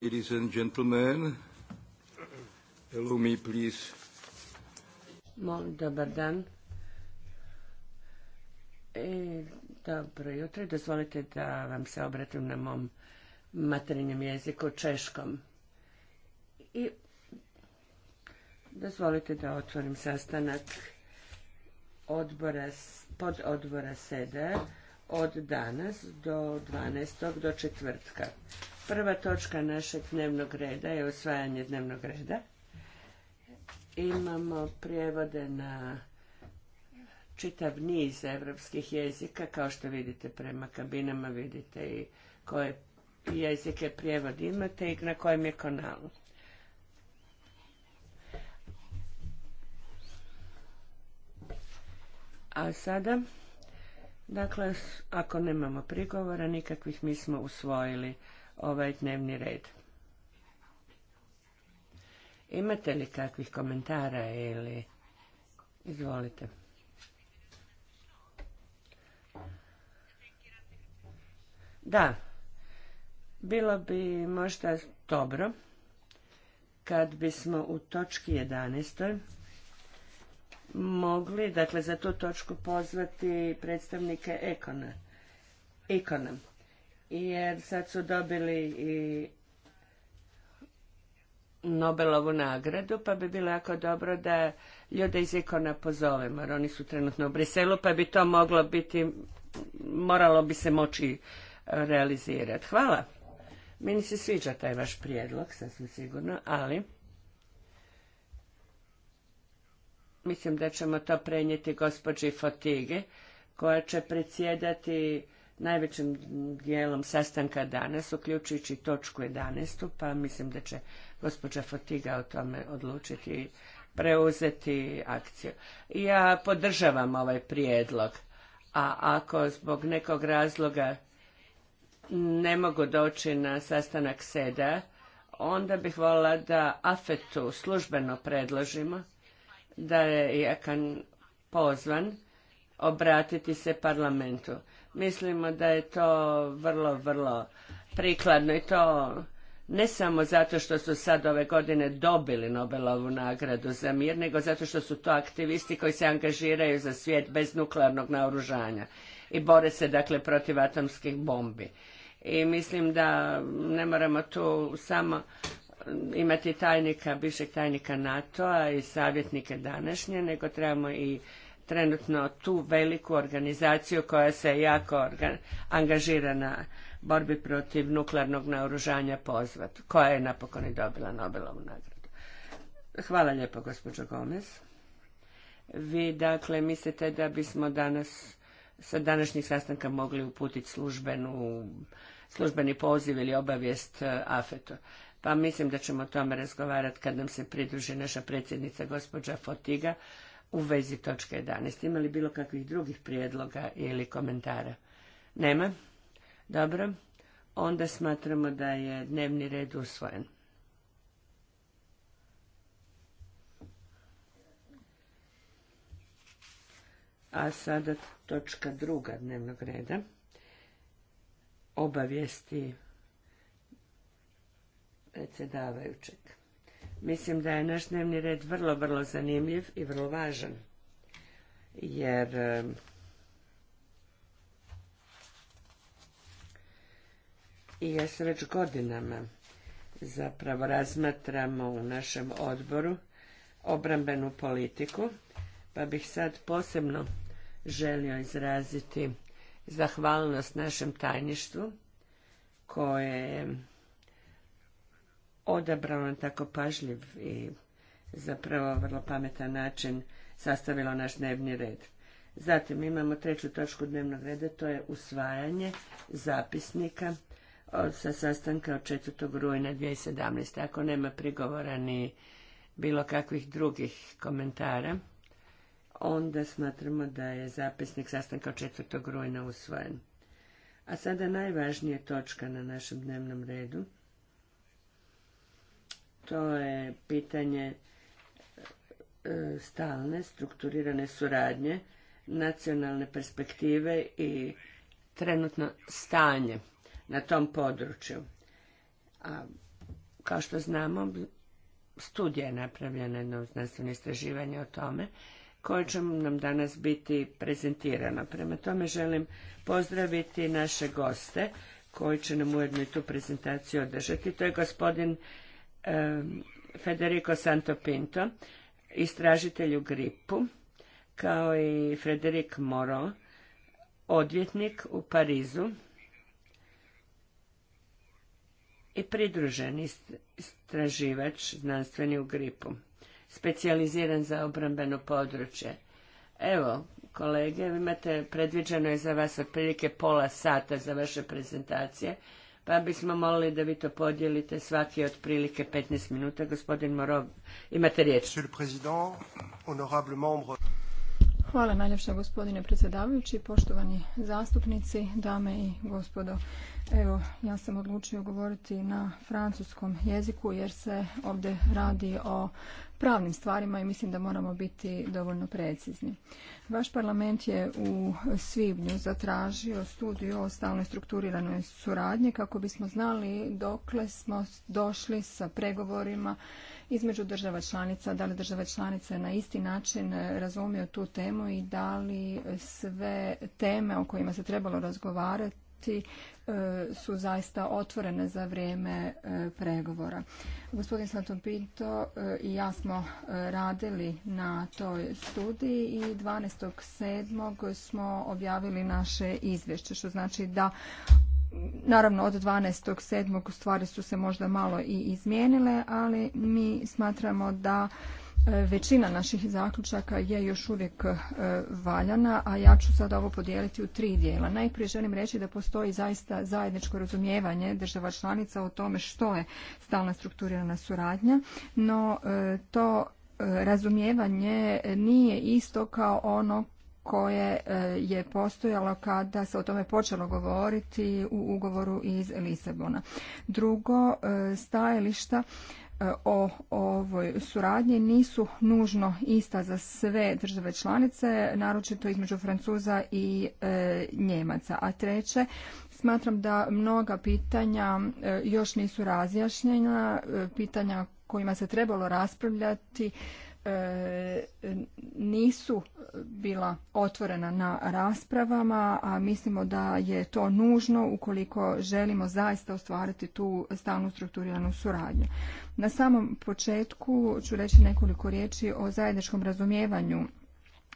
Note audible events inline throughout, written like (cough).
Ladies and gentlemen, allow me please. dobar dan. E, dobro jutro. Dozvolite da vam se obratim na mom materinjem jeziku, češkom. I dozvolite da otvorim sastanak odbora, pod odbora SEDA od danas do 12. do četvrtka. Prva točka našeg dnevnog reda je osvajanje dnevnog reda. Imamo prijevode na čitav niz evropskih jezika. Kao što vidite prema kabinama vidite i koje jezike prijevod imate i na kojem je kanalu. A sada, dakle, ako nemamo prigovora nikakvih, mi smo usvojili ovaj dnevni red. Imate li kakvih komentara ili... Izvolite. Da, bilo bi možda dobro kad bismo u točki 11. mogli, dakle za tu točku pozvati predstavnike Ekona. Ekona jer sad su dobili i Nobelovu nagradu, pa bi bilo jako dobro da ljude iz Ikona pozovemo, jer oni su trenutno u Briselu, pa bi to moglo biti, moralo bi se moći e, realizirati. Hvala. Meni se sviđa taj vaš prijedlog, sasvim sigurno, ali mislim da ćemo to prenijeti gospođi Fotige, koja će predsjedati najvećim dijelom sastanka danas, uključujući točku 11. pa mislim da će gospođa Fotiga o tome odlučiti i preuzeti akciju. Ja podržavam ovaj prijedlog, a ako zbog nekog razloga ne mogu doći na sastanak SEDA, onda bih volila da Afetu službeno predložimo da je Jakan pozvan obratiti se parlamentu. Mislimo da je to vrlo, vrlo prikladno i to ne samo zato što su sad ove godine dobili Nobelovu nagradu za mir, nego zato što su to aktivisti koji se angažiraju za svijet bez nuklearnog naoružanja i bore se dakle protiv atomskih bombi. I mislim da ne moramo tu samo imati tajnika, bivšeg tajnika NATO-a i savjetnike današnje, nego trebamo i trenutno tu veliku organizaciju koja se jako angažira na borbi protiv nuklearnog naoružanja pozvat, koja je napokon i dobila Nobelovu nagradu. Hvala lijepo, gospođo Gomez. Vi, dakle, mislite da bismo danas, sa današnjih sastanka mogli uputiti službenu, službeni poziv ili obavijest e, AFET-u. Pa mislim da ćemo o tome razgovarati kad nam se pridruži naša predsjednica gospođa Fotiga, u vezi točke 11. Ima li bilo kakvih drugih prijedloga ili komentara? Nema? Dobro. Onda smatramo da je dnevni red usvojen. A sada točka druga dnevnog reda. Obavijesti predsjedavajućeg. Mislim da je naš dnevni red vrlo, vrlo zanimljiv i vrlo važan. Jer i ja se već godinama zapravo razmatramo u našem odboru obrambenu politiku, pa bih sad posebno želio izraziti zahvalnost našem tajništvu koje odabralo na tako pažljiv i zapravo vrlo pametan način sastavilo naš dnevni red. Zatim imamo treću točku dnevnog reda, to je usvajanje zapisnika sa sastanka od 4. rujna 2017. Ako nema prigovora ni bilo kakvih drugih komentara, onda smatramo da je zapisnik sastanka od 4. rujna usvojen. A sada najvažnija točka na našem dnevnom redu – to je pitanje e, stalne strukturirane suradnje, nacionalne perspektive i trenutno stanje na tom području. A kao što znamo, studija je napravljena jedno znanstveno istraživanje o tome koje će nam danas biti prezentirano. Prema tome želim pozdraviti naše goste koji će nam ujedno i tu prezentaciju održati. To je gospodin Federico Santopinto, u Gripu, kao i Frederic Moro, odvjetnik u Parizu i pridruženi istraživač znanstveni u Gripu, specijaliziran za obrambeno područje. Evo, kolege, imate predviđeno je za vas otprilike pola sata za vaše prezentacije pa bismo molili da vi to podijelite svaki otprilike 15 minuta. Gospodin Morov, imate riječ. Hvala najljepša gospodine predsjedavajući, poštovani zastupnici, dame i gospodo. Evo, ja sam odlučio govoriti na francuskom jeziku jer se ovdje radi o pravnim stvarima i mislim da moramo biti dovoljno precizni. Vaš parlament je u svibnju zatražio studiju o stalnoj strukturiranoj suradnji kako bismo znali dokle smo došli sa pregovorima između država članica, da li države članice na isti način razumiju tu temu i da li sve teme o kojima se trebalo razgovarati E, su zaista otvorene za vrijeme e, pregovora. Gospodin pinto e, i ja smo radili na toj studiji i 12.7. smo objavili naše izvješće, što znači da Naravno, od 12.7. stvari su se možda malo i izmijenile, ali mi smatramo da Većina naših zaključaka je još uvijek e, valjana, a ja ću sada ovo podijeliti u tri dijela. Najprije želim reći da postoji zaista zajedničko razumijevanje država članica o tome što je stalna strukturirana suradnja, no e, to e, razumijevanje nije isto kao ono koje je postojalo kada se o tome počelo govoriti u ugovoru iz Lisabona. Drugo, stajališta o ovoj suradnji nisu nužno ista za sve države članice, naročito između Francuza i e, Njemaca. A treće, smatram da mnoga pitanja e, još nisu razjašnjena, e, pitanja kojima se trebalo raspravljati E, nisu bila otvorena na raspravama, a mislimo da je to nužno ukoliko želimo zaista ostvariti tu stalnu strukturiranu suradnju. Na samom početku ću reći nekoliko riječi o zajedničkom razumijevanju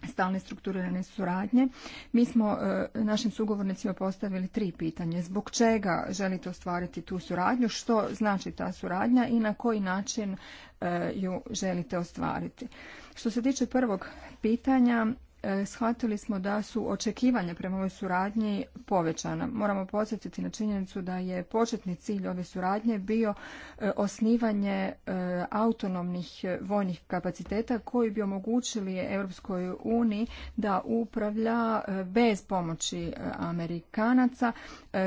stalne strukturirane suradnje. Mi smo e, našim sugovornicima postavili tri pitanje. Zbog čega želite ostvariti tu suradnju? Što znači ta suradnja i na koji način e, ju želite ostvariti? Što se tiče prvog pitanja, E, shvatili smo da su očekivanja prema ovoj suradnji povećana. Moramo podsjetiti na činjenicu da je početni cilj ove suradnje bio e, osnivanje e, autonomnih vojnih kapaciteta koji bi omogućili Europskoj uniji da upravlja bez pomoći Amerikanaca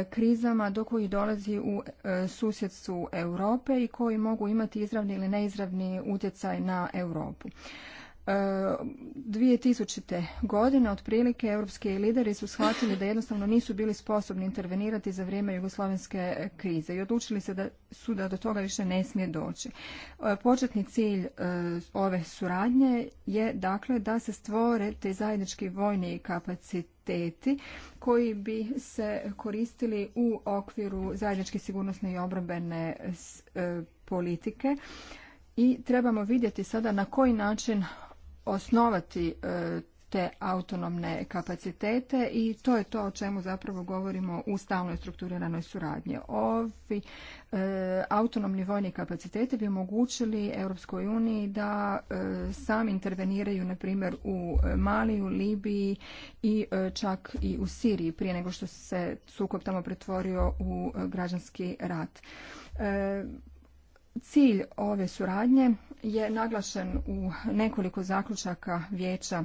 krizama do kojih dolazi u susjedstvu Europe i koji mogu imati izravni ili neizravni utjecaj na Europu. 2000. godine otprilike europski lideri su shvatili da jednostavno nisu bili sposobni intervenirati za vrijeme jugoslovenske krize i odlučili se da su da do toga više ne smije doći. E, početni cilj e, ove suradnje je dakle da se stvore te zajednički vojni kapaciteti koji bi se koristili u okviru zajedničke sigurnosne i obrambene e, politike i trebamo vidjeti sada na koji način osnovati e, te autonomne kapacitete i to je to o čemu zapravo govorimo u stalnoj strukturiranoj suradnji. Ovi e, autonomni vojni kapaciteti bi omogućili Europskoj uniji da e, sam interveniraju na primjer u Maliju, Libiji i e, čak i u Siriji prije nego što se sukob tamo pretvorio u građanski rat. Cilj ove suradnje je naglašen u nekoliko zaključaka vijeća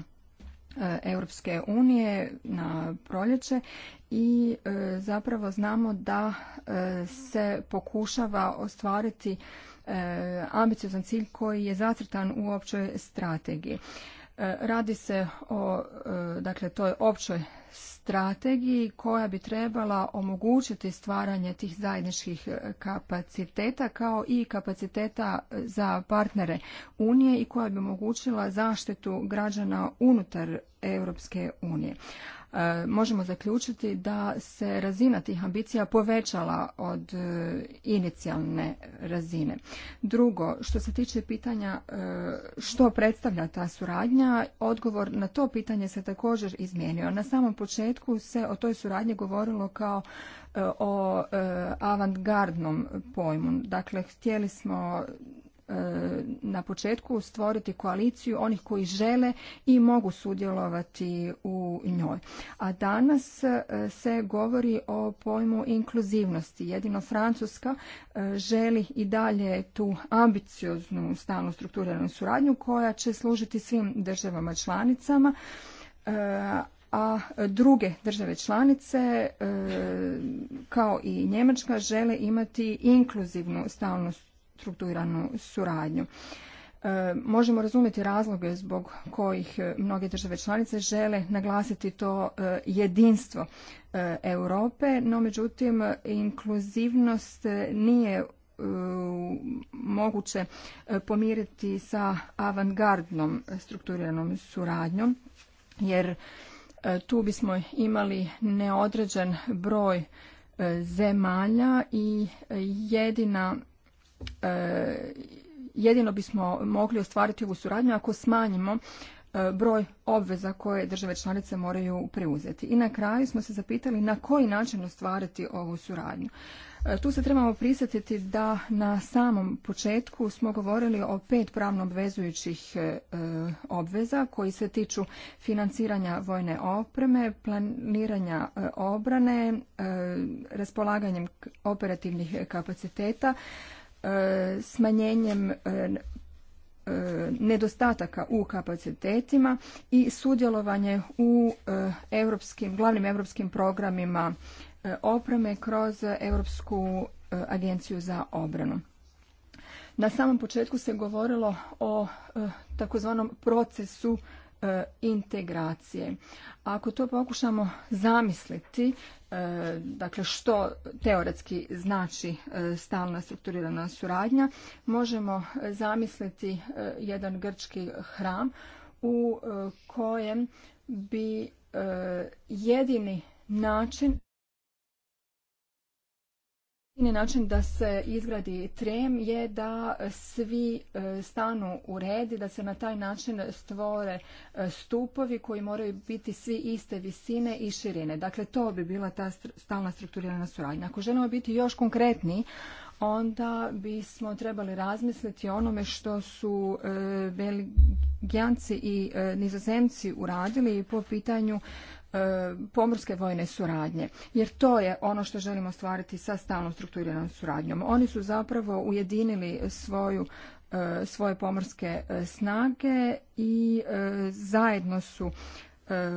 e, Europske unije na proljeće i e, zapravo znamo da e, se pokušava ostvariti ambiciozan cilj koji je zacrtan u općoj strategiji. Radi se o, dakle, toj općoj strategiji koja bi trebala omogućiti stvaranje tih zajedničkih e, kapaciteta kao i kapaciteta e, za partnere Unije i koja bi omogućila zaštitu građana unutar Europske unije. E, možemo zaključiti da se razina tih ambicija povećala od e, inicijalne razine. Drugo, što se tiče pitanja e, što predstavlja ta suradnja, odgovor na to pitanje se također izmijenio. Na samom početku se o toj suradnji govorilo kao o avantgardnom pojmu. Dakle, htjeli smo na početku stvoriti koaliciju onih koji žele i mogu sudjelovati u njoj. A danas e, se govori o pojmu inkluzivnosti. Jedino Francuska e, želi i dalje tu ambicioznu stalnu strukturalnu suradnju koja će služiti svim državama članicama e, a druge države članice kao i Njemačka žele imati inkluzivnu stalnu strukturiranu suradnju. E, možemo razumjeti razloge zbog kojih e, mnoge države članice žele naglasiti to e, jedinstvo Europe, no međutim inkluzivnost nije moguće pomiriti sa avangardnom strukturiranom suradnjom, jer tu bismo imali neodređen broj zemalja i jedina E, jedino bismo mogli ostvariti ovu suradnju ako smanjimo e, broj obveza koje države članice moraju preuzeti. I na kraju smo se zapitali na koji način ostvariti ovu suradnju. E, tu se trebamo prisjetiti da na samom početku smo govorili o pet pravno obvezujućih obveza koji se tiču financiranja vojne opreme, planiranja obrane, raspolaganjem operativnih kapaciteta, E, smanjenjem e, e, nedostataka u kapacitetima i sudjelovanje u europskim, glavnim europskim programima opreme kroz Europsku agenciju za obranu. Na samom početku se govorilo o takozvanom procesu integracije. Ako to pokušamo zamisliti, E, dakle što teoretski znači e, stalna strukturirana suradnja, možemo zamisliti e, jedan grčki hram u kojem bi jedini način način da se izgradi trem je da svi e, stanu u redi, da se na taj način stvore e, stupovi koji moraju biti svi iste visine i širine. Dakle, to bi bila ta stalna strukturirana suradnja. Ako želimo biti još konkretni onda bismo trebali razmisliti o onome što su e, Belgijanci i Nizozemci uradili po pitanju pomorske vojne suradnje, jer to je ono što želimo ostvariti sa stalnom strukturiranom suradnjom. Oni su zapravo ujedinili svoju e, svoje pomorske e, snage i e, zajedno su E,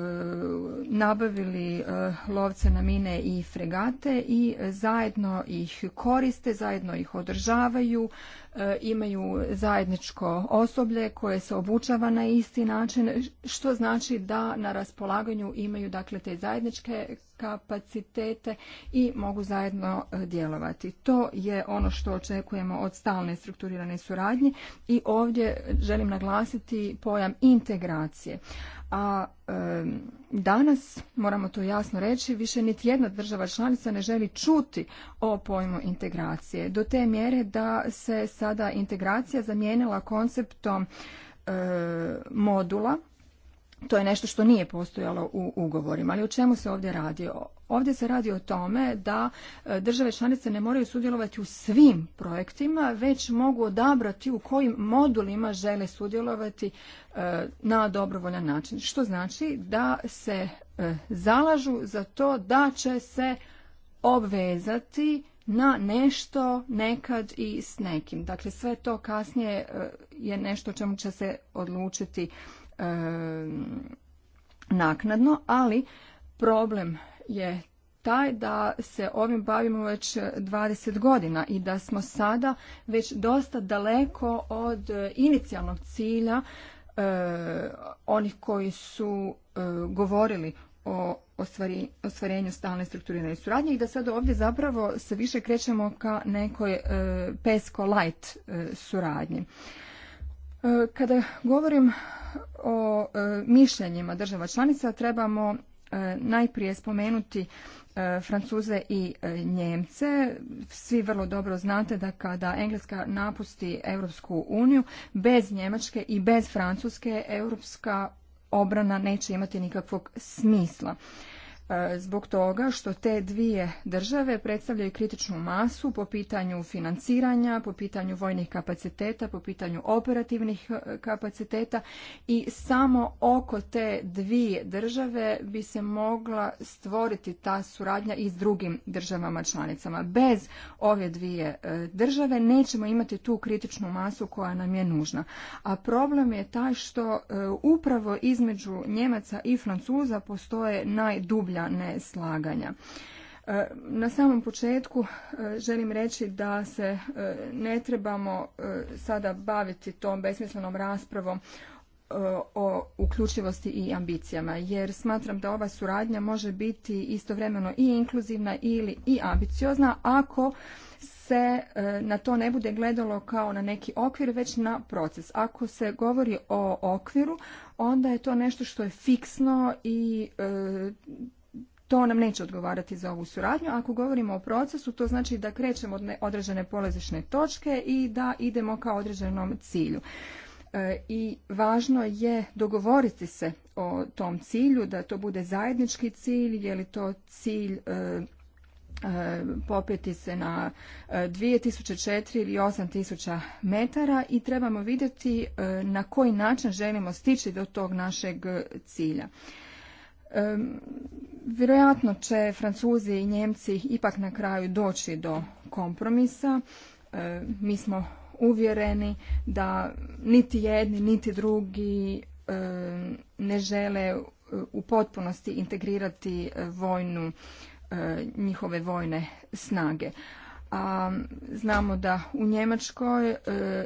nabavili e, lovce na mine i fregate i zajedno ih koriste, zajedno ih održavaju, e, imaju zajedničko osoblje koje se obučava na isti način, što znači da na raspolaganju imaju dakle te zajedničke kapacitete i mogu zajedno djelovati. To je ono što očekujemo od stalne strukturirane suradnje i ovdje želim naglasiti pojam integracije a danas moramo to jasno reći više niti jedna država članica ne želi čuti o pojmu integracije do te mjere da se sada integracija zamijenila konceptom modula to je nešto što nije postojalo u ugovorima. Ali o čemu se ovdje radi? Ovdje se radi o tome da e, države članice ne moraju sudjelovati u svim projektima, već mogu odabrati u kojim modulima žele sudjelovati e, na dobrovoljan način. Što znači da se e, zalažu za to da će se obvezati na nešto nekad i s nekim. Dakle, sve to kasnije je nešto o čemu će se odlučiti naknadno, ali problem je taj da se ovim bavimo već 20 godina i da smo sada već dosta daleko od inicijalnog cilja onih koji su govorili o ostvarenju stalne strukturirane suradnje i da sada ovdje zapravo se više krećemo ka nekoj e, PESCO light suradnji. Kada govorim o e, mišljenjima država članica, trebamo e, najprije spomenuti e, Francuze i Njemce. Svi vrlo dobro znate da kada Engleska napusti Europsku uniju, bez Njemačke i bez Francuske Europska obrana neće imati nikakvog smisla. E, zbog toga što te dvije države predstavljaju kritičnu masu po pitanju financiranja, po pitanju vojnih kapaciteta, po pitanju operativnih e, kapaciteta i samo oko te dvije države bi se mogla stvoriti ta suradnja i s drugim državama članicama. Bez ove dvije e, države nećemo imati tu kritičnu masu koja nam je nužna. A problem je taj što upravo između Njemaca i Francuza postoje najdublji neslaganja. E, na samom početku e, želim reći da se e, ne trebamo sada baviti tom besmislenom raspravom o uključivosti i ambicijama jer smatram da ova suradnja može biti istovremeno i inkluzivna ili i ambiciozna ako se na to ne bude gledalo kao na neki okvir već na proces. Ako se govori o okviru onda je to nešto što je fiksno i to nam neće odgovarati za ovu suradnju. Ako govorimo o procesu, to znači da krećemo od određene polazišne točke i da idemo ka određenom cilju. E, I važno je dogovoriti se o tom cilju, da to bude zajednički cilj, je li to cilj e, e, popeti se na 2004 ili 8000 metara i trebamo vidjeti na koji način želimo stići do tog našeg cilja. Vjerojatno će Francuzi i Njemci ipak na kraju doći do kompromisa. Mi smo uvjereni da niti jedni niti drugi ne žele e, u potpunosti integrirati e, vojnu e, njihove vojne snage a znamo da u Njemačkoj e,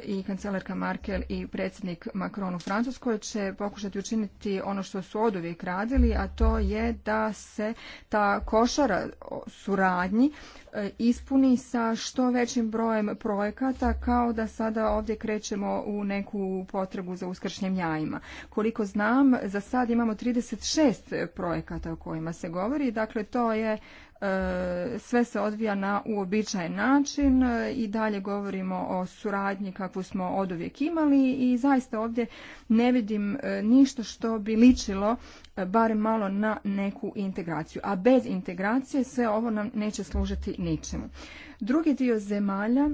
i kancelarka Merkel i predsjednik Macron u Francuskoj će pokušati učiniti ono što su oduvijek radili, a to je da se ta košara suradnji e, ispuni sa što većim brojem projekata kao da sada ovdje krećemo u neku potrebu za uskršnjem jajima. Koliko znam, za sad imamo 36 projekata o kojima se govori, dakle to je E, sve se odvija na uobičajen način e, i dalje govorimo o suradnji kakvu smo oduvijek imali i zaista ovdje ne vidim e, ništa što bi ličilo barem malo na neku integraciju. A bez integracije sve ovo nam neće služiti ničemu. Drugi dio zemalja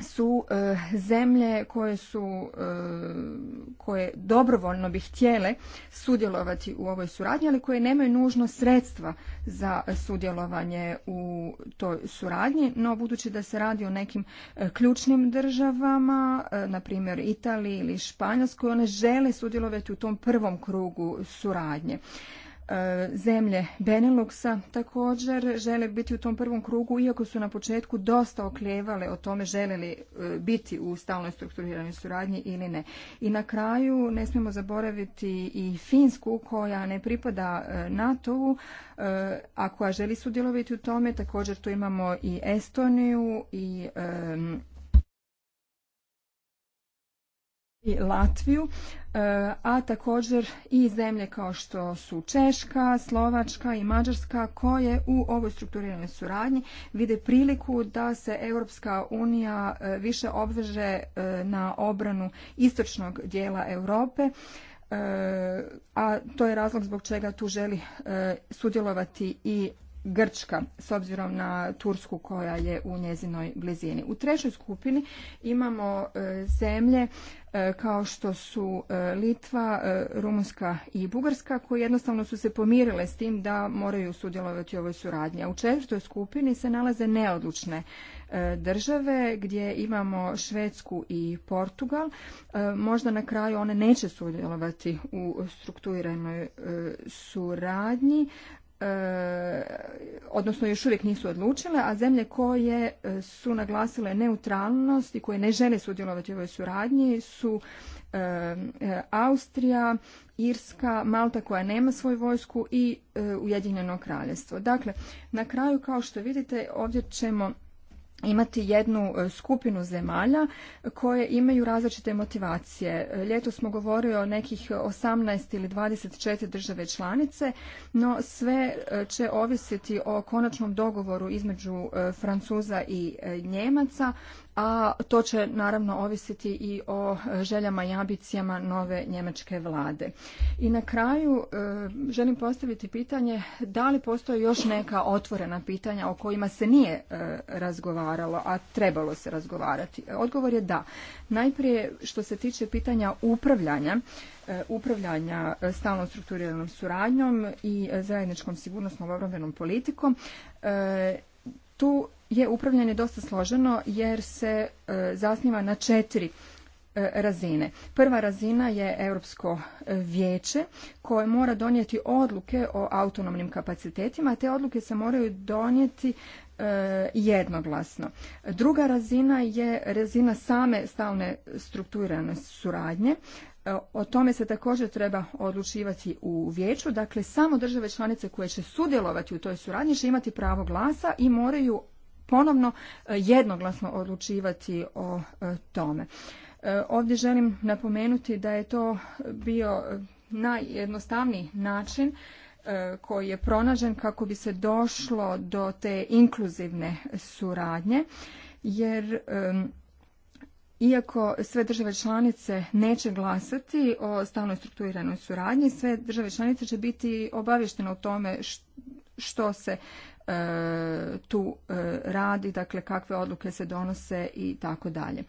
su e, zemlje koje su e, koje dobrovoljno bi htjele sudjelovati u ovoj suradnji ali koje nemaju nužno sredstva za sudjelovanje u toj suradnji no budući da se radi o nekim e, ključnim državama na primjer Italiji ili Španjolskoj one žele sudjelovati u tom prvom krugu suradnje E, zemlje Beneluxa također žele biti u tom prvom krugu, iako su na početku dosta oklijevale o tome žele li e, biti u stalnoj strukturiranoj suradnji ili ne. I na kraju ne smijemo zaboraviti i Finsku koja ne pripada e, NATO-u, a koja želi sudjelovati u tome. Također tu imamo i Estoniju i Latviju E, a također i zemlje kao što su Češka, Slovačka i Mađarska koje u ovoj strukturiranoj suradnji vide priliku da se Europska unija e, više obveže e, na obranu istočnog dijela Europe a to je razlog zbog čega tu želi sudjelovati i Grčka s obzirom na Tursku koja je u njezinoj blizini. U trećoj skupini imamo e, zemlje e, kao što su e, Litva, Rumunska i Bugarska koje jednostavno su se pomirile s tim da moraju sudjelovati u ovoj suradnji. A u četvrtoj skupini se nalaze neodlučne države gdje imamo Švedsku i Portugal. Možda na kraju one neće sudjelovati u strukturiranoj suradnji E, odnosno još uvijek nisu odlučile, a zemlje koje e, su naglasile neutralnost i koje ne žele sudjelovati u ovoj suradnji su e, Austrija, Irska, Malta koja nema svoju vojsku i Ujedinjeno kraljestvo. Dakle, na kraju kao što vidite ovdje ćemo imati jednu e, skupinu zemalja koje imaju različite motivacije. Ljeto smo govorili o nekih 18 ili 24 države članice, no sve e, će ovisiti o konačnom dogovoru između e, Francuza i Njemaca a to će naravno ovisiti i o željama i ambicijama nove njemačke vlade. I na kraju e, želim postaviti pitanje da li postoje još neka otvorena pitanja o kojima se nije e, razgovaralo, a trebalo se razgovarati. Odgovor je da. Najprije što se tiče pitanja upravljanja, e, upravljanja stalnom strukturiranom suradnjom i zajedničkom sigurnosno obrambenom politikom, tu je upravljanje dosta složeno jer se e, zasniva na četiri e, razine. Prva razina je Europsko e, vijeće koje mora donijeti odluke o autonomnim kapacitetima. Te odluke se moraju donijeti jednoglasno. Druga razina je razina same stalne strukturirane suradnje. O tome se također treba odlučivati u vijeću. Dakle, samo države članice koje će sudjelovati u toj suradnji će imati pravo glasa i moraju ponovno e, jednoglasno odlučivati o e, tome. E, ovdje želim napomenuti da je to bio najjednostavniji način koji je pronađen kako bi se došlo do te inkluzivne suradnje jer iako sve države članice neće glasati o stalnoj strukturiranoj suradnji, sve države članice će biti obavještene o tome što se E, tu e, radi, dakle kakve odluke se donose i tako dalje.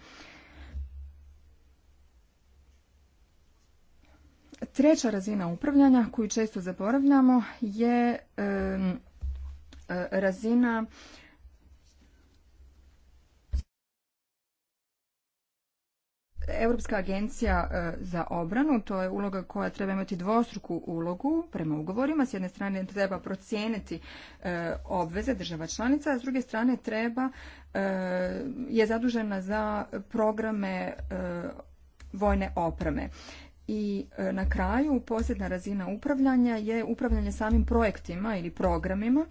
Treća razina upravljanja koju često zaboravljamo je e, razina Europska agencija e, za obranu, to je uloga koja treba imati dvostruku ulogu prema ugovorima. S jedne strane treba procijeniti e, obveze država članica, a s druge strane treba, e, je zadužena za programe vojne opreme. I na kraju posljedna razina upravljanja je upravljanje samim projektima ili programima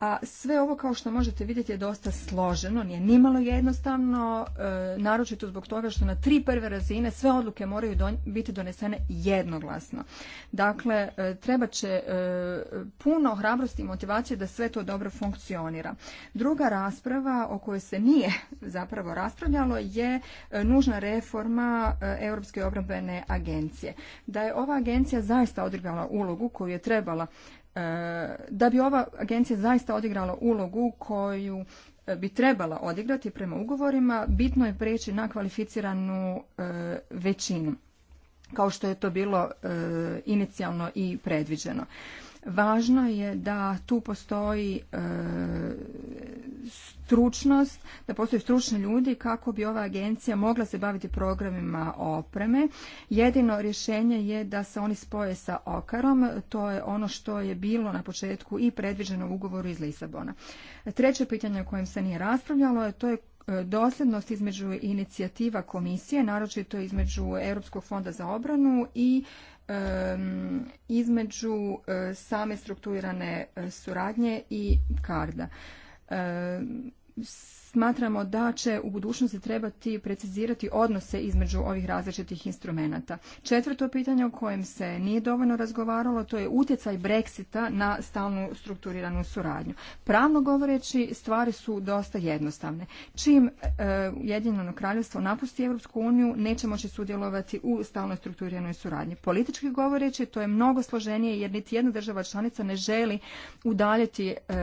a sve ovo kao što možete vidjeti je dosta složeno, nije nimalo jednostavno, e, naročito zbog toga što na tri prve razine sve odluke moraju biti donesene jednoglasno. Dakle, e, treba će e, puno hrabrosti i motivacije da sve to dobro funkcionira. Druga rasprava o kojoj se nije (laughs) zapravo raspravljalo je nužna reforma Europske obrambene agencije. Da je ova agencija zaista odigrala ulogu koju je trebala E, da bi ova agencija zaista odigrala ulogu koju e, bi trebala odigrati prema ugovorima, bitno je preći na kvalificiranu e, većinu, kao što je to bilo inicijalno i predviđeno. Važno je da tu postoji e, stručnost, da postoje stručni ljudi kako bi ova agencija mogla se baviti programima opreme. Jedino rješenje je da se oni spoje sa okarom, to je ono što je bilo na početku i predviđeno u ugovoru iz Lisabona. Treće pitanje o kojem se nije raspravljalo to je e, dosljednost između inicijativa komisije, naročito između Europskog fonda za obranu i između e, same strukturirane e, suradnje i karda smatramo da će u budućnosti trebati precizirati odnose između ovih različitih instrumenata. Četvrto pitanje o kojem se nije dovoljno razgovaralo to je utjecaj Brexita na stalnu strukturiranu suradnju. Pravno govoreći stvari su dosta jednostavne. Čim e, Ujedinjeno kraljevstvo napusti Europsku uniju neće moći sudjelovati u stalnoj strukturiranoj suradnji. Politički govoreći to je mnogo složenije jer niti jedna država članica ne želi udaljiti e,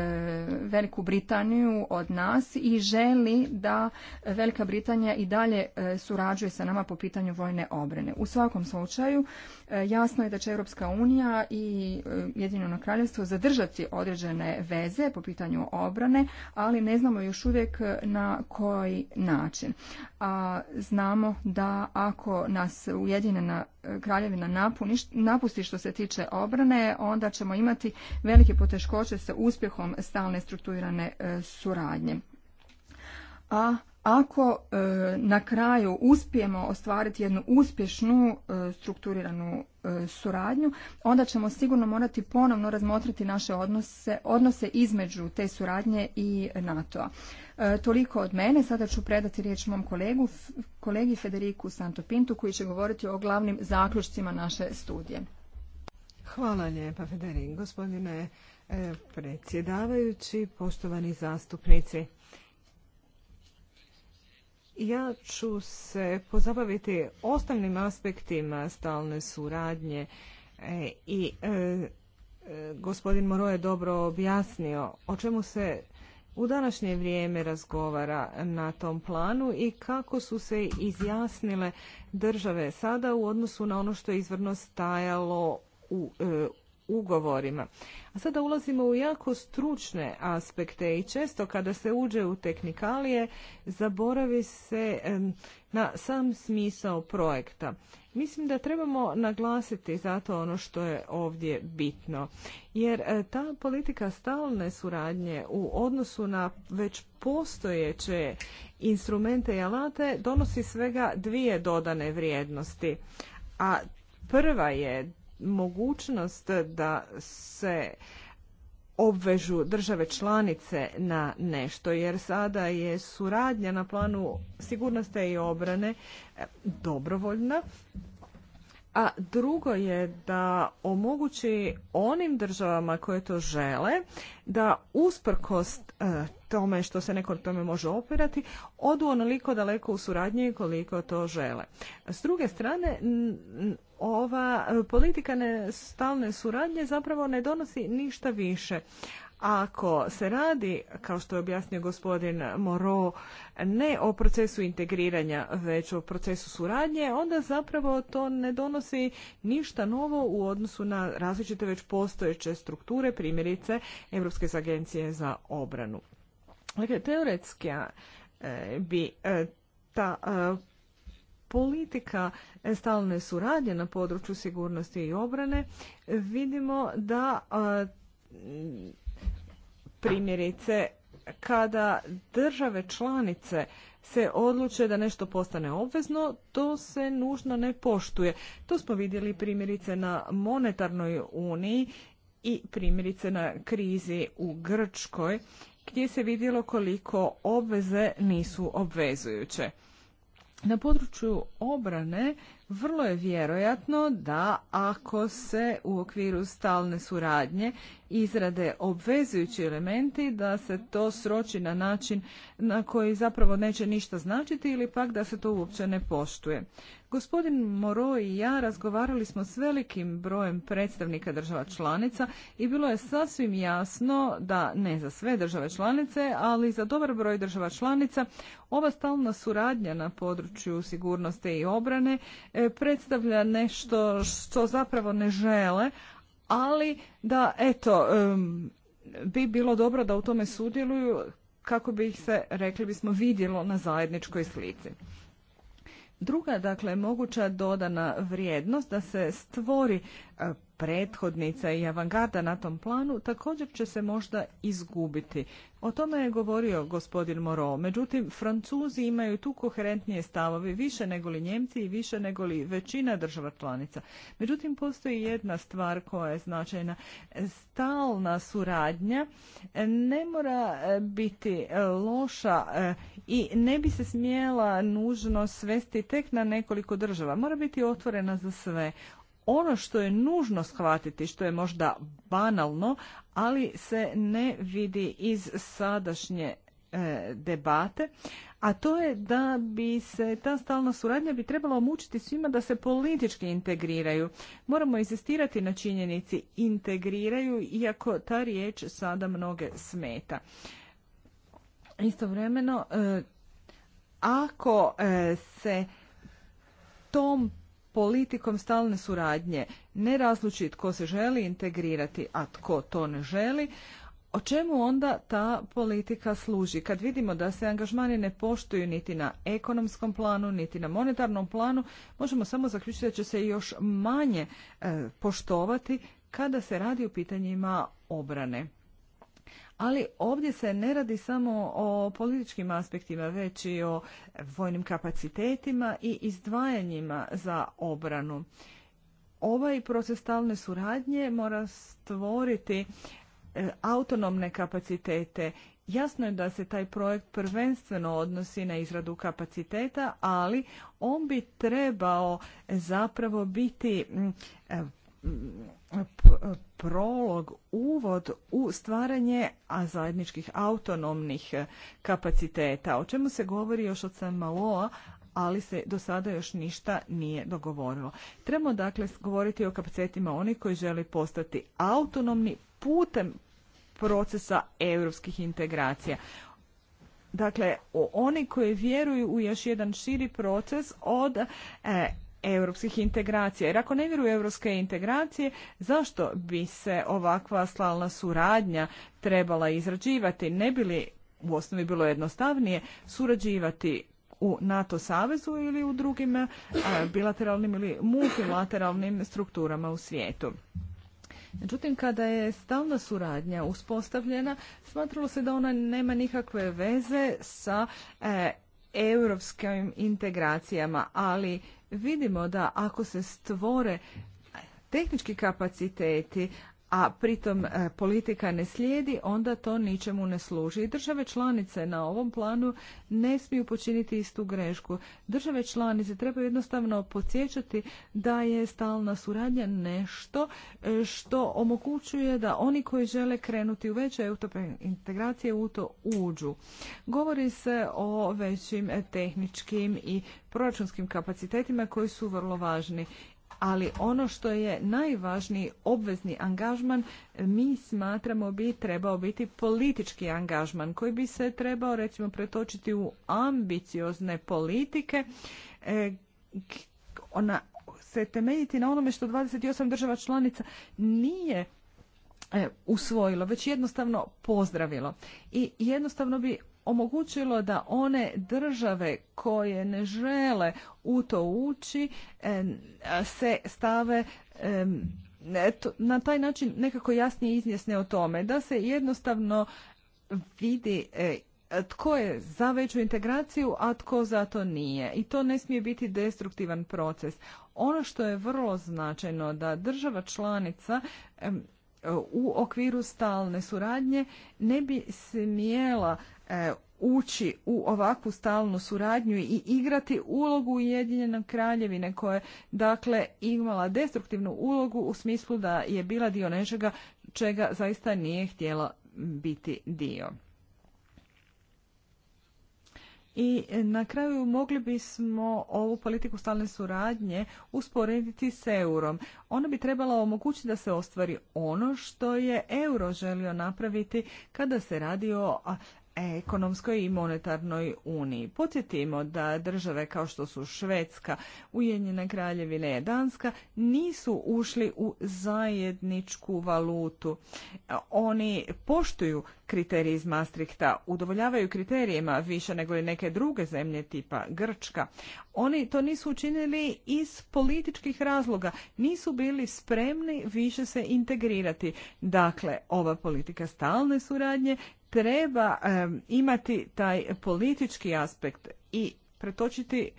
Veliku Britaniju od nas i želi želi da Velika Britanija i dalje e, surađuje sa nama po pitanju vojne obrane. U svakom slučaju e, jasno je da će Europska unija i e, Jedinjeno kraljevstvo zadržati određene veze po pitanju obrane, ali ne znamo još uvijek na koji način. A znamo da ako nas Ujedinjena kraljevina napusti što se tiče obrane, onda ćemo imati velike poteškoće sa uspjehom stalne strukturirane suradnje a ako e, na kraju uspijemo ostvariti jednu uspješnu e, strukturiranu e, suradnju, onda ćemo sigurno morati ponovno razmotriti naše odnose, odnose između te suradnje i NATO-a. Toliko od mene. Sada ću predati riječ mom kolegu, kolegi Federiku Santopintu koji će govoriti o glavnim zaključcima naše studije. Hvala lijepa, Federik. Gospodine predsjedavajući, poštovani zastupnici. Ja ću se pozabaviti osnovnim aspektima stalne suradnje e, i e, gospodin Moro je dobro objasnio o čemu se u današnje vrijeme razgovara na tom planu i kako su se izjasnile države sada u odnosu na ono što je izvrno stajalo u e, ugovorima. A sada ulazimo u jako stručne aspekte i često kada se uđe u tehnikalije zaboravi se na sam smisao projekta. Mislim da trebamo naglasiti zato ono što je ovdje bitno. Jer e, ta politika stalne suradnje u odnosu na već postojeće instrumente i alate donosi svega dvije dodane vrijednosti. A prva je mogućnost da se obvežu države članice na nešto, jer sada je suradnja na planu sigurnosti i obrane e, dobrovoljna, a drugo je da omogući onim državama koje to žele da usprkost e, tome što se neko tome može operati odu onoliko daleko u suradnji koliko to žele. S druge strane, ova e, politika ne, stalne suradnje zapravo ne donosi ništa više. Ako se radi, kao što je objasnio gospodin Moro, ne o procesu integriranja, već o procesu suradnje, onda zapravo to ne donosi ništa novo u odnosu na različite već postojeće strukture, primjerice Europske agencije za obranu. Dakle, teoretski e, bi e, ta politika stalne suradnje na području sigurnosti i obrane, vidimo da primjerice kada države članice se odluče da nešto postane obvezno, to se nužno ne poštuje. To smo vidjeli primjerice na monetarnoj uniji i primjerice na krizi u Grčkoj, gdje se vidjelo koliko obveze nisu obvezujuće. Na području obrane vrlo je vjerojatno da ako se u okviru stalne suradnje izrade obvezujući elementi da se to sroči na način na koji zapravo neće ništa značiti ili pak da se to uopće ne poštuje. Gospodin Moro i ja razgovarali smo s velikim brojem predstavnika država članica i bilo je sasvim jasno da ne za sve države članice, ali za dobar broj država članica ova stalna suradnja na području sigurnosti i obrane e, predstavlja nešto što zapravo ne žele, ali da eto bi bilo dobro da u tome sudjeluju kako bi ih se, rekli bismo, vidjelo na zajedničkoj slici druga dakle moguća dodana vrijednost da se stvori e, prethodnica i avangarda na tom planu također će se možda izgubiti. O tome je govorio gospodin Moro. Međutim, Francuzi imaju tu koherentnije stavove, više nego li Njemci i više nego li većina država članica. Međutim, postoji jedna stvar koja je značajna. Stalna suradnja ne mora e, biti e, loša e, i ne bi se smjela nužno svesti tek na nekoliko država. Mora biti otvorena za sve ono što je nužno shvatiti, što je možda banalno, ali se ne vidi iz sadašnje e, debate, a to je da bi se ta stalna suradnja bi trebala omučiti svima da se politički integriraju. Moramo insistirati na činjenici integriraju, iako ta riječ sada mnoge smeta. Istovremeno, e, ako e, se tom politikom stalne suradnje ne razluči tko se želi integrirati, a tko to ne želi, o čemu onda ta politika služi? Kad vidimo da se angažmani ne poštuju niti na ekonomskom planu, niti na monetarnom planu, možemo samo zaključiti da će se još manje e, poštovati kada se radi o pitanjima obrane ali ovdje se ne radi samo o političkim aspektima, već i o vojnim kapacitetima i izdvajanjima za obranu. Ovaj proces stalne suradnje mora stvoriti e, autonomne kapacitete Jasno je da se taj projekt prvenstveno odnosi na izradu kapaciteta, ali on bi trebao zapravo biti e, prolog, uvod u stvaranje a zajedničkih autonomnih e, kapaciteta, o čemu se govori još od San Maloa, ali se do sada još ništa nije dogovorilo. Trebamo dakle govoriti o kapacitetima onih koji žele postati autonomni putem procesa europskih integracija. Dakle, oni koji vjeruju u još jedan širi proces od e, europskih integracija. Jer ako ne vjeruju europske integracije, zašto bi se ovakva slalna suradnja trebala izrađivati? Ne bi li u osnovi bilo jednostavnije surađivati u NATO savezu ili u drugim bilateralnim ili multilateralnim strukturama u svijetu. Međutim, kada je stalna suradnja uspostavljena, smatralo se da ona nema nikakve veze sa e, europskim integracijama, ali vidimo da ako se stvore tehnički kapaciteti, a pritom e, politika ne slijedi, onda to ničemu ne služi. I države članice na ovom planu ne smiju počiniti istu grešku. Države članice trebaju jednostavno podsjećati da je stalna suradnja nešto e, što omogućuje da oni koji žele krenuti u veće integracije u to uđu. Govori se o većim tehničkim i proračunskim kapacitetima koji su vrlo važni ali ono što je najvažniji obvezni angažman mi smatramo bi trebao biti politički angažman koji bi se trebao recimo pretočiti u ambiciozne politike e, ona se temeljiti na onome što 28 država članica nije e, usvojilo, već jednostavno pozdravilo. I jednostavno bi omogućilo da one države koje ne žele u to ući e, se stave e, na taj način nekako jasnije iznjesne o tome, da se jednostavno vidi e, tko je za veću integraciju, a tko za to nije. I to ne smije biti destruktivan proces. Ono što je vrlo značajno da država članica u okviru stalne suradnje ne bi smjela e, ući u ovakvu stalnu suradnju i igrati ulogu Ujedinjene kraljevine koja je dakle imala destruktivnu ulogu u smislu da je bila dio nečega čega zaista nije htjela biti dio. I na kraju mogli bismo ovu politiku stalne suradnje usporediti s eurom. Ona bi trebala omogućiti da se ostvari ono što je euro želio napraviti kada se radi o ekonomskoj i monetarnoj uniji. Podsjetimo da države kao što su Švedska, Ujedinjena kraljevina i Danska nisu ušli u zajedničku valutu. Oni poštuju kriterije iz Maastrichta, udovoljavaju kriterijima više nego i neke druge zemlje tipa Grčka. Oni to nisu učinili iz političkih razloga, nisu bili spremni više se integrirati. Dakle, ova politika stalne suradnje treba imati taj politički aspekt i pretočiti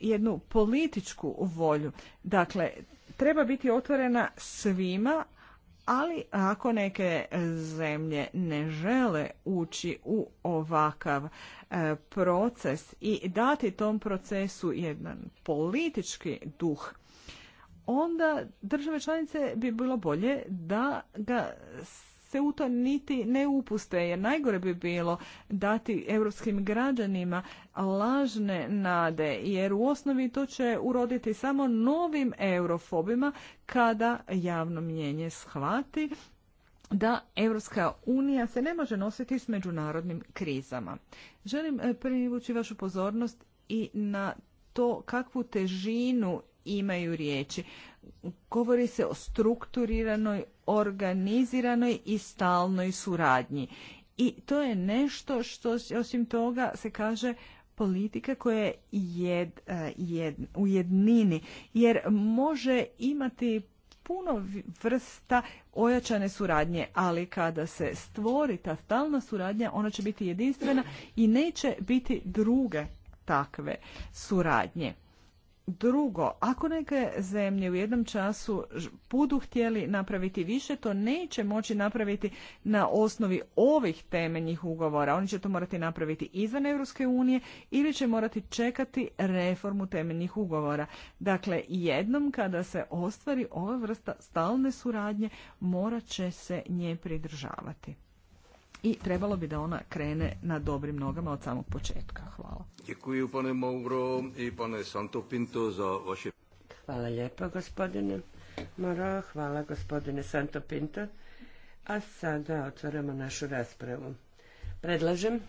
jednu političku volju. Dakle, treba biti otvorena svima, ali ako neke zemlje ne žele ući u ovakav e, proces i dati tom procesu jedan politički duh, onda države članice bi bilo bolje da ga se u to niti ne upuste, jer najgore bi bilo dati europskim građanima lažne nade, jer u osnovi to će uroditi samo novim eurofobima kada javno mjenje shvati da Europska unija se ne može nositi s međunarodnim krizama. Želim e, privući vašu pozornost i na to kakvu težinu imaju riječi govori se o strukturiranoj, organiziranoj i stalnoj suradnji. I to je nešto što osim toga se kaže politika koja je e, u jednini, jer može imati puno vrsta ojačane suradnje, ali kada se stvori ta stalna suradnja, ona će biti jedinstvena i neće biti druge takve suradnje. Drugo, ako neke zemlje u jednom času budu htjeli napraviti više, to neće moći napraviti na osnovi ovih temeljnih ugovora. Oni će to morati napraviti izvan Europske unije ili će morati čekati reformu temeljnih ugovora. Dakle, jednom kada se ostvari ova vrsta stalne suradnje, morat će se nje pridržavati i trebalo bi da ona krene na dobrim nogama od samog početka. Hvala. Hvala lijepa gospodine Mauro, hvala gospodine Santo Pinto. A sada otvaramo našu raspravu. Predlažem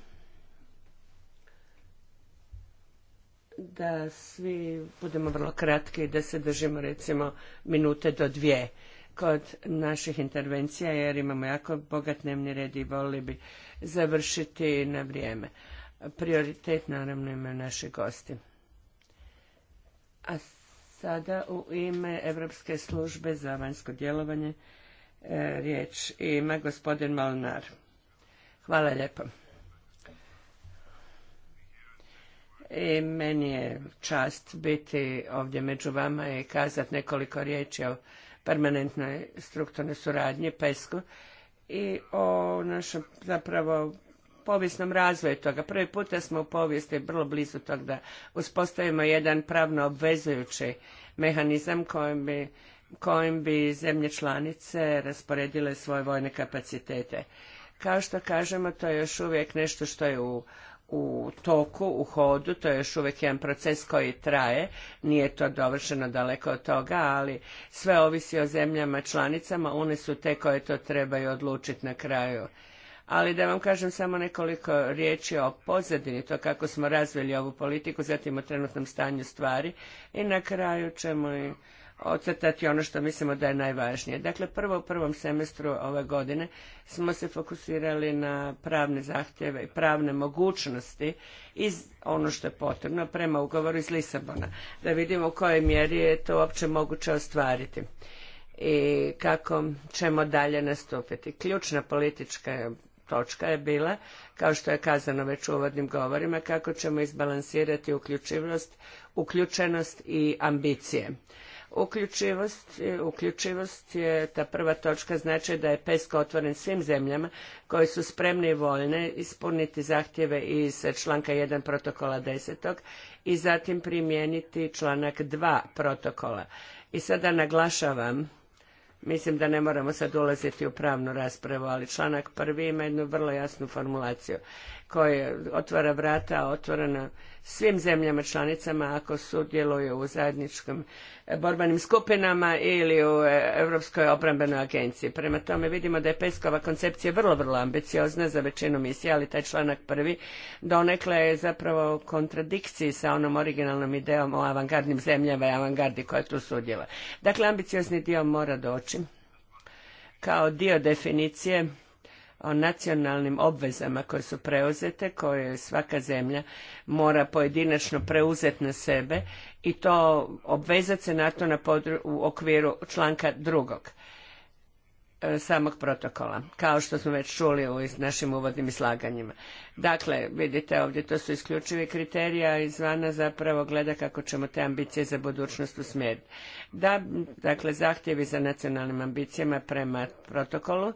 da svi budemo vrlo kratki i da se držimo recimo minute do dvije kod naših intervencija jer imamo jako bogat dnevni red i volili bi završiti na vrijeme. Prioritet naravno imaju naši gosti. A sada u ime Europske službe za vanjsko djelovanje e, riječ ima gospodin Malnar. Hvala lijepo. I meni je čast biti ovdje među vama i kazati nekoliko riječi o permanentne strukturne suradnje PESCO i o našem zapravo povijesnom razvoju toga. Prvi puta smo u povijesti vrlo blizu tog da uspostavimo jedan pravno obvezujući mehanizam kojim bi, kojim bi zemlje članice rasporedile svoje vojne kapacitete. Kao što kažemo, to je još uvijek nešto što je u u toku, u hodu, to je još uvijek jedan proces koji traje, nije to dovršeno daleko od toga, ali sve ovisi o zemljama članicama, one su te koje to trebaju odlučiti na kraju. Ali da vam kažem samo nekoliko riječi o pozadini, to kako smo razvili ovu politiku, zatim o trenutnom stanju stvari i na kraju ćemo i ocrtati ono što mislimo da je najvažnije. Dakle, prvo u prvom semestru ove godine smo se fokusirali na pravne zahtjeve i pravne mogućnosti iz ono što je potrebno prema ugovoru iz Lisabona, da vidimo u kojoj mjeri je to uopće moguće ostvariti i kako ćemo dalje nastupiti. Ključna politička točka je bila, kao što je kazano već u uvodnim govorima, kako ćemo izbalansirati uključivost, uključenost i ambicije Uključivost, uključivost je ta prva točka znači da je PESCO otvoren svim zemljama koje su spremne i voljne ispuniti zahtjeve iz članka 1 protokola 10. i zatim primijeniti članak 2 protokola. I sada naglašavam Mislim da ne moramo sad ulaziti u pravnu raspravu, ali članak 1. ima jednu vrlo jasnu formulaciju koja otvara vrata otvorena svim zemljama članicama ako sudjeluju u zajedničkom e, borbenim skupinama ili u e, Europskoj obrambenoj agenciji. Prema tome vidimo da je Peskova koncepcija vrlo, vrlo ambiciozna za većinu misija, ali taj članak prvi donekle je zapravo u kontradikciji sa onom originalnom idejom o avangardnim zemljama i avangardi koja tu sudjela. Dakle, ambiciozni dio mora doći kao dio definicije o nacionalnim obvezama koje su preuzete, koje svaka zemlja mora pojedinačno preuzeti na sebe i to obvezati se na to na u okviru članka drugog e, samog protokola, kao što smo već čuli u našim uvodnim izlaganjima. Dakle, vidite ovdje, to su isključivi kriterija izvana zapravo gleda kako ćemo te ambicije za budućnost usmjeriti. Da, dakle, zahtjevi za nacionalnim ambicijama prema protokolu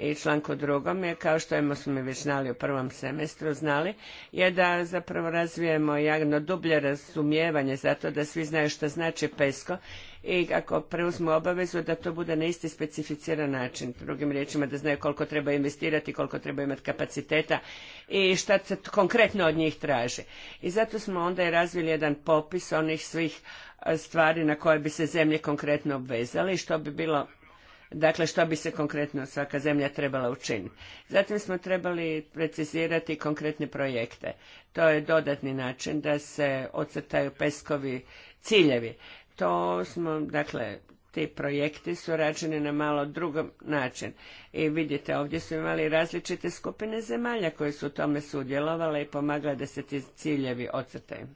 i članku drugom je, kao što smo mi već znali u prvom semestru, znali, je da zapravo razvijemo jedno dublje razumijevanje zato da svi znaju što znači PESCO i ako preuzmu obavezu da to bude na isti specificiran način. Drugim riječima da znaju koliko treba investirati, koliko treba imati kapaciteta i šta se konkretno od njih traži. I zato smo onda i razvili jedan popis onih svih stvari na koje bi se zemlje konkretno obvezale i što bi bilo dakle što bi se konkretno svaka zemlja trebala učiniti. Zatim smo trebali precizirati konkretne projekte. To je dodatni način da se ocrtaju peskovi ciljevi. To smo, dakle, ti projekti su rađeni na malo drugom način. I vidite, ovdje su imali različite skupine zemalja koje su u tome sudjelovale i pomagale da se ti ciljevi ocrtaju.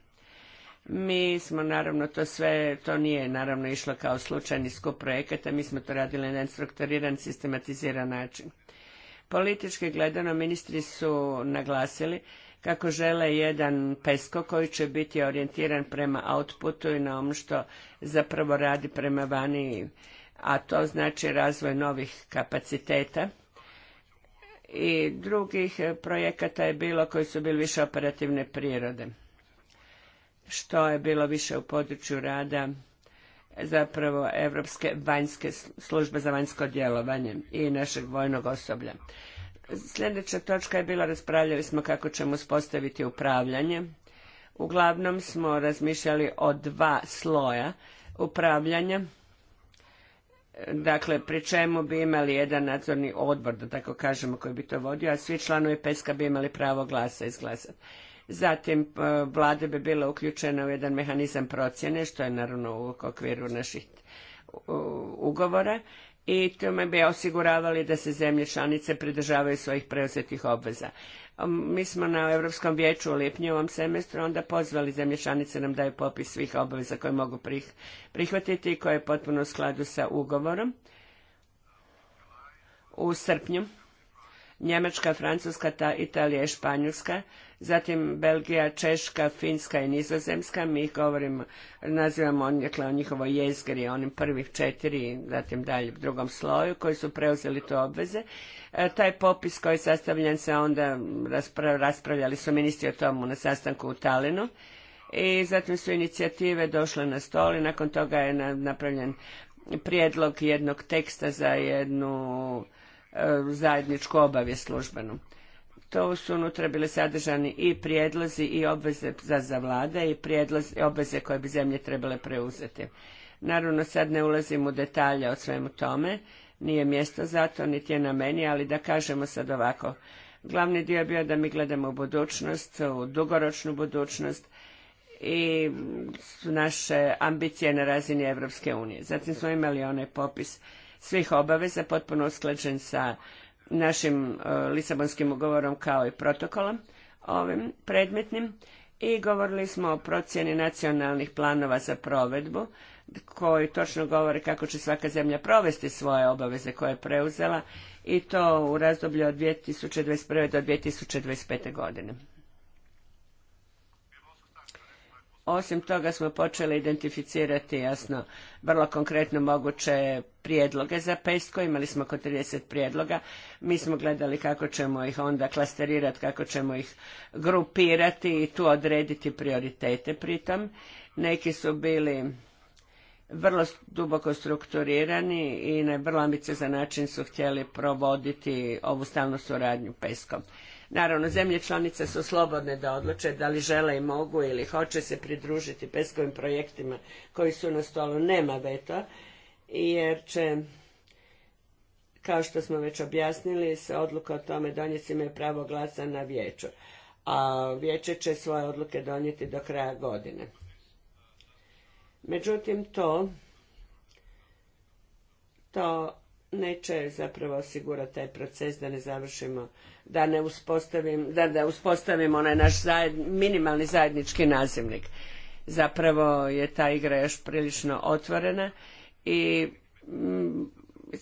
Mi smo naravno to sve, to nije naravno išlo kao slučajni skup projekata, mi smo to radili na strukturiran, sistematiziran način. Politički gledano ministri su naglasili kako žele jedan pesko koji će biti orijentiran prema outputu i na ono što zapravo radi prema vani, a to znači razvoj novih kapaciteta i drugih projekata je bilo koji su bili više operativne prirode što je bilo više u području rada zapravo Evropske vanjske službe za vanjsko djelovanje i našeg vojnog osoblja. Sljedeća točka je bila, raspravljali smo kako ćemo uspostaviti upravljanje. Uglavnom smo razmišljali o dva sloja upravljanja, dakle pri čemu bi imali jedan nadzorni odbor, da tako kažemo, koji bi to vodio, a svi članovi PESKA bi imali pravo glasa izglasati. Zatim vlada bi bila uključena u jedan mehanizam procjene, što je naravno u okviru naših ugovora i tome bi osiguravali da se zemlje članice pridržavaju svojih preuzetih obveza. Um, mi smo na Europskom vijeću u lipnju ovom semestru onda pozvali zemlje članice nam daju popis svih obveza koje mogu prihvatiti i koje je potpuno u skladu sa ugovorom. U srpnju Njemačka, Francuska, Italija i Španjolska zatim Belgija, Češka, Finska i Nizozemska, mi ih govorimo, nazivamo dakle, o njihovoj jezgri, onim prvih četiri, zatim dalje u drugom sloju koji su preuzeli te obveze. E, taj popis koji je sastavljen se onda raspravljali su ministri o tomu na sastanku u Talinu i zatim su inicijative došle na stol i nakon toga je napravljen prijedlog jednog teksta za jednu e, zajedničku obavijest službenu to su unutra bili sadržani i prijedlozi i obveze za, za vlade i prijedlozi, obveze koje bi zemlje trebale preuzeti. Naravno sad ne ulazim u detalje o svemu tome, nije mjesto za to, niti je na meni, ali da kažemo sad ovako. Glavni dio je bio da mi gledamo u budućnost, u dugoročnu budućnost i naše ambicije na razini Evropske unije. Zatim smo imali onaj popis svih obaveza, potpuno usklađen sa našim e, Lisabonskim ugovorom kao i protokolom ovim predmetnim i govorili smo o procjeni nacionalnih planova za provedbu koji točno govore kako će svaka zemlja provesti svoje obaveze koje je preuzela i to u razdoblju od 2021. do 2025. godine. Osim toga smo počeli identificirati jasno vrlo konkretno moguće prijedloge za PESCO. Imali smo oko 30 prijedloga. Mi smo gledali kako ćemo ih onda klasterirati, kako ćemo ih grupirati i tu odrediti prioritete pritom. Neki su bili vrlo duboko strukturirani i na vrlo ambiciozan način su htjeli provoditi ovu stalnu suradnju peskom. Naravno, zemlje članice su slobodne da odluče da li žele i mogu ili hoće se pridružiti peskovim projektima koji su na stolu. Nema veta, jer će, kao što smo već objasnili, se odluka o tome donijeti imaju pravo glasa na vijeću. A vijeće će svoje odluke donijeti do kraja godine. Međutim, to to neće zapravo osigurati taj proces da ne završimo, da ne uspostavim, da, da uspostavimo onaj naš minimalni zajednički nazivnik. Zapravo je ta igra još prilično otvorena i mm,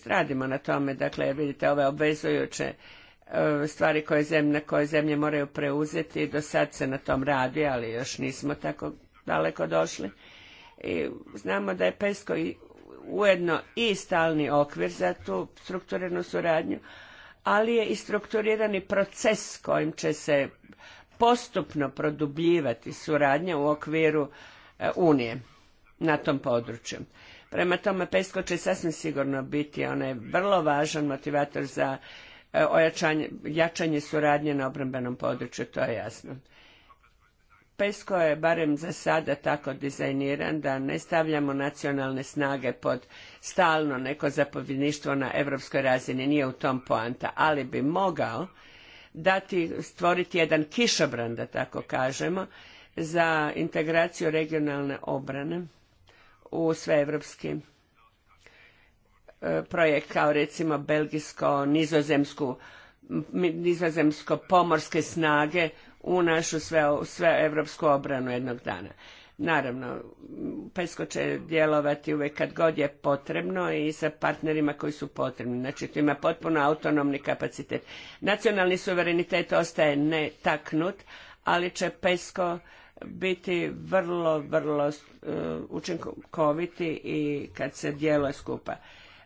radimo na tome, dakle vidite ove obvezujuće e, stvari koje zemlje, koje zemlje moraju preuzeti. Do sad se na tom radi, ali još nismo tako daleko došli. I znamo da je PESCO ujedno i stalni okvir za tu strukturiranu suradnju, ali je i strukturirani proces kojim će se postupno produbljivati suradnja u okviru e, Unije na tom području. Prema tome, PESCO će sasvim sigurno biti onaj vrlo važan motivator za e, jačanje suradnje na obrambenom području, to je jasno. PESCO je barem za sada tako dizajniran da ne stavljamo nacionalne snage pod stalno neko zapovjedništvo na europskoj razini, nije u tom poanta, ali bi mogao dati, stvoriti jedan kišobran, da tako kažemo, za integraciju regionalne obrane u sveevropski e, projekt kao recimo belgijsko, nizozemsko pomorske snage u našu sve, sve evropsku obranu jednog dana. Naravno, Pesko će djelovati uvek kad god je potrebno i sa partnerima koji su potrebni. Znači, tu ima potpuno autonomni kapacitet. Nacionalni suverenitet ostaje netaknut, ali će Pesko biti vrlo, vrlo uh, učinkoviti i kad se djeluje skupa.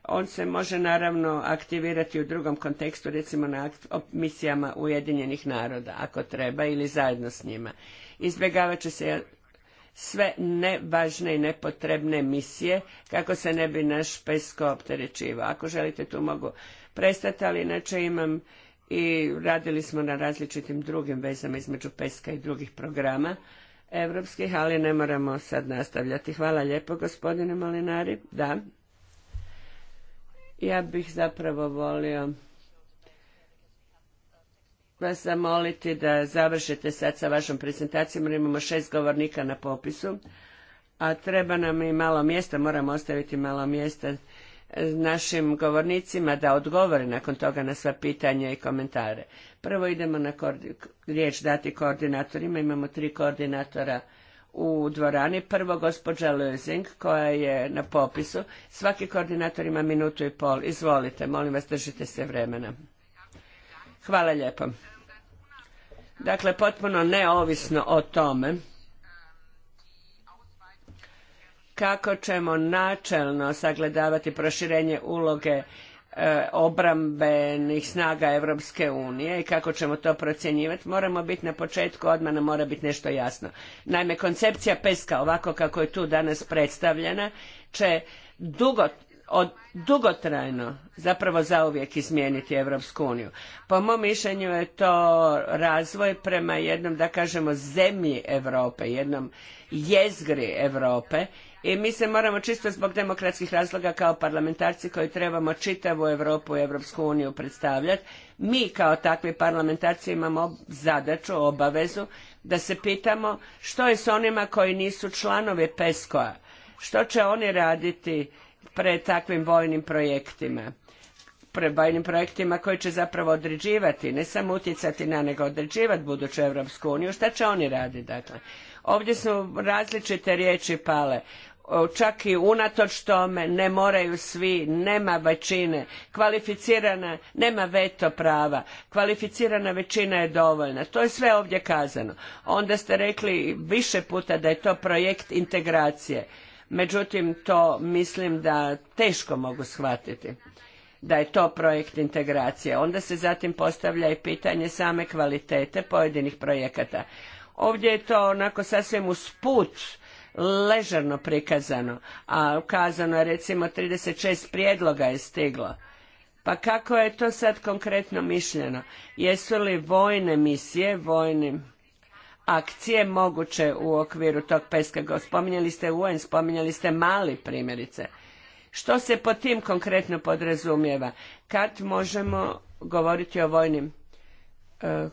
On se može naravno aktivirati u drugom kontekstu, recimo na misijama Ujedinjenih naroda, ako treba, ili zajedno s njima. Izbjegavat će se sve nevažne i nepotrebne misije kako se ne bi naš pesko opterećivao. Ako želite tu mogu prestati, ali inače imam i radili smo na različitim drugim vezama između peska i drugih programa europskih, ali ne moramo sad nastavljati. Hvala lijepo gospodine Molinari. Da. Ja bih zapravo volio vas zamoliti da završite sad sa vašom prezentacijom, jer imamo šest govornika na popisu, a treba nam i malo mjesta, moramo ostaviti malo mjesta našim govornicima da odgovore nakon toga na sva pitanja i komentare. Prvo idemo na riječ dati koordinatorima, imamo tri koordinatora u dvorani. Prvo gospođa Lözing koja je na popisu. Svaki koordinator ima minutu i pol. Izvolite, molim vas držite se vremena. Hvala lijepo. Dakle, potpuno neovisno o tome kako ćemo načelno sagledavati proširenje uloge E, obrambenih snaga Europske unije i kako ćemo to procjenjivati, moramo biti na početku, odmah nam mora biti nešto jasno. Naime, koncepcija peska ovako kako je tu danas predstavljena će dugo, od, dugotrajno zapravo zauvijek izmijeniti Europsku uniju. Po mom mišljenju je to razvoj prema jednom, da kažemo, zemlji Europe, jednom jezgri Europe i mi se moramo čisto zbog demokratskih razloga kao parlamentarci koji trebamo čitavu Europu i Europsku uniju predstavljati, mi kao takvi parlamentarci imamo zadaću, obavezu da se pitamo što je s onima koji nisu članovi PESCO-a, što će oni raditi pred takvim vojnim projektima vojnim projektima koji će zapravo određivati, ne samo utjecati na nego određivati buduću Europsku uniju, šta će oni raditi dakle. Ovdje su različite riječi pale čak i unatoč tome ne moraju svi, nema većine, kvalificirana, nema veto prava, kvalificirana većina je dovoljna, to je sve ovdje kazano. Onda ste rekli više puta da je to projekt integracije, međutim to mislim da teško mogu shvatiti da je to projekt integracije. Onda se zatim postavlja i pitanje same kvalitete pojedinih projekata. Ovdje je to onako sasvim usput ležerno prikazano, a ukazano je recimo 36 prijedloga je stiglo. Pa kako je to sad konkretno mišljeno? Jesu li vojne misije, vojne akcije moguće u okviru tog peska? Spominjali ste UN, spominjali ste mali primjerice. Što se po tim konkretno podrazumijeva? Kad možemo govoriti o vojnim e,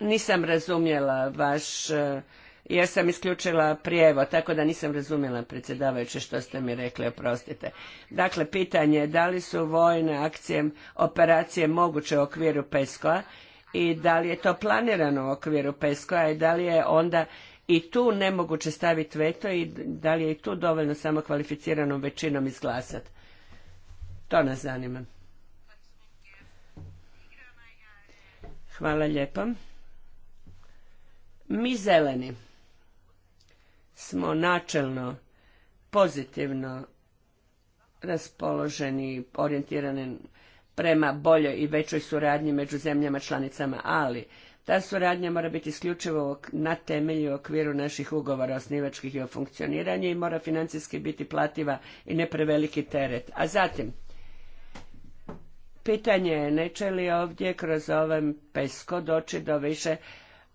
nisam razumjela vaš, e, jer sam isključila prijevo, tako da nisam razumjela predsjedavajuće što ste mi rekli, oprostite. Dakle, pitanje je da li su vojne akcije, operacije moguće u okviru PESCO-a i da li je to planirano u okviru PESCO-a i da li je onda i tu nemoguće staviti veto i da li je i tu dovoljno samo kvalificiranom većinom izglasati. To nas zanima. Hvala lijepo. Mi zeleni smo načelno pozitivno raspoloženi, orijentirani prema boljoj i većoj suradnji među zemljama članicama, ali ta suradnja mora biti isključivo na temelju u okviru naših ugovora osnivačkih i o funkcioniranju i mora financijski biti plativa i ne preveliki teret. A zatim, Pitanje je neće li ovdje kroz ovaj pesko doći do više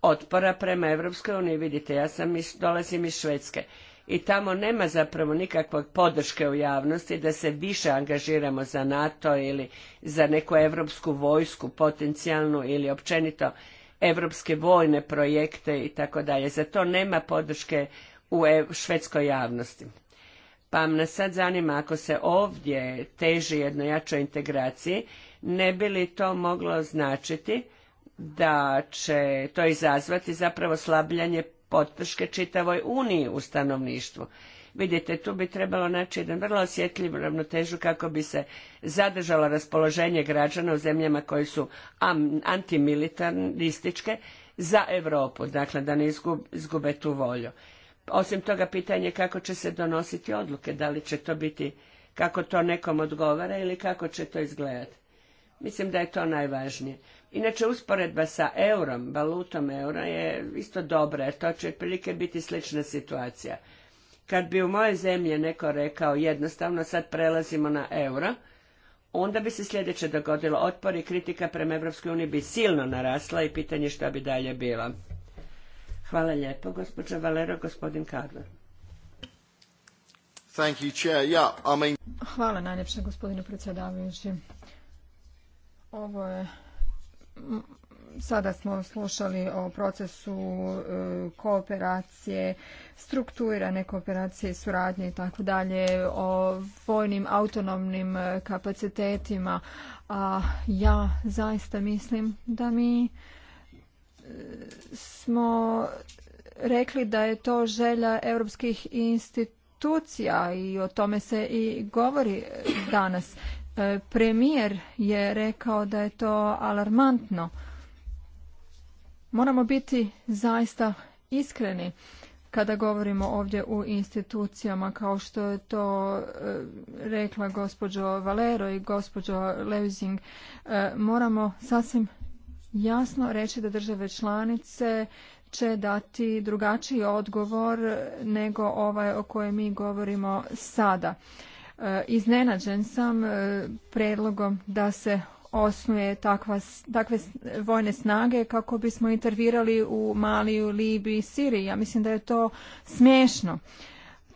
otpora prema Evropskoj uniji. Vidite, ja sam iz, dolazim iz Švedske i tamo nema zapravo nikakve podrške u javnosti da se više angažiramo za NATO ili za neku evropsku vojsku potencijalnu ili općenito evropske vojne projekte i tako dalje. Za to nema podrške u e, švedskoj javnosti. Pa nas sad zanima ako se ovdje teži jednojačoj integraciji, ne bi li to moglo značiti da će to izazvati zapravo slabljanje potrške čitavoj uniji u stanovništvu. Vidite, tu bi trebalo naći jedan vrlo osjetljiv ravnotežu kako bi se zadržalo raspoloženje građana u zemljama koje su antimilitarističke za Europu, dakle da ne izgube tu volju. Osim toga, pitanje kako će se donositi odluke, da li će to biti kako to nekom odgovara ili kako će to izgledati. Mislim da je to najvažnije. Inače, usporedba sa eurom, valutom eura je isto dobra, jer to će otprilike biti slična situacija. Kad bi u moje zemlji neko rekao jednostavno sad prelazimo na euro, onda bi se sljedeće dogodilo. Otpor i kritika prema EU uniji bi silno narasla i pitanje što bi dalje bilo. Hvala lijepo, gospođa Valero, gospodin Karlo. Hvala najljepše, gospodine predsjedavajući. Ovo je sada smo slušali o procesu e, kooperacije, strukturirane kooperacije, suradnje i tako dalje, o vojnim autonomnim e, kapacitetima. A ja zaista mislim da mi e, smo rekli da je to želja europskih institucija i o tome se i govori danas. E, premijer je rekao da je to alarmantno. Moramo biti zaista iskreni kada govorimo ovdje u institucijama kao što je to e, rekla gospođo Valero i gospođo Leuzing, e, moramo sasvim jasno reći da države članice će dati drugačiji odgovor nego ovaj o kojem mi govorimo sada. E, iznenađen sam e, predlogom da se osnuje takve vojne snage kako bismo intervirali u Maliju, Libiji i Siriji. Ja mislim da je to smiješno.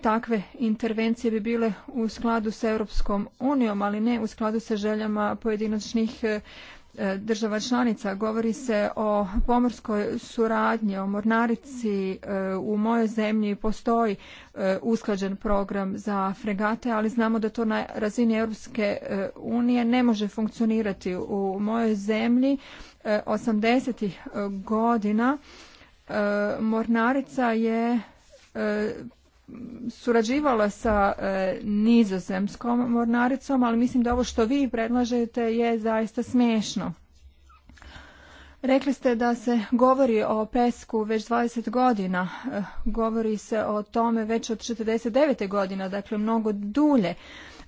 Takve intervencije bi bile u skladu sa Europskom unijom, ali ne u skladu sa željama pojedinačnih e, E, država članica. Govori se o pomorskoj suradnji, o mornarici. E, u mojoj zemlji postoji e, usklađen program za fregate, ali znamo da to na razini Europske unije ne može funkcionirati. U mojoj zemlji 80. godina mornarica je surađivala sa e, nizozemskom mornaricom, ali mislim da ovo što vi predlažete je zaista smiješno. Rekli ste da se govori o pesku već 20 godina, e, govori se o tome već od 49. godina, dakle mnogo dulje,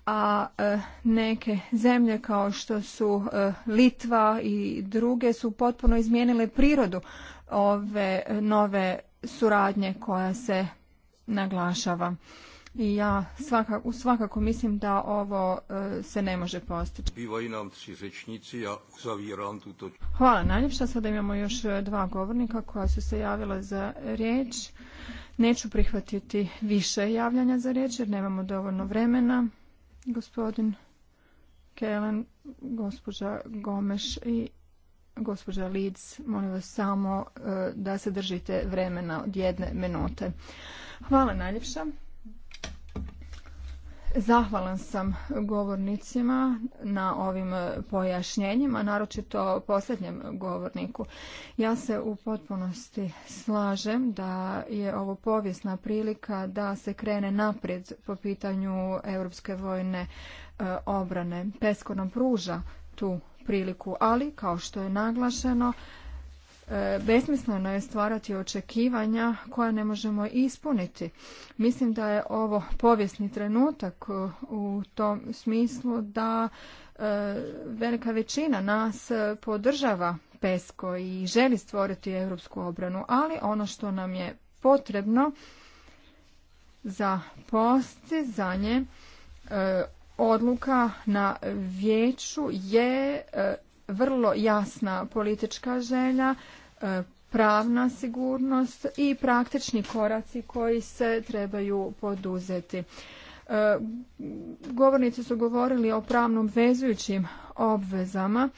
a e, neke zemlje kao što su Litva i druge su potpuno izmijenile prirodu ove nove suradnje koja se naglašava. I ja svakako, svakako mislim da ovo e, se ne može postići. Hvala najljepša. Sada imamo još e, dva govornika koja su se javila za riječ. Neću prihvatiti više javljanja za riječ jer nemamo dovoljno vremena. Gospodin Kelen, gospođa Gomeš i gospođa Lidz, molim vas samo e, da se držite vremena od jedne minute. Hvala najljepša. Zahvalan sam govornicima na ovim pojašnjenjima, naročito posljednjem govorniku. Ja se u potpunosti slažem da je ovo povijesna prilika da se krene naprijed po pitanju europske vojne e, obrane. Pesko nam pruža tu priliku, ali kao što je naglašeno, E, besmisleno je stvarati očekivanja koja ne možemo ispuniti. Mislim da je ovo povijesni trenutak e, u tom smislu da e, velika većina nas podržava PESCO i želi stvoriti europsku obranu, ali ono što nam je potrebno za postizanje odluka na vijeću je vrlo jasna politička želja E, pravna sigurnost i praktični koraci koji se trebaju poduzeti. E, govornici su govorili o pravnom vezujućim obvezama,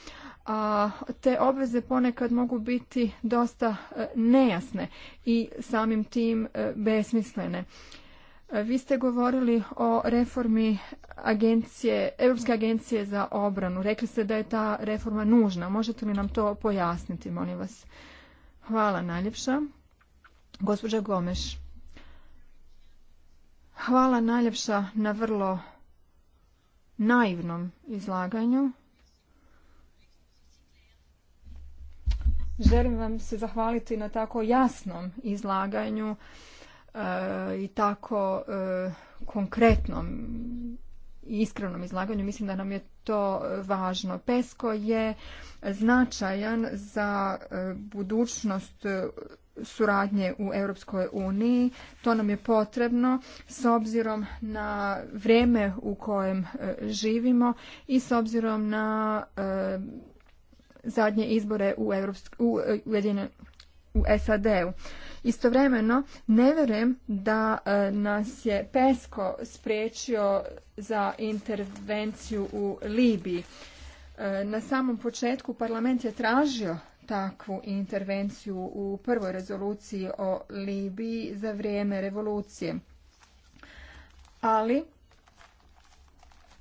a te obveze ponekad mogu biti dosta e, nejasne i samim tim besmislene. Vi ste govorili o reformi agencije, Europske agencije za obranu. Rekli ste da je ta reforma nužna. Možete li nam to pojasniti, molim vas? Hvala najljepša. Gospođa Gomeš. Hvala najljepša na vrlo naivnom izlaganju. Želim vam se zahvaliti na tako jasnom izlaganju e, i tako e, konkretnom iskrenom izlaganju. Mislim da nam je to e, važno. Pesko je značajan za e, budućnost e, suradnje u Europskoj uniji. To nam je potrebno s obzirom na vrijeme u kojem živimo i s obzirom na zadnje izbore u, Evropsk... u, u SAD-u. Istovremeno, ne vjerujem da e, nas je PESCO spriječio za intervenciju u Libiji. E, na samom početku parlament je tražio takvu intervenciju u prvoj rezoluciji o Libiji za vrijeme revolucije. Ali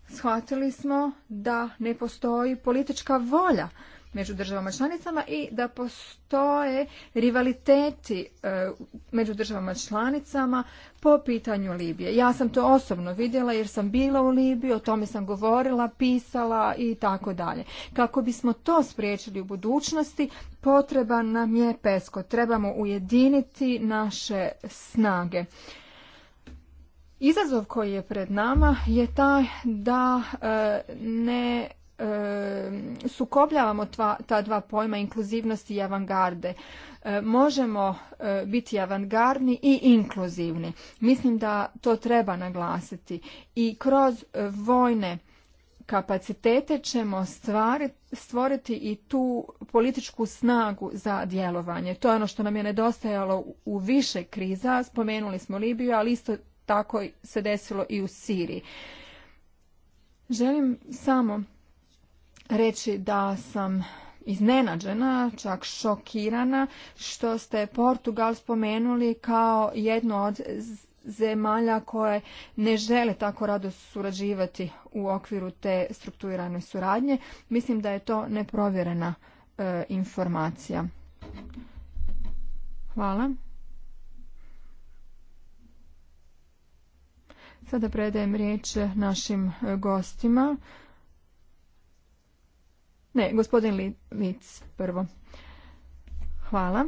shvatili smo da ne postoji politička volja među državama članicama i da postoje rivaliteti e, među državama članicama po pitanju Libije. Ja sam to osobno vidjela jer sam bila u Libiji, o tome sam govorila, pisala i tako dalje. Kako bismo to spriječili u budućnosti, potreban nam je pesko. Trebamo ujediniti naše snage. Izazov koji je pred nama je taj da e, ne E, sukobljavamo ta dva pojma inkluzivnosti i avangarde. E, možemo e, biti avangardni i inkluzivni. Mislim da to treba naglasiti. I kroz vojne kapacitete ćemo stvoriti i tu političku snagu za djelovanje. To je ono što nam je nedostajalo u više kriza. Spomenuli smo Libiju, ali isto tako se desilo i u Siriji. Želim samo reći da sam iznenađena, čak šokirana što ste Portugal spomenuli kao jedno od zemalja koje ne žele tako rado surađivati u okviru te strukturirane suradnje. Mislim da je to neprovjerena e, informacija. Hvala. Sada predajem riječ našim e, gostima. Ne, gospodin Lic prvo. Hvala.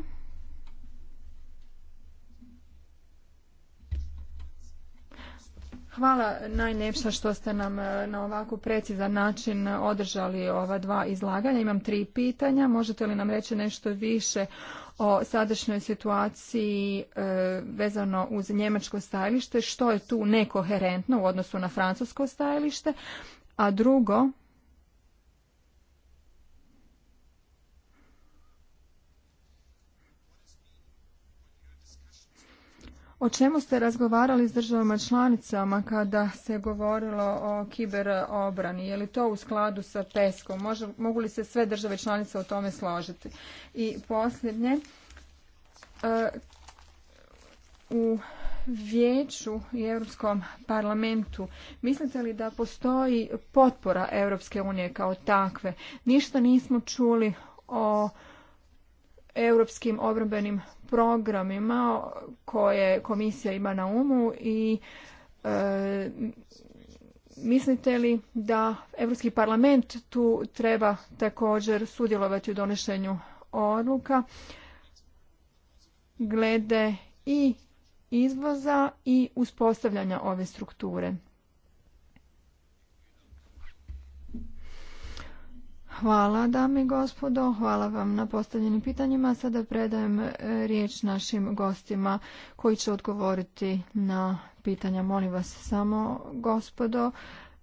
Hvala najljepša što ste nam e, na ovako precizan način održali ova dva izlaganja. Imam tri pitanja. Možete li nam reći nešto više o sadašnjoj situaciji e, vezano uz njemačko stajalište? Što je tu nekoherentno u odnosu na francusko stajalište? A drugo, O čemu ste razgovarali s državama članicama kada se govorilo o kiber obrani? Je li to u skladu sa peskom? mogu li se sve države članice o tome složiti? I posljednje, e, u vijeću i Europskom parlamentu mislite li da postoji potpora Europske unije kao takve? Ništa nismo čuli o europskim obrambenim programima koje komisija ima na umu i e, mislite li da Europski parlament tu treba također sudjelovati u donošenju odluka glede i izvoza i uspostavljanja ove strukture? Hvala dame i gospodo, hvala vam na postavljenim pitanjima. Sada predajem e, riječ našim gostima koji će odgovoriti na pitanja. Molim vas samo gospodo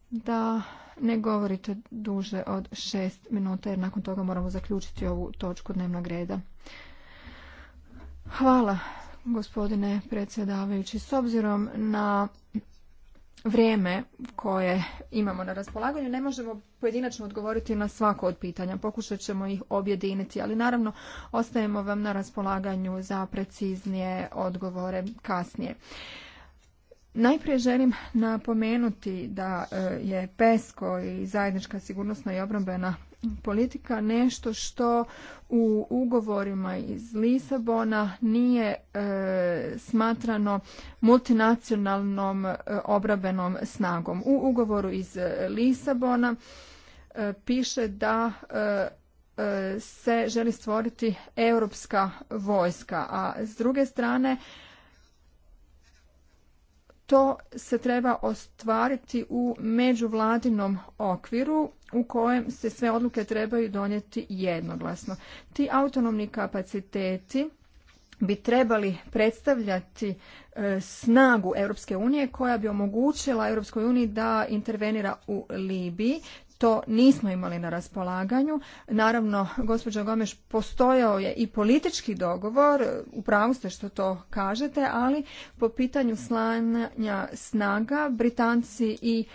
da ne govorite duže od šest minuta jer nakon toga moramo zaključiti ovu točku dnevnog reda. Hvala gospodine predsjedavajući. S obzirom na vrijeme koje imamo na raspolaganju ne možemo pojedinačno odgovoriti na svako od pitanja. Pokušat ćemo ih objediniti, ali naravno ostajemo vam na raspolaganju za preciznije odgovore kasnije. Najprije želim napomenuti da e, je PESCO i zajednička sigurnosna i obrambena politika nešto što u ugovorima iz Lisabona nije e, smatrano multinacionalnom e, obrabenom snagom. U ugovoru iz Lisabona e, piše da e, se želi stvoriti europska vojska, a s druge strane to se treba ostvariti u međuvladinom okviru u kojem se sve odluke trebaju donijeti jednoglasno. Ti autonomni kapaciteti bi trebali predstavljati e, snagu Europske unije koja bi omogućila Europskoj uniji da intervenira u Libiji to nismo imali na raspolaganju. Naravno, gospođo Gomeš, postojao je i politički dogovor, upravo ste što to kažete, ali po pitanju slanja snaga Britanci i,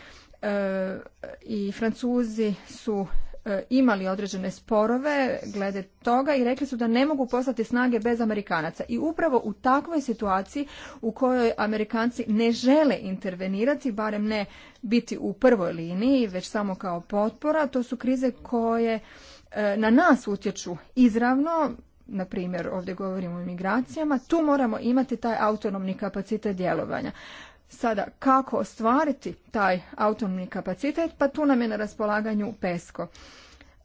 e, i Francuzi su E, imali određene sporove glede toga i rekli su da ne mogu poslati snage bez Amerikanaca. I upravo u takvoj situaciji u kojoj Amerikanci ne žele intervenirati, barem ne biti u prvoj liniji, već samo kao potpora, to su krize koje e, na nas utječu izravno, na primjer ovdje govorimo o migracijama, tu moramo imati taj autonomni kapacitet djelovanja. Sada, kako ostvariti taj autonomni kapacitet? Pa tu nam je na raspolaganju PESCO.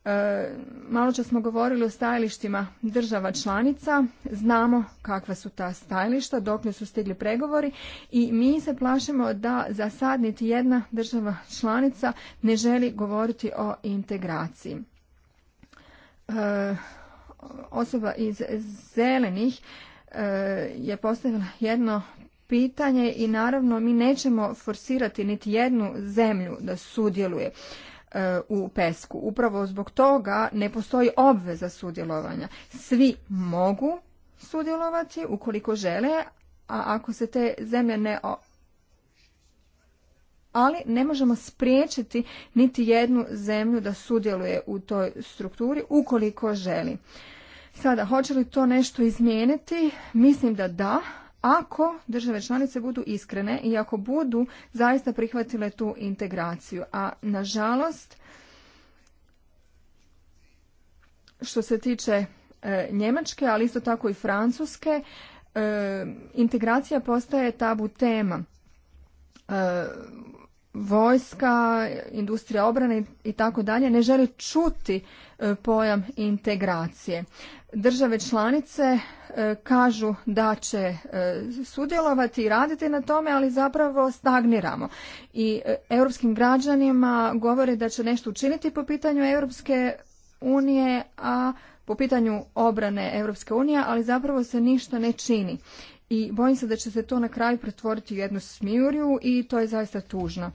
E, malo čas smo govorili o stajalištima država članica, znamo kakva su ta stajališta, dokle su stigli pregovori i mi se plašimo da za sad niti jedna država članica ne želi govoriti o integraciji. E, osoba iz zelenih e, je postavila jedno pitanje i naravno mi nećemo forsirati niti jednu zemlju da sudjeluje e, u pesku. Upravo zbog toga ne postoji obveza sudjelovanja. Svi mogu sudjelovati ukoliko žele, a ako se te zemlje ne ali ne možemo spriječiti niti jednu zemlju da sudjeluje u toj strukturi ukoliko želi. Sada, hoće li to nešto izmijeniti? Mislim da da, ako države članice budu iskrene i ako budu zaista prihvatile tu integraciju. A nažalost, što se tiče e, Njemačke, ali isto tako i Francuske, e, integracija postaje tabu tema. E, vojska, industrija obrane i tako dalje ne žele čuti E, pojam integracije. Države članice e, kažu da će e, sudjelovati i raditi na tome, ali zapravo stagniramo. I europskim građanima govore da će nešto učiniti po pitanju Europske unije, a po pitanju obrane Europske unije, ali zapravo se ništa ne čini i bojim se da će se to na kraju pretvoriti u jednu smijurju i to je zaista tužno.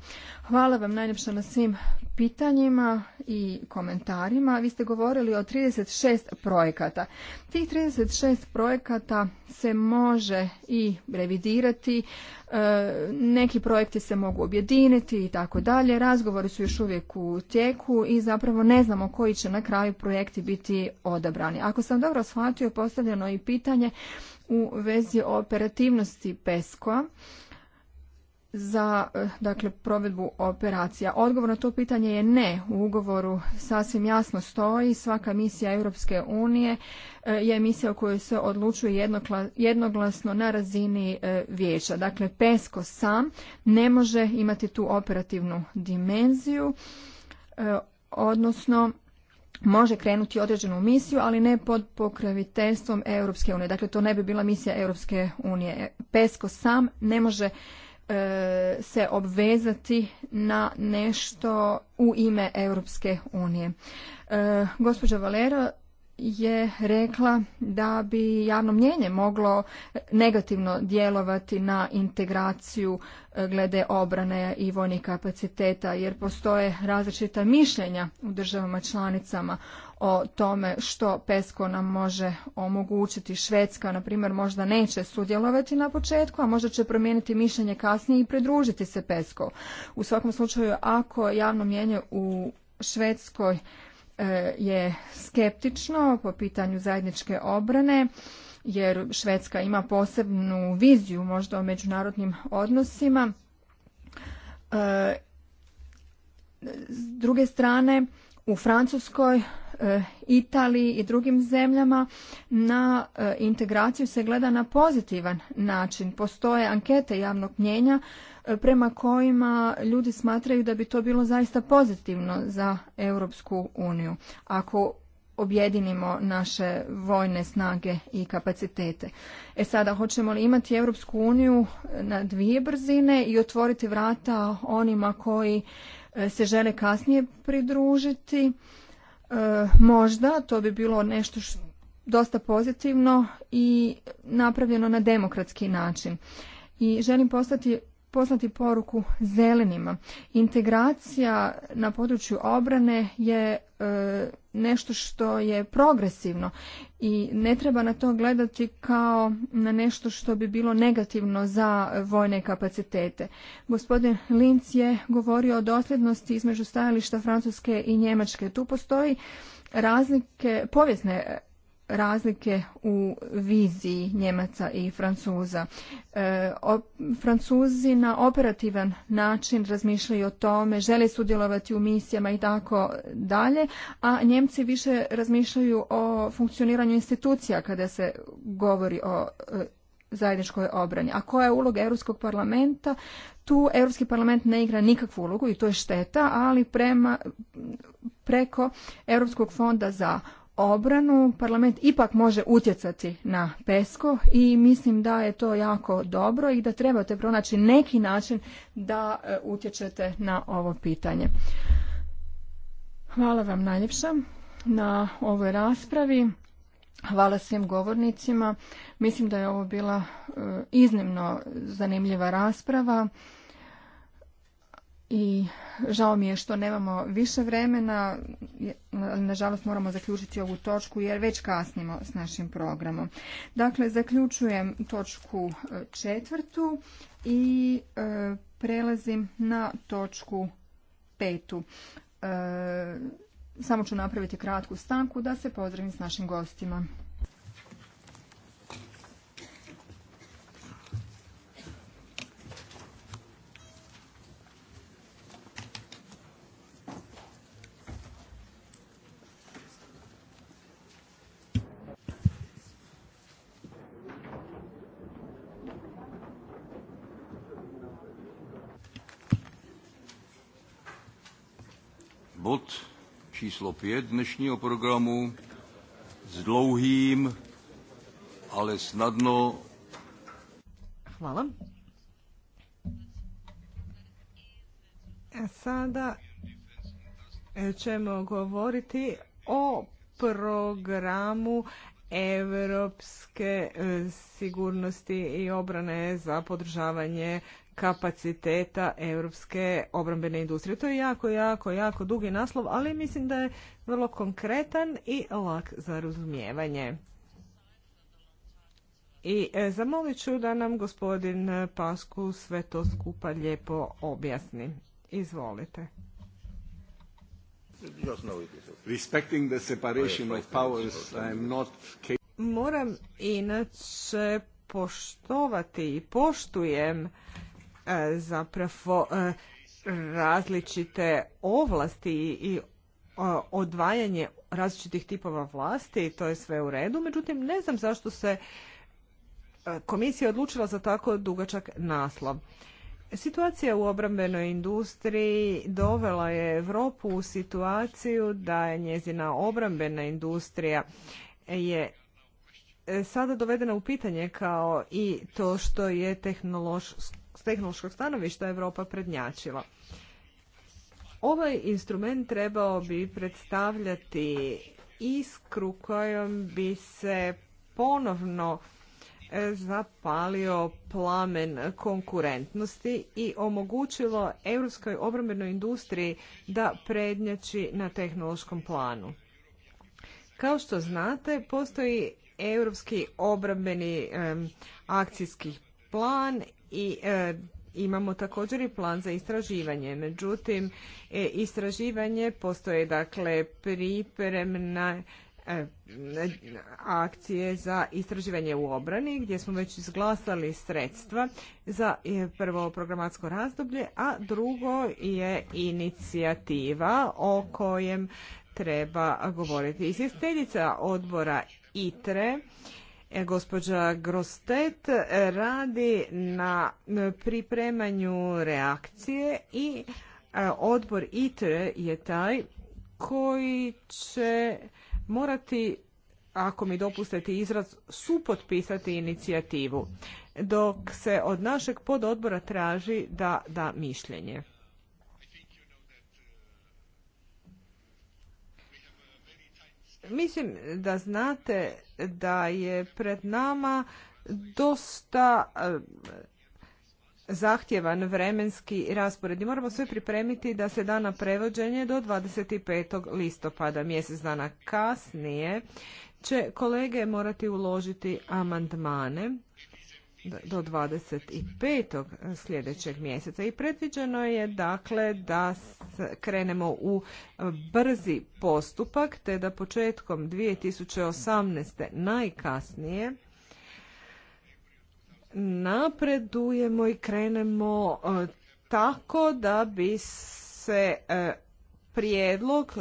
Hvala vam najljepša na svim pitanjima i komentarima. Vi ste govorili o 36 projekata. Tih 36 projekata se može i revidirati, e, neki projekti se mogu objediniti i tako dalje. Razgovori su još uvijek u tijeku i zapravo ne znamo koji će na kraju projekti biti odabrani. Ako sam dobro shvatio, postavljeno je i pitanje u vezi o operativnosti PESCO-a za eh, dakle, provedbu operacija. Odgovor na to pitanje je ne. U ugovoru sasvim jasno stoji svaka misija Europske unije eh, je misija o kojoj se odlučuje jednoglasno na razini eh, vijeća. Dakle, PESCO sam ne može imati tu operativnu dimenziju, odnosno može krenuti određenu misiju, ali ne pod pokraviteljstvom Europske unije. Dakle, to ne bi bila misija Europske unije. PESCO sam ne može e, se obvezati na nešto u ime Europske unije. E, gospođa Valera je rekla da bi javno mnjenje moglo negativno djelovati na integraciju e, glede obrane i vojnih kapaciteta jer postoje različita mišljenja u državama članicama o tome što PESCO nam može omogućiti. Švedska, na primjer, možda neće sudjelovati na početku, a možda će promijeniti mišljenje kasnije i pridružiti se PESCO. U svakom slučaju, ako javno mnjenje u Švedskoj E, je skeptično po pitanju zajedničke obrane jer Švedska ima posebnu viziju možda o međunarodnim odnosima. E, s druge strane u Francuskoj, e, Italiji i drugim zemljama na e, integraciju se gleda na pozitivan način. Postoje ankete javnog mnjenja e, prema kojima ljudi smatraju da bi to bilo zaista pozitivno za Europsku uniju. Ako objedinimo naše vojne snage i kapacitete. E sada, hoćemo li imati Europsku uniju na dvije brzine i otvoriti vrata onima koji E, se žele kasnije pridružiti. E, možda to bi bilo nešto dosta pozitivno i napravljeno na demokratski način. I želim postati poslati poruku zelenima. Integracija na području obrane je e, nešto što je progresivno i ne treba na to gledati kao na nešto što bi bilo negativno za vojne kapacitete. Gospodin Linz je govorio o dosljednosti između stajališta Francuske i Njemačke. Tu postoji razlike, povijesne razlike u viziji Njemaca i Francuza. E, o, Francuzi na operativan način razmišljaju o tome, žele sudjelovati u misijama i tako dalje, a Njemci više razmišljaju o funkcioniranju institucija kada se govori o e, zajedničkoj obrani. A koja je uloga Europskog parlamenta? Tu Europski parlament ne igra nikakvu ulogu i to je šteta, ali prema, preko Europskog fonda za obranu parlament ipak može utjecati na PESCO i mislim da je to jako dobro i da trebate pronaći neki način da e, utječete na ovo pitanje. Hvala vam najljepša na ovoj raspravi. Hvala svim govornicima. Mislim da je ovo bila e, iznimno zanimljiva rasprava i žao mi je što nemamo više vremena, ali nažalost moramo zaključiti ovu točku jer već kasnimo s našim programom. Dakle, zaključujem točku e, četvrtu i e, prelazim na točku petu. E, samo ću napraviti kratku stanku da se pozdravim s našim gostima. bod číslo 5 dnešního programu s dlouhým, ale snadno. Hvala. Sada ćemo govoriti o programu Evropske sigurnosti i obrane za podržavanje kapaciteta europske obrambene industrije. To je jako, jako, jako dugi naslov, ali mislim da je vrlo konkretan i lak za razumijevanje. I e, zamolit ću da nam gospodin Pasku sve to skupa lijepo objasni. Izvolite. Moram inače poštovati i poštujem E, zapravo e, različite ovlasti i e, odvajanje različitih tipova vlasti i to je sve u redu. Međutim, ne znam zašto se komisija odlučila za tako dugačak naslov. Situacija u obrambenoj industriji dovela je Europu u situaciju da je njezina obrambena industrija je sada dovedena u pitanje kao i to što je tehnološko s tehnološkog stanovišta Evropa prednjačila. Ovaj instrument trebao bi predstavljati iskru kojom bi se ponovno e, zapalio plamen konkurentnosti i omogućilo europskoj obrambenoj industriji da prednjači na tehnološkom planu. Kao što znate, postoji europski obrambeni akcijski plan i e, imamo također i plan za istraživanje. Međutim, e, istraživanje postoje dakle pripremna e, akcije za istraživanje u obrani gdje smo već izglasali sredstva za prvo programatsko razdoblje, a drugo je inicijativa o kojem treba govoriti. Izvjestiteljica odbora ITRE E, gospođa Grostet radi na pripremanju reakcije i e, odbor ITRE je taj koji će morati, ako mi dopustite izraz, supotpisati inicijativu, dok se od našeg pododbora traži da da mišljenje. Mislim da znate da je pred nama dosta eh, zahtjevan vremenski raspored i moramo sve pripremiti da se dana prevođenje do 25. listopada. Mjesec dana kasnije će kolege morati uložiti amandmane do 25. sljedećeg mjeseca i predviđeno je dakle da krenemo u e, brzi postupak te da početkom 2018. najkasnije napredujemo i krenemo e, tako da bi se e, prijedlog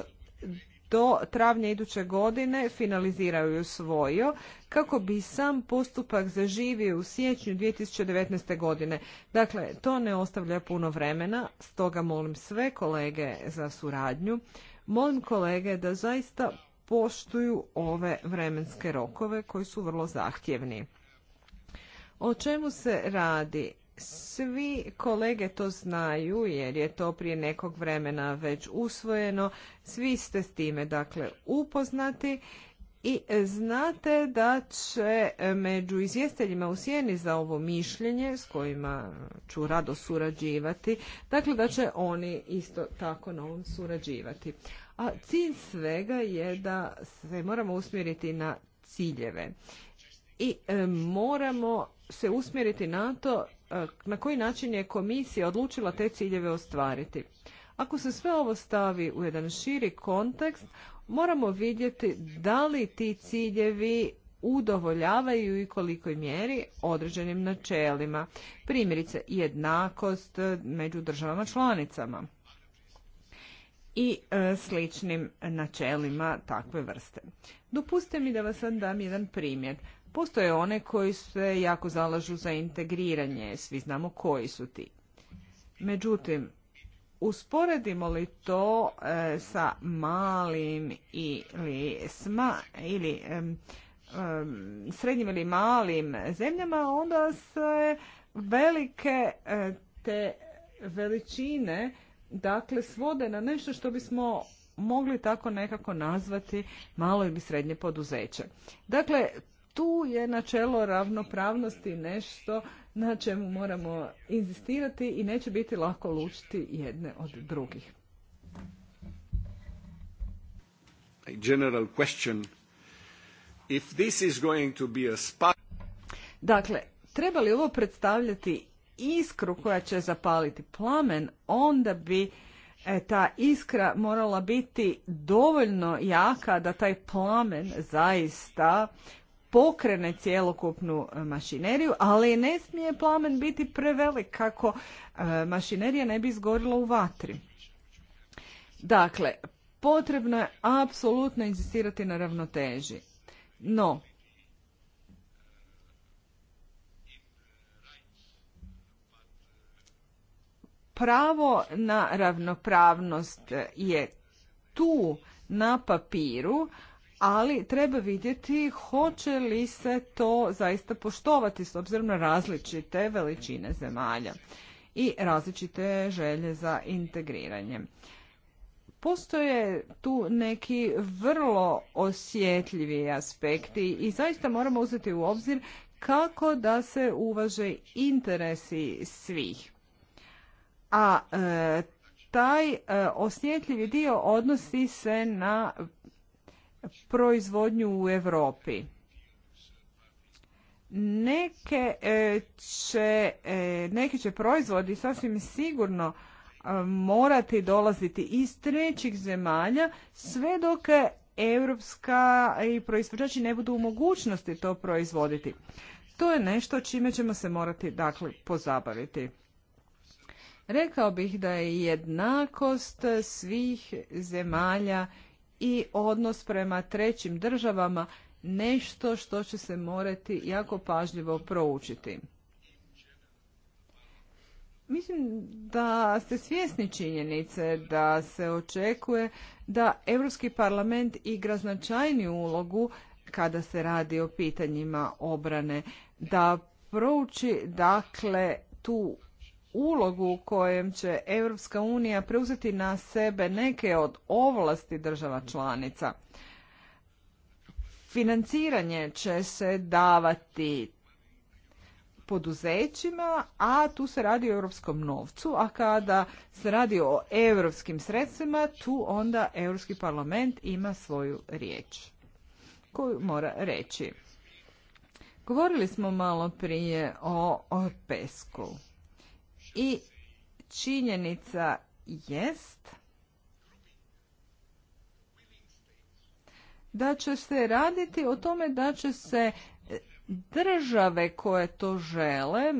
do travnja iduće godine finalizirao i usvojio kako bi sam postupak zaživio u siječnju 2019. godine. Dakle, to ne ostavlja puno vremena, stoga molim sve kolege za suradnju. Molim kolege da zaista poštuju ove vremenske rokove koji su vrlo zahtjevni. O čemu se radi? Svi kolege to znaju jer je to prije nekog vremena već usvojeno. Svi ste s time dakle upoznati i e, znate da će e, među izvjestiteljima u sjeni za ovo mišljenje s kojima ću rado surađivati, dakle da će oni isto tako na ovom surađivati. A cilj svega je da se moramo usmjeriti na ciljeve i e, moramo se usmjeriti na to na koji način je komisija odlučila te ciljeve ostvariti. Ako se sve ovo stavi u jedan širi kontekst, moramo vidjeti da li ti ciljevi udovoljavaju i kolikoj mjeri određenim načelima. Primjerice, jednakost među državama članicama i e, sličnim načelima takve vrste. Dopustite mi da vas sad dam jedan primjer. Postoje one koji se jako zalažu za integriranje, svi znamo koji su ti. Međutim, Usporedimo li to e, sa malim ili sma ili srednjim ili malim zemljama, onda se velike e, te veličine dakle svode na nešto što bismo mogli tako nekako nazvati malo ili srednje poduzeće. Dakle, tu je načelo ravnopravnosti nešto na čemu moramo inzistirati i neće biti lako lučiti jedne od drugih. Dakle, treba li ovo predstavljati iskru koja će zapaliti plamen, onda bi e, ta iskra morala biti dovoljno jaka da taj plamen zaista pokrene cjelokupnu e, mašineriju, ali ne smije plamen biti prevelik kako e, mašinerija ne bi izgorila u vatri. Dakle, potrebno je apsolutno insistirati na ravnoteži. No, pravo na ravnopravnost je tu na papiru, ali treba vidjeti hoće li se to zaista poštovati s obzirom na različite veličine zemalja i različite želje za integriranje. Postoje tu neki vrlo osjetljivi aspekti i zaista moramo uzeti u obzir kako da se uvaže interesi svih. A e, taj e, osjetljivi dio odnosi se na proizvodnju u Europi. Neke e, će, e, neki će proizvodi sasvim sigurno e, morati dolaziti iz trećih zemalja sve dok europska i proizvođači ne budu u mogućnosti to proizvoditi. To je nešto čime ćemo se morati dakle pozabaviti. Rekao bih da je jednakost svih zemalja i odnos prema trećim državama nešto što će se morati jako pažljivo proučiti. Mislim da ste svjesni činjenice da se očekuje da Europski parlament igra značajniju ulogu kada se radi o pitanjima obrane, da prouči dakle tu ulogu kojem će Europska unija preuzeti na sebe neke od ovlasti država članica. Financiranje će se davati poduzećima, a tu se radi o europskom novcu, a kada se radi o europskim sredstvima, tu onda Europski parlament ima svoju riječ koju mora reći. Govorili smo malo prije o, o pesku. I činjenica jest da će se raditi o tome da će se države koje to žele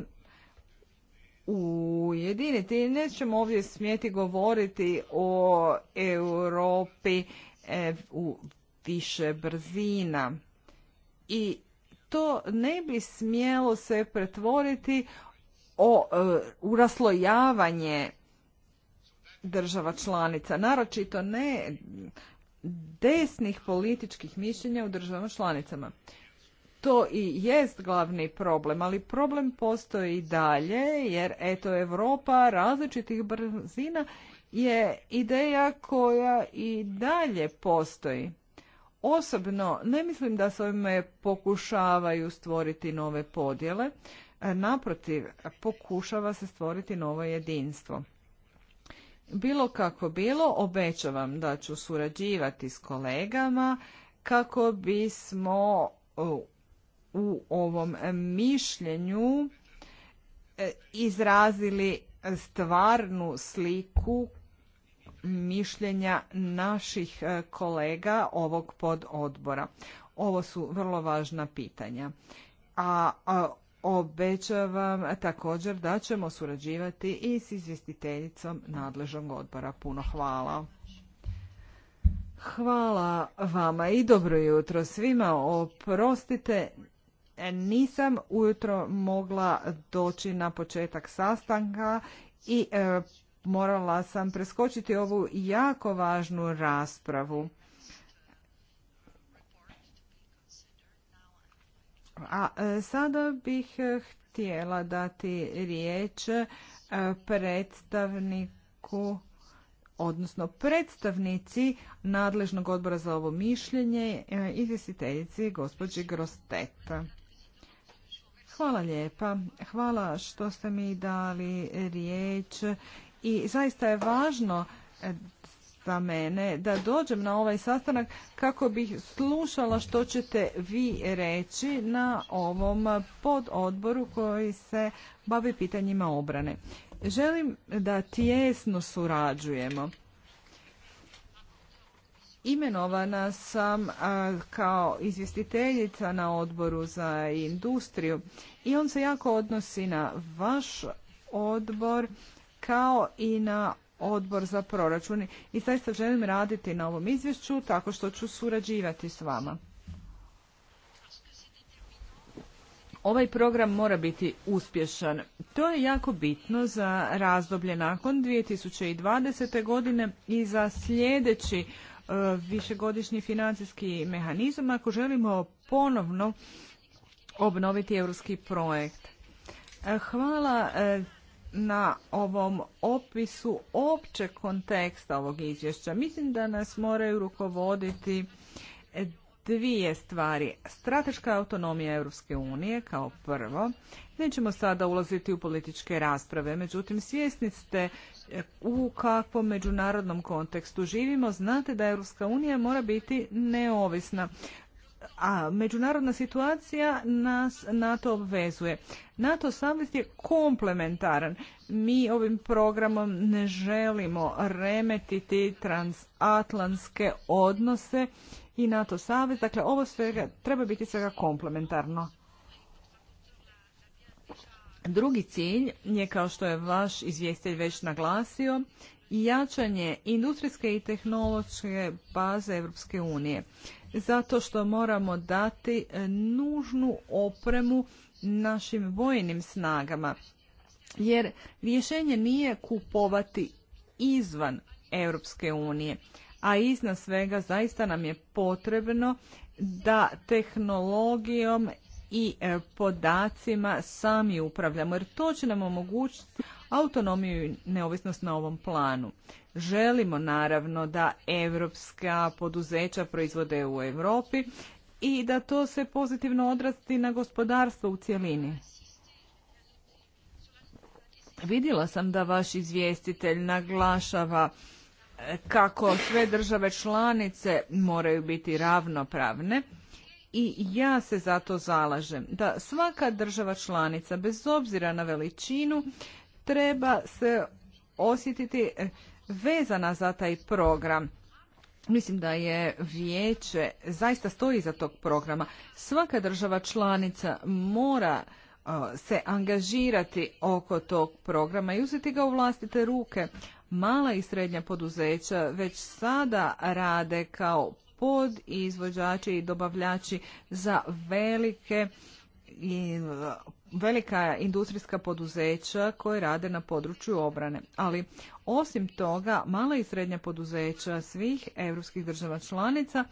ujediniti. Nećemo ovdje smjeti govoriti o Europi e, u više brzina. I to ne bi smjelo se pretvoriti o e, uraslojavanje država članica, naročito ne desnih političkih mišljenja u državama članicama. To i jest glavni problem, ali problem postoji i dalje, jer eto Europa različitih brzina je ideja koja i dalje postoji. Osobno ne mislim da se ovime pokušavaju stvoriti nove podjele, Naprotiv, pokušava se stvoriti novo jedinstvo. Bilo kako bilo, obećavam da ću surađivati s kolegama kako bismo e, u ovom mišljenju e, izrazili stvarnu sliku mišljenja naših e, kolega ovog pododbora. Ovo su vrlo važna pitanja. A, a obećavam također da ćemo surađivati i s izvjestiteljicom nadležnog odbora. Puno hvala. Hvala vama i dobro jutro svima. Oprostite, nisam ujutro mogla doći na početak sastanka i e, morala sam preskočiti ovu jako važnu raspravu. A e, sada bih e, htjela dati riječ e, predstavniku odnosno predstavnici nadležnog odbora za ovo mišljenje izvjestiteljici gospođi Grosteta. Hvala lijepa. Hvala što ste mi dali riječ i zaista je važno za mene da dođem na ovaj sastanak kako bih slušala što ćete vi reći na ovom pododboru koji se bavi pitanjima obrane. Želim da tjesno surađujemo. Imenovana sam kao izvjestiteljica na odboru za industriju i on se jako odnosi na vaš odbor kao i na odbor za proračun i zaista želim raditi na ovom izvješću tako što ću surađivati s vama. Ovaj program mora biti uspješan. To je jako bitno za razdoblje nakon 2020. godine i za sljedeći e, višegodišnji financijski mehanizam ako želimo ponovno obnoviti europski projekt. E, hvala e, na ovom opisu općeg konteksta ovog izvješća. Mislim da nas moraju rukovoditi dvije stvari. Strateška autonomija Europske unije kao prvo. Nećemo sada ulaziti u političke rasprave, međutim svjesni ste u kakvom međunarodnom kontekstu živimo. Znate da Europska unija mora biti neovisna a međunarodna situacija nas na to obvezuje. NATO savez je komplementaran. Mi ovim programom ne želimo remetiti transatlantske odnose i NATO savez. Dakle, ovo svega, treba biti svega komplementarno. Drugi cilj je, kao što je vaš izvjestitelj već naglasio, jačanje industrijske i tehnološke baze Europske unije zato što moramo dati e, nužnu opremu našim vojnim snagama. Jer rješenje nije kupovati izvan Europske unije, a iznad svega zaista nam je potrebno da tehnologijom i e, podacima sami upravljamo, jer to će nam omogućiti autonomiju i neovisnost na ovom planu. Želimo naravno da evropska poduzeća proizvode u Europi i da to se pozitivno odrasti na gospodarstvo u cjelini. Vidjela sam da vaš izvjestitelj naglašava e, kako sve države članice moraju biti ravnopravne i ja se zato zalažem da svaka država članica bez obzira na veličinu treba se osjetiti vezana za taj program. Mislim da je vijeće zaista stoji za tog programa. Svaka država članica mora uh, se angažirati oko tog programa i uzeti ga u vlastite ruke. Mala i srednja poduzeća već sada rade kao podizvođači i dobavljači za velike velika industrijska poduzeća koje rade na području obrane. Ali osim toga, mala i srednja poduzeća svih europskih država članica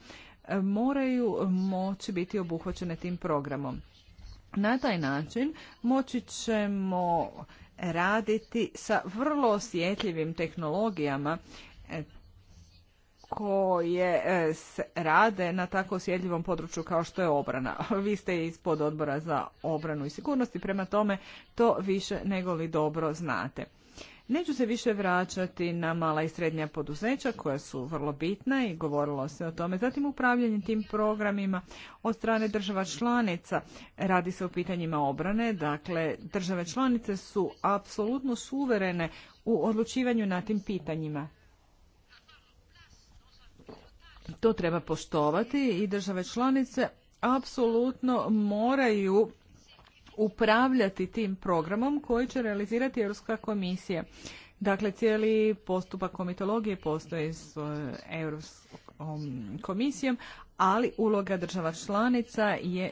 e, moraju moći biti obuhvaćene tim programom. Na taj način moći ćemo raditi sa vrlo osjetljivim tehnologijama e, koje e, rade na tako osjetljivom području kao što je obrana. (laughs) Vi ste ispod odbora za obranu i sigurnost i prema tome to više nego li dobro znate. Neću se više vraćati na mala i srednja poduzeća koja su vrlo bitna i govorilo se o tome. Zatim upravljanje tim programima od strane država članica. Radi se o pitanjima obrane, dakle države članice su apsolutno suverene u odlučivanju na tim pitanjima. To treba poštovati i države članice apsolutno moraju upravljati tim programom koji će realizirati Europska komisija. Dakle, cijeli postupak komitologije postoji s e, Europskom komisijom, ali uloga država članica je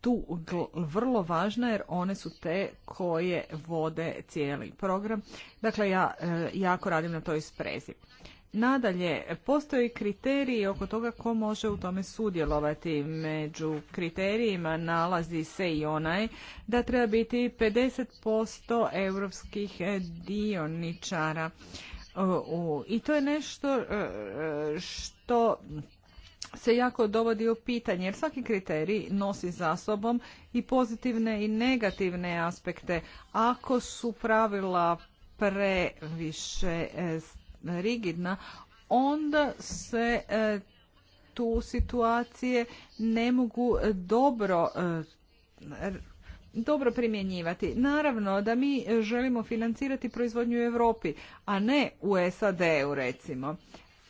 tu vrlo važna jer one su te koje vode cijeli program. Dakle, ja e, jako radim na toj sprezi. Nadalje, postoji kriteriji oko toga ko može u tome sudjelovati. Među kriterijima nalazi se i onaj da treba biti 50% europskih dioničara. I to je nešto e, što se jako dovodi u pitanje jer svaki kriterij nosi za sobom i pozitivne i negativne aspekte. Ako su pravila previše rigidna, onda se e, tu situacije ne mogu e, dobro e, dobro primjenjivati. Naravno da mi želimo financirati proizvodnju u Europi, a ne u SAD-u recimo.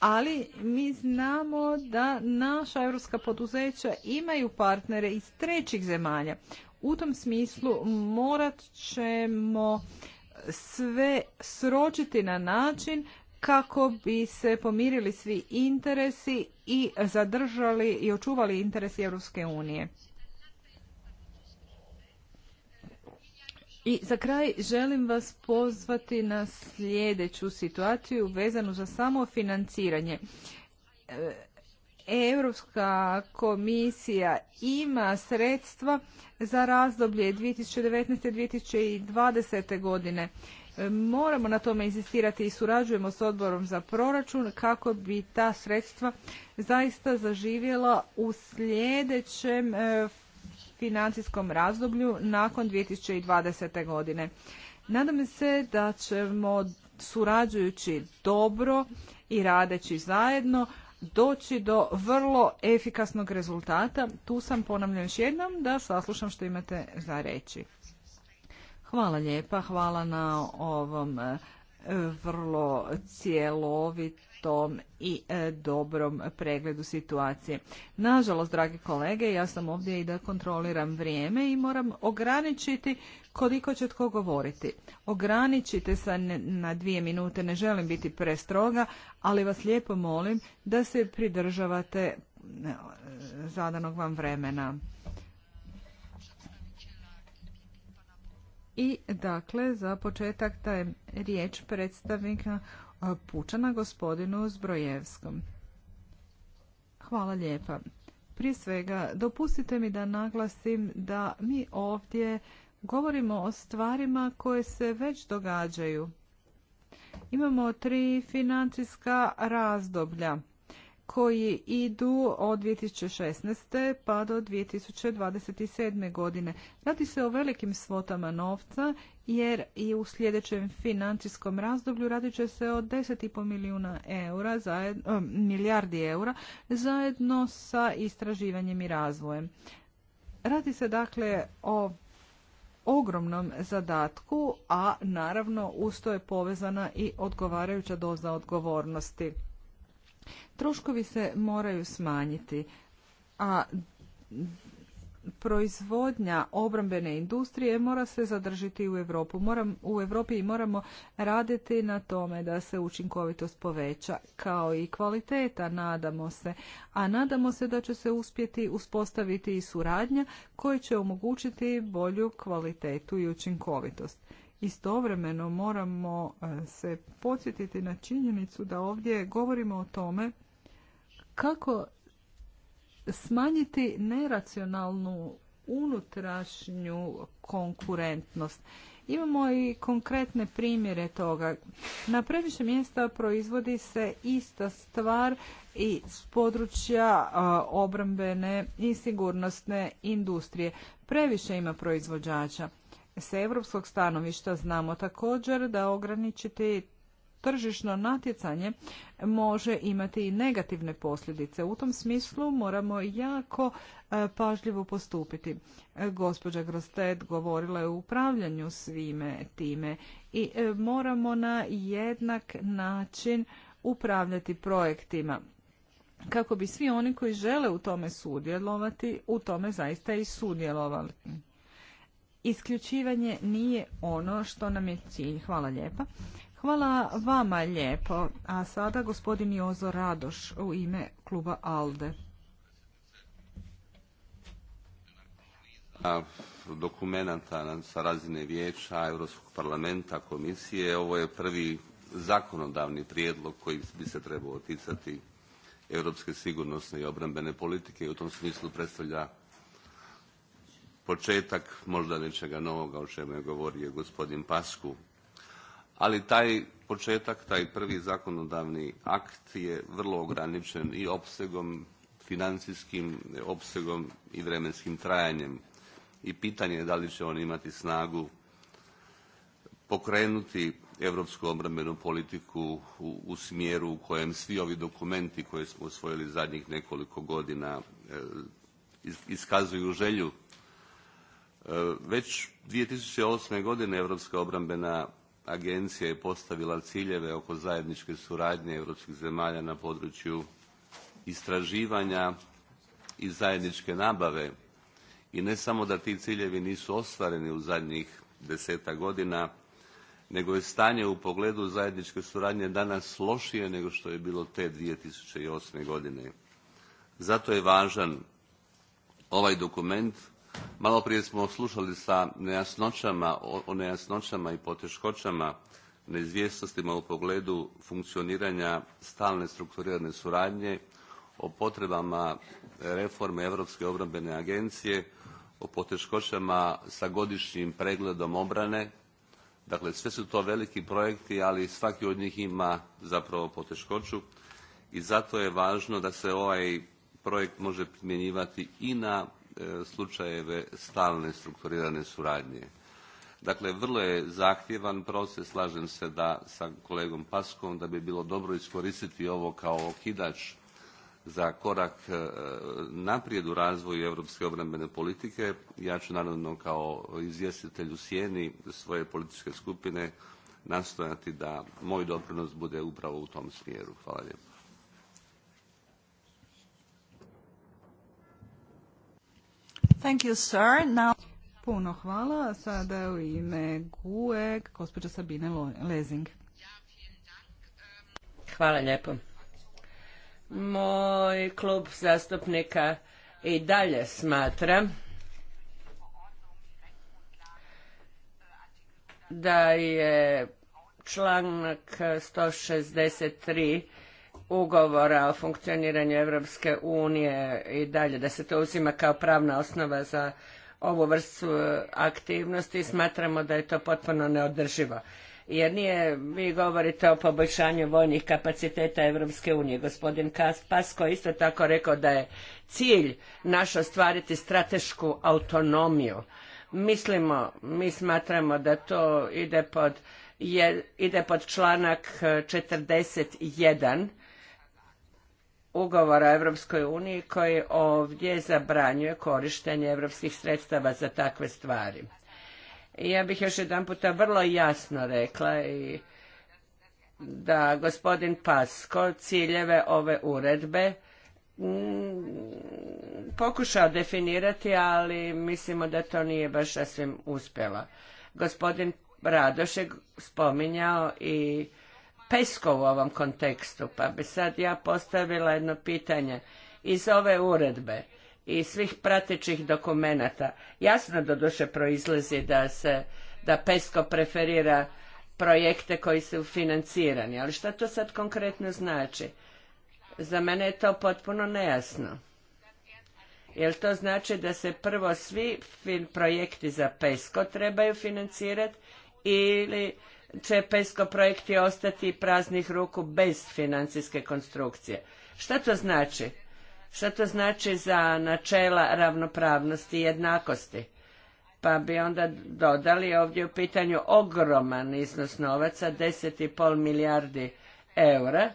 Ali mi znamo da naša europska poduzeća imaju partnere iz trećih zemalja. U tom smislu morat ćemo sve sročiti na način kako bi se pomirili svi interesi i zadržali i očuvali interesi Europske unije. I za kraj želim vas pozvati na sljedeću situaciju vezanu za samo financiranje. E, Europska komisija ima sredstva za razdoblje 2019. 2020. godine Moramo na tome insistirati i surađujemo s odborom za proračun kako bi ta sredstva zaista zaživjela u sljedećem e, financijskom razdoblju nakon 2020. godine. Nadam se da ćemo surađujući dobro i radeći zajedno doći do vrlo efikasnog rezultata. Tu sam ponavljam još jednom da saslušam što imate za reći. Hvala lijepa, hvala na ovom e, vrlo cjelovitom i e, dobrom pregledu situacije. Nažalost, dragi kolege, ja sam ovdje i da kontroliram vrijeme i moram ograničiti koliko će tko govoriti. Ograničite se na dvije minute, ne želim biti prestroga, ali vas lijepo molim da se pridržavate e, zadanog vam vremena. I dakle, za početak je riječ predstavnika Pučana gospodinu Zbrojevskom. Hvala lijepa. Prije svega, dopustite mi da naglasim da mi ovdje govorimo o stvarima koje se već događaju. Imamo tri financijska razdoblja koji idu od 2016. pa do 2027. godine. Radi se o velikim svotama novca jer i u sljedećem financijskom razdoblju radit će se o 10,5 milijuna eura, zajedno, eh, milijardi eura zajedno sa istraživanjem i razvojem. Radi se dakle o ogromnom zadatku, a naravno uz to je povezana i odgovarajuća doza odgovornosti. Troškovi se moraju smanjiti, a proizvodnja obrambene industrije mora se zadržiti u Europu. Moram, u Europi i moramo raditi na tome da se učinkovitost poveća kao i kvaliteta, nadamo se. A nadamo se da će se uspjeti uspostaviti i suradnja koja će omogućiti bolju kvalitetu i učinkovitost. Istovremeno moramo e, se podsjetiti na činjenicu da ovdje govorimo o tome kako smanjiti neracionalnu unutrašnju konkurentnost. Imamo i konkretne primjere toga. Na previše mjesta proizvodi se ista stvar i s područja e, obrambene i sigurnosne industrije. Previše ima proizvođača s europskog stanovišta znamo također da ograničiti tržišno natjecanje može imati i negativne posljedice. U tom smislu moramo jako e, pažljivo postupiti. E, gospođa Grostet govorila je o upravljanju svime time i e, moramo na jednak način upravljati projektima kako bi svi oni koji žele u tome sudjelovati u tome zaista i sudjelovali isključivanje nije ono što nam je cilj. Hvala lijepa. Hvala vama lijepo. A sada gospodin Jozo Radoš u ime kluba ALDE. Dokumenta sa razine vijeća, Europskog parlamenta, komisije. Ovo je prvi zakonodavni prijedlog koji bi se trebao oticati europske sigurnosne i obrambene politike i u tom smislu predstavlja početak možda nečega novoga o čemu je govorio gospodin Pasku. Ali taj početak, taj prvi zakonodavni akt je vrlo ograničen i opsegom, financijskim opsegom i vremenskim trajanjem. I pitanje je da li će on imati snagu pokrenuti europsku obrambenu politiku u, smjeru u kojem svi ovi dokumenti koje smo usvojili zadnjih nekoliko godina e, iskazuju želju E, već 2008. godine Europska obrambena agencija je postavila ciljeve oko zajedničke suradnje europskih zemalja na području istraživanja i zajedničke nabave i ne samo da ti ciljevi nisu ostvareni u zadnjih desetak godina, nego je stanje u pogledu zajedničke suradnje danas lošije nego što je bilo te 2008. godine. Zato je važan ovaj dokument Malo prije smo slušali sa nejasnoćama, o, nejasnoćama i poteškoćama neizvjesnostima u pogledu funkcioniranja stalne strukturirane suradnje, o potrebama reforme Europske obrambene agencije, o poteškoćama sa godišnjim pregledom obrane. Dakle, sve su to veliki projekti, ali svaki od njih ima zapravo poteškoću i zato je važno da se ovaj projekt može primjenjivati i na E, slučajeve stalne strukturirane suradnje. Dakle, vrlo je zahtjevan proces, slažem se da sa kolegom Paskom da bi bilo dobro iskoristiti ovo kao okidač za korak e, naprijed u razvoju europske obrambene politike. Ja ću naravno kao izvjestitelj u sjeni svoje političke skupine nastojati da moj doprinos bude upravo u tom smjeru. Hvala lijepo. Thank you, sir. Now... Puno hvala. Sada u ime GUE, gospođa Sabine Lezing. Hvala lijepo. Moj klub zastupnika i dalje smatra da je članak 163 ugovora o funkcioniranju Europske unije i dalje, da se to uzima kao pravna osnova za ovu vrstu aktivnosti i smatramo da je to potpuno neodrživo. Jer nije, vi govorite o poboljšanju vojnih kapaciteta Europske unije. Gospodin Pasko isto tako rekao da je cilj naš ostvariti stratešku autonomiju. Mislimo, mi smatramo da to ide pod ide pod članak 41 ugovora Europskoj uniji koji ovdje zabranjuje korištenje europskih sredstava za takve stvari. I ja bih još jedan puta vrlo jasno rekla i da gospodin Pasko ciljeve ove uredbe mm, pokušao definirati, ali mislimo da to nije baš sasvim uspjelo. Gospodin Radoš je spominjao i Pesko u ovom kontekstu, pa bi sad ja postavila jedno pitanje iz ove uredbe i svih pratećih dokumenata. Jasno doduše proizlazi da se, da Pesko preferira projekte koji su financirani, ali šta to sad konkretno znači? Za mene je to potpuno nejasno. Jer to znači da se prvo svi projekti za PESCO trebaju financirati ili će PESCO projekti ostati praznih ruku bez financijske konstrukcije. Šta to znači? Šta to znači za načela ravnopravnosti i jednakosti? Pa bi onda dodali ovdje u pitanju ogroman iznos novaca, 10,5 milijardi eura,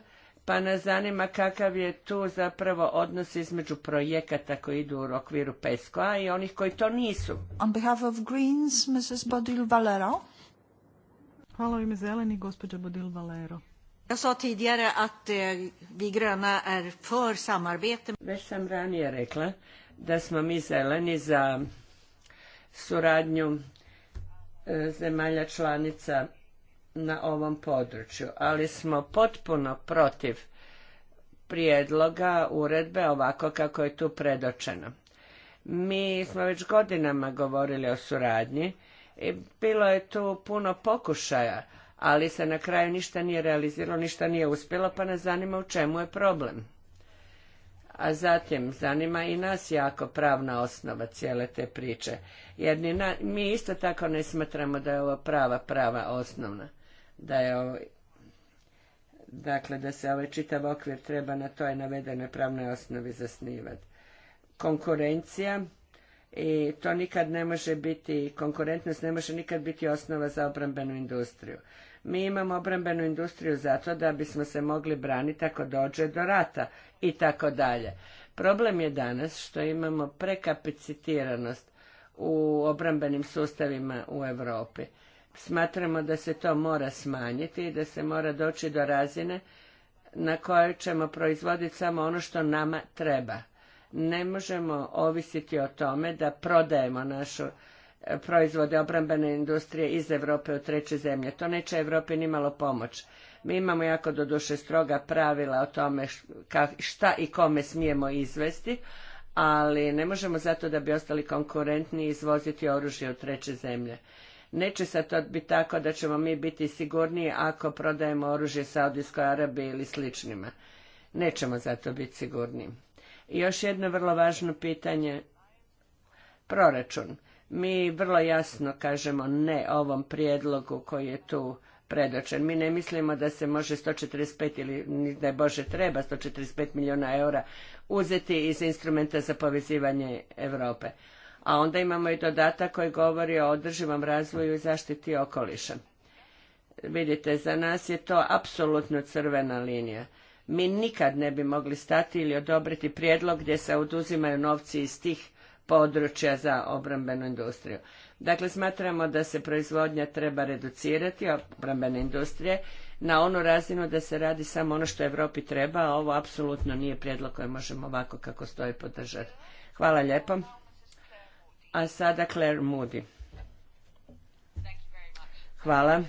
pa nas zanima kakav je tu zapravo odnos između projekata koji idu u okviru PESCO-a i onih koji to nisu. On behalf of Greens, Mrs. Bodil Hvala u ime zeleni, gospođa Bodil Valero. Ja sa eh, vi gröna är för samarbete. Već sam ranije rekla da smo mi zeleni za suradnju eh, zemalja članica na ovom području, ali smo potpuno protiv prijedloga uredbe ovako kako je tu predočeno. Mi smo već godinama govorili o suradnji i bilo je tu puno pokušaja, ali se na kraju ništa nije realiziralo, ništa nije uspjelo, pa nas zanima u čemu je problem. A zatim zanima i nas jako pravna osnova cijele te priče, jer na, mi isto tako ne smatramo da je ovo prava, prava osnovna, da je ovo dakle da se ovaj čitav okvir treba na toj navedenoj pravnoj osnovi zasnivati. Konkurencija i to nikad ne može biti, konkurentnost ne može nikad biti osnova za obrambenu industriju. Mi imamo obrambenu industriju zato da bismo se mogli braniti ako dođe do rata i tako dalje. Problem je danas što imamo prekapacitiranost u obrambenim sustavima u Europi. Smatramo da se to mora smanjiti i da se mora doći do razine na kojoj ćemo proizvoditi samo ono što nama treba ne možemo ovisiti o tome da prodajemo našu e, proizvode obrambene industrije iz Europe u treće zemlje. To neće Europi ni malo pomoć. Mi imamo jako doduše stroga pravila o tome šta i kome smijemo izvesti, ali ne možemo zato da bi ostali konkurentni izvoziti oružje u treće zemlje. Neće sad to biti tako da ćemo mi biti sigurniji ako prodajemo oružje Saudijskoj Arabiji ili sličnima. Nećemo zato biti sigurniji. I još jedno vrlo važno pitanje, proračun. Mi vrlo jasno kažemo ne ovom prijedlogu koji je tu predočen. Mi ne mislimo da se može 145 ili da je Bože treba 145 milijuna eura uzeti iz instrumenta za povezivanje Europe. A onda imamo i dodatak koji govori o održivom razvoju i zaštiti okoliša. Vidite, za nas je to apsolutno crvena linija mi nikad ne bi mogli stati ili odobriti prijedlog gdje se oduzimaju novci iz tih područja za obrambenu industriju. Dakle, smatramo da se proizvodnja treba reducirati, obrambene industrije, na onu razinu da se radi samo ono što Europi treba, a ovo apsolutno nije prijedlog koji možemo ovako kako stoji podržati. Hvala lijepo. A sada Claire Moody. Hvala.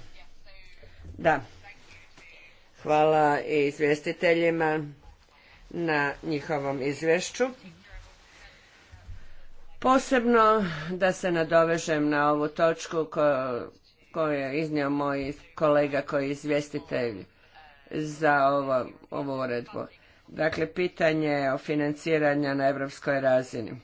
Da. Hvala i izvjestiteljima na njihovom izvješću. Posebno da se nadovežem na ovu točku koju je iznio moj kolega koji je izvjestitelj za ovo, ovu uredbu. Dakle, pitanje o financiranja na europskoj razini.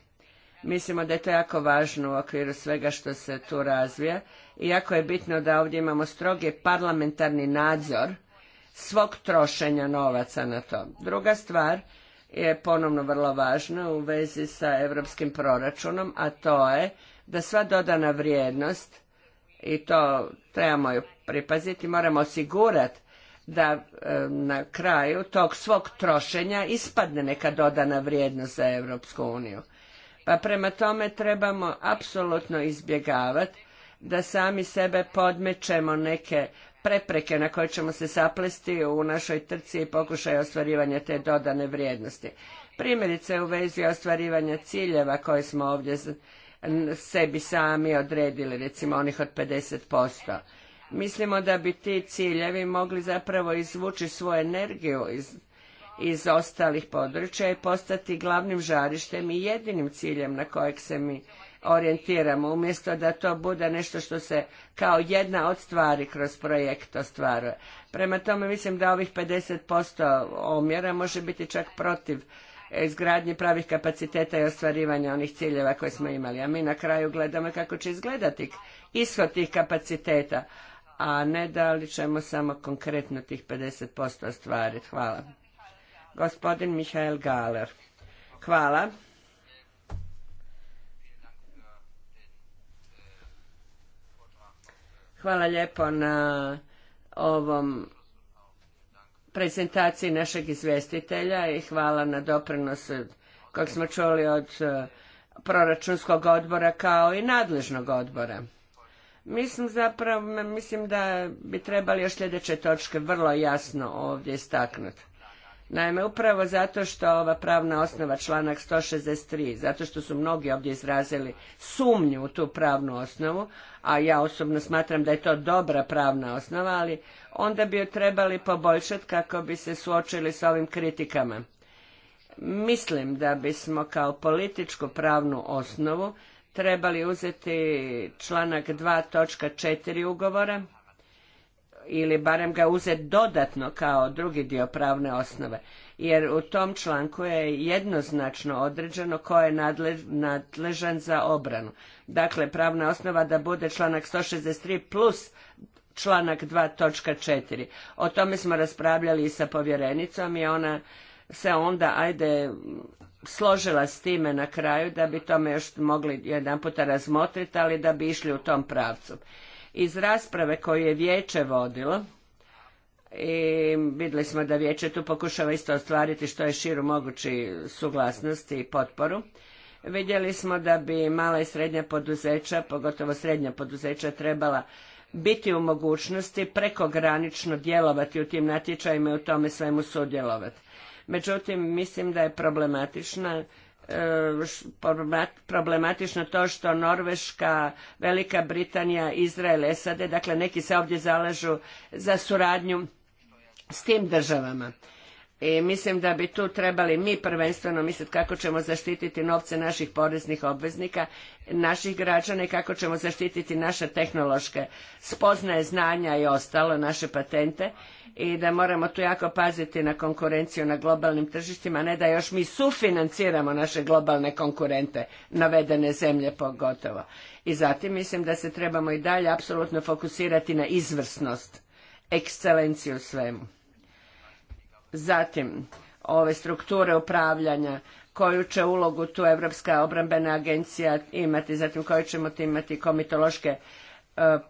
Mislimo da je to jako važno u okviru svega što se tu razvija i jako je bitno da ovdje imamo strogi parlamentarni nadzor svog trošenja novaca na to. Druga stvar je ponovno vrlo važna u vezi sa europskim proračunom, a to je da sva dodana vrijednost, i to trebamo ju pripaziti, moramo osigurati da e, na kraju tog svog trošenja ispadne neka dodana vrijednost za Europsku uniju. Pa prema tome trebamo apsolutno izbjegavati da sami sebe podmećemo neke prepreke na koje ćemo se saplesti u našoj trci i pokušaju ostvarivanja te dodane vrijednosti. Primjerice u vezi ostvarivanja ciljeva koje smo ovdje sebi sami odredili, recimo onih od 50%. Mislimo da bi ti ciljevi mogli zapravo izvući svoju energiju iz, iz ostalih područja i postati glavnim žarištem i jedinim ciljem na kojeg se mi orijentiramo, umjesto da to bude nešto što se kao jedna od stvari kroz projekt ostvaruje. Prema tome mislim da ovih 50% omjera može biti čak protiv izgradnje pravih kapaciteta i ostvarivanja onih ciljeva koje smo imali. A mi na kraju gledamo kako će izgledati ishod tih kapaciteta, a ne da li ćemo samo konkretno tih 50% ostvariti. Hvala. Gospodin Mihael Galer. Hvala. Hvala lijepo na ovom prezentaciji našeg izvjestitelja i hvala na doprinosu kojeg smo čuli od e, proračunskog odbora kao i nadležnog odbora. Mislim zapravo, mislim da bi trebali još sljedeće točke vrlo jasno ovdje istaknuti. Naime, upravo zato što ova pravna osnova članak 163, zato što su mnogi ovdje izrazili sumnju u tu pravnu osnovu, a ja osobno smatram da je to dobra pravna osnova, ali onda bi joj trebali poboljšati kako bi se suočili s ovim kritikama. Mislim da bismo kao političku pravnu osnovu trebali uzeti članak 2.4 ugovora, ili barem ga uzeti dodatno kao drugi dio pravne osnove. Jer u tom članku je jednoznačno određeno ko je nadležan za obranu. Dakle, pravna osnova da bude članak 163 plus članak 2.4. O tome smo raspravljali i sa povjerenicom i ona se onda, ajde, složila s time na kraju da bi tome još mogli jedan puta razmotriti, ali da bi išli u tom pravcu. Iz rasprave koju je vijeće vodilo, i vidjeli smo da vijeće tu pokušava isto ostvariti što je širu mogući suglasnosti i potporu. Vidjeli smo da bi mala i srednja poduzeća, pogotovo srednja poduzeća, trebala biti u mogućnosti prekogranično djelovati u tim natječajima i u tome svemu sudjelovati. Međutim, mislim da je problematična E, problematično to što Norveška, Velika Britanija, Izrael, SAD, dakle neki se ovdje zalažu za suradnju s tim državama. I mislim da bi tu trebali mi prvenstveno misliti kako ćemo zaštititi novce naših poreznih obveznika, naših građana i kako ćemo zaštititi naše tehnološke spoznaje, znanja i ostalo, naše patente i da moramo tu jako paziti na konkurenciju na globalnim tržištima, ne da još mi sufinanciramo naše globalne konkurente, navedene zemlje pogotovo. I zatim mislim da se trebamo i dalje apsolutno fokusirati na izvrsnost, ekscelenciju svemu. Zatim, ove strukture upravljanja, koju će ulogu tu Europska obrambena agencija imati, zatim koju ćemo imati komitološke e,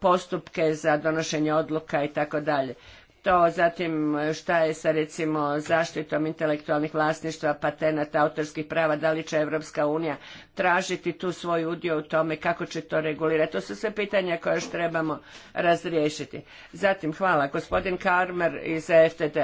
postupke za donošenje odluka i tako dalje. To zatim šta je sa recimo zaštitom intelektualnih vlasništva, patenata, autorskih prava, da li će Evropska unija tražiti tu svoj udio u tome, kako će to regulirati. To su sve pitanja koje još trebamo razriješiti. Zatim hvala gospodin Karmer iz e ftd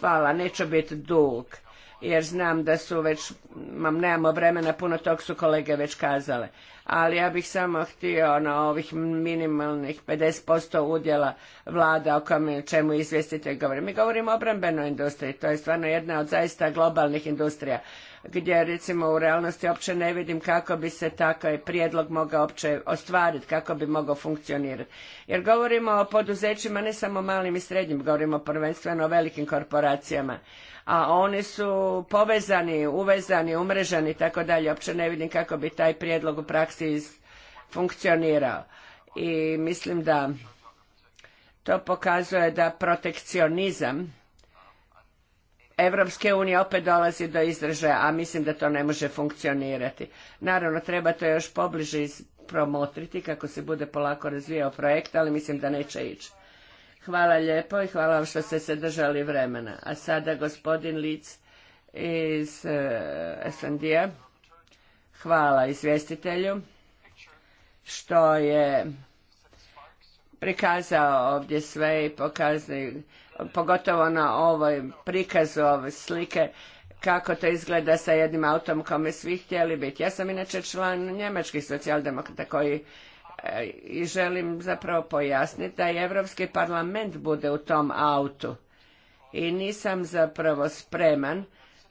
Hvala, neću biti dug, jer znam da su već, mam, nemamo vremena, puno tog su kolege već kazale. Ali ja bih samo htio na ovih minimalnih 50% udjela vlada o kome, čemu izvjestite govorim. Mi govorimo o obrambenoj industriji, to je stvarno jedna od zaista globalnih industrija gdje recimo u realnosti uopće ne vidim kako bi se takav prijedlog mogao uopće ostvariti, kako bi mogao funkcionirati. Jer govorimo o poduzećima ne samo malim i srednjim, govorimo prvenstveno o velikim korporacijama. A oni su povezani, uvezani, umreženi i tako dalje. Uopće ne vidim kako bi taj prijedlog u praksi funkcionirao. I mislim da to pokazuje da protekcionizam Evropske unije opet dolazi do izražaja, a mislim da to ne može funkcionirati. Naravno, treba to još pobliže promotriti kako se bude polako razvijao projekt, ali mislim da neće ići. Hvala lijepo i hvala vam što ste se držali vremena. A sada gospodin Lic iz e, SND-a. Hvala izvjestitelju što je prikazao ovdje sve i pokazao pogotovo na ovoj prikazu ove slike kako to izgleda sa jednim autom kome svi htjeli biti. Ja sam inače član njemačkih socijaldemokrata koji e, i želim zapravo pojasniti da i Europski parlament bude u tom autu. I nisam zapravo spreman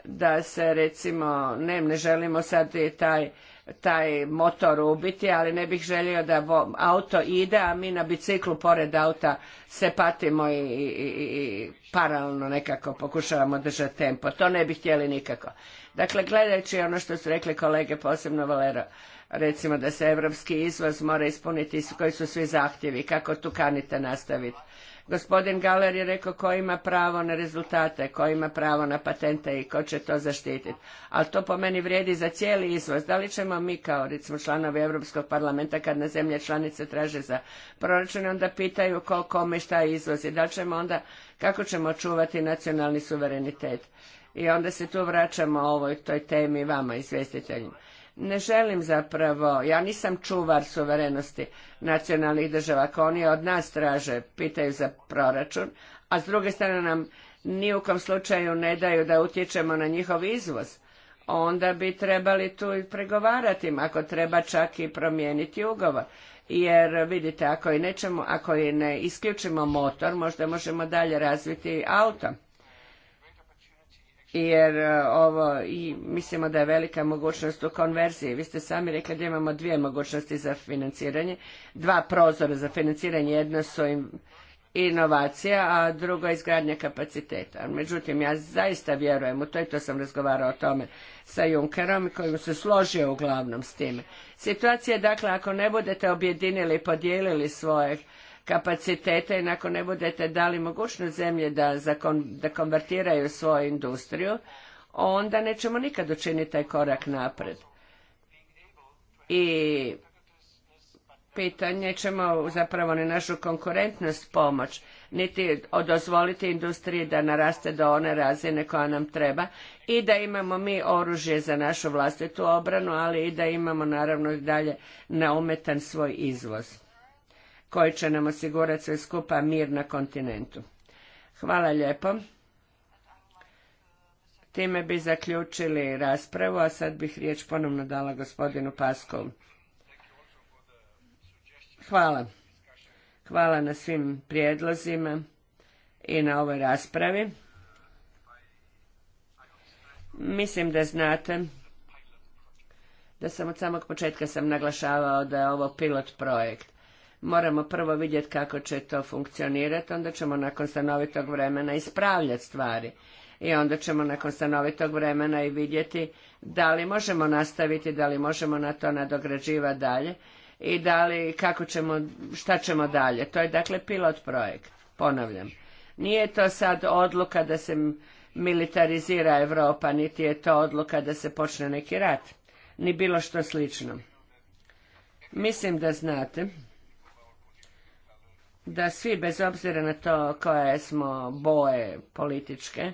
da se recimo, ne, ne želimo sad taj taj motor ubiti, ali ne bih želio da auto ide, a mi na biciklu pored auta se patimo i, paralelno nekako pokušavamo držati tempo. To ne bih htjeli nikako. Dakle, gledajući ono što su rekli kolege, posebno Valero, recimo da se evropski izvoz mora ispuniti koji su svi zahtjevi, kako tu kanite nastaviti. Gospodin Galer je rekao ko ima pravo na rezultate, ko ima pravo na patente i ko će to zaštititi. Ali to po meni vrijedi za cijeli izvoz. Da li ćemo mi kao recimo članovi Europskog parlamenta kad na zemlje članice traže za proračun onda pitaju ko kome šta i Da li ćemo onda, kako ćemo čuvati nacionalni suverenitet? I onda se tu vraćamo ovoj toj temi vama izvjestiteljima ne želim zapravo, ja nisam čuvar suverenosti nacionalnih država, ako oni od nas traže, pitaju za proračun, a s druge strane nam ni u kom slučaju ne daju da utječemo na njihov izvoz, onda bi trebali tu i pregovarati, ako treba čak i promijeniti ugovor. Jer vidite, ako i, nećemo, ako i ne isključimo motor, možda možemo dalje razviti auto jer e, ovo i mislimo da je velika mogućnost u konverziji. Vi ste sami rekli da imamo dvije mogućnosti za financiranje, dva prozora za financiranje, jedno su inovacija, a drugo je izgradnja kapaciteta. Međutim, ja zaista vjerujem u to i to sam razgovarao o tome sa Junkerom koji se složio uglavnom s time. Situacija je dakle, ako ne budete objedinili i podijelili svoje kapaciteta i ako ne budete dali mogućnost zemlje da, da konvertiraju svoju industriju, onda nećemo nikad učiniti taj korak napred. I pitanje ćemo zapravo ni našu konkurentnost pomoć, niti odozvoliti industriji da naraste do one razine koja nam treba i da imamo mi oružje za našu vlastitu obranu, ali i da imamo naravno dalje neometan svoj izvoz koji će nam osigurati sve skupa mir na kontinentu. Hvala lijepo. Time bi zaključili raspravu, a sad bih riječ ponovno dala gospodinu Paskovu. Hvala. Hvala na svim prijedlozima i na ovoj raspravi. Mislim da znate da sam od samog početka sam naglašavao da je ovo pilot projekt moramo prvo vidjeti kako će to funkcionirati, onda ćemo nakon stanovitog vremena ispravljati stvari. I onda ćemo nakon stanovitog vremena i vidjeti da li možemo nastaviti, da li možemo na to nadograđivati dalje i da li, kako ćemo, šta ćemo dalje. To je dakle pilot projekt, ponavljam. Nije to sad odluka da se militarizira Europa, niti je to odluka da se počne neki rat, ni bilo što slično. Mislim da znate da svi, bez obzira na to koje smo boje političke,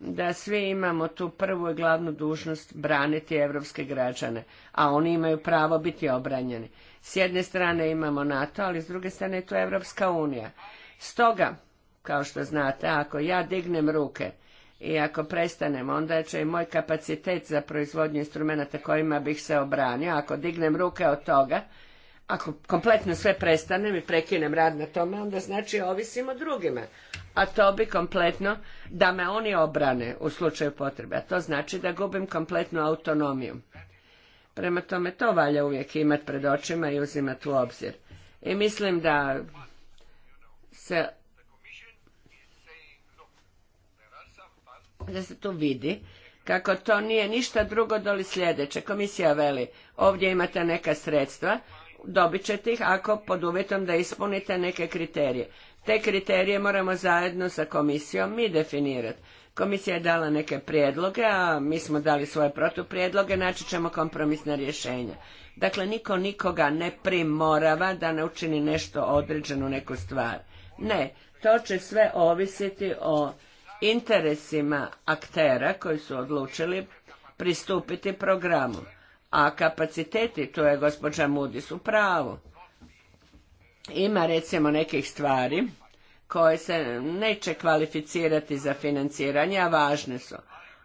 da svi imamo tu prvu i glavnu dužnost braniti evropske građane, a oni imaju pravo biti obranjeni. S jedne strane imamo NATO, ali s druge strane je tu Evropska unija. Stoga, kao što znate, ako ja dignem ruke i ako prestanem, onda će i moj kapacitet za proizvodnju instrumenta kojima bih se obranio, ako dignem ruke od toga, ako kompletno sve prestanem i prekinem rad na tome, onda znači ovisim o drugima. A to bi kompletno da me oni obrane u slučaju potrebe. A to znači da gubim kompletnu autonomiju. Prema tome to valja uvijek imati pred očima i uzimati u obzir. I mislim da se da se tu vidi kako to nije ništa drugo doli sljedeće. Komisija veli ovdje imate neka sredstva dobit ćete ih ako pod uvjetom da ispunite neke kriterije. Te kriterije moramo zajedno sa komisijom mi definirati. Komisija je dala neke prijedloge, a mi smo dali svoje protuprijedloge, naći ćemo kompromisna rješenja. Dakle, niko nikoga ne primorava da ne učini nešto određenu neku stvar. Ne, to će sve ovisiti o interesima aktera koji su odlučili pristupiti programu. A kapaciteti, tu je gospođa Mudis u pravu. Ima recimo nekih stvari koje se neće kvalificirati za financiranje, a važne su.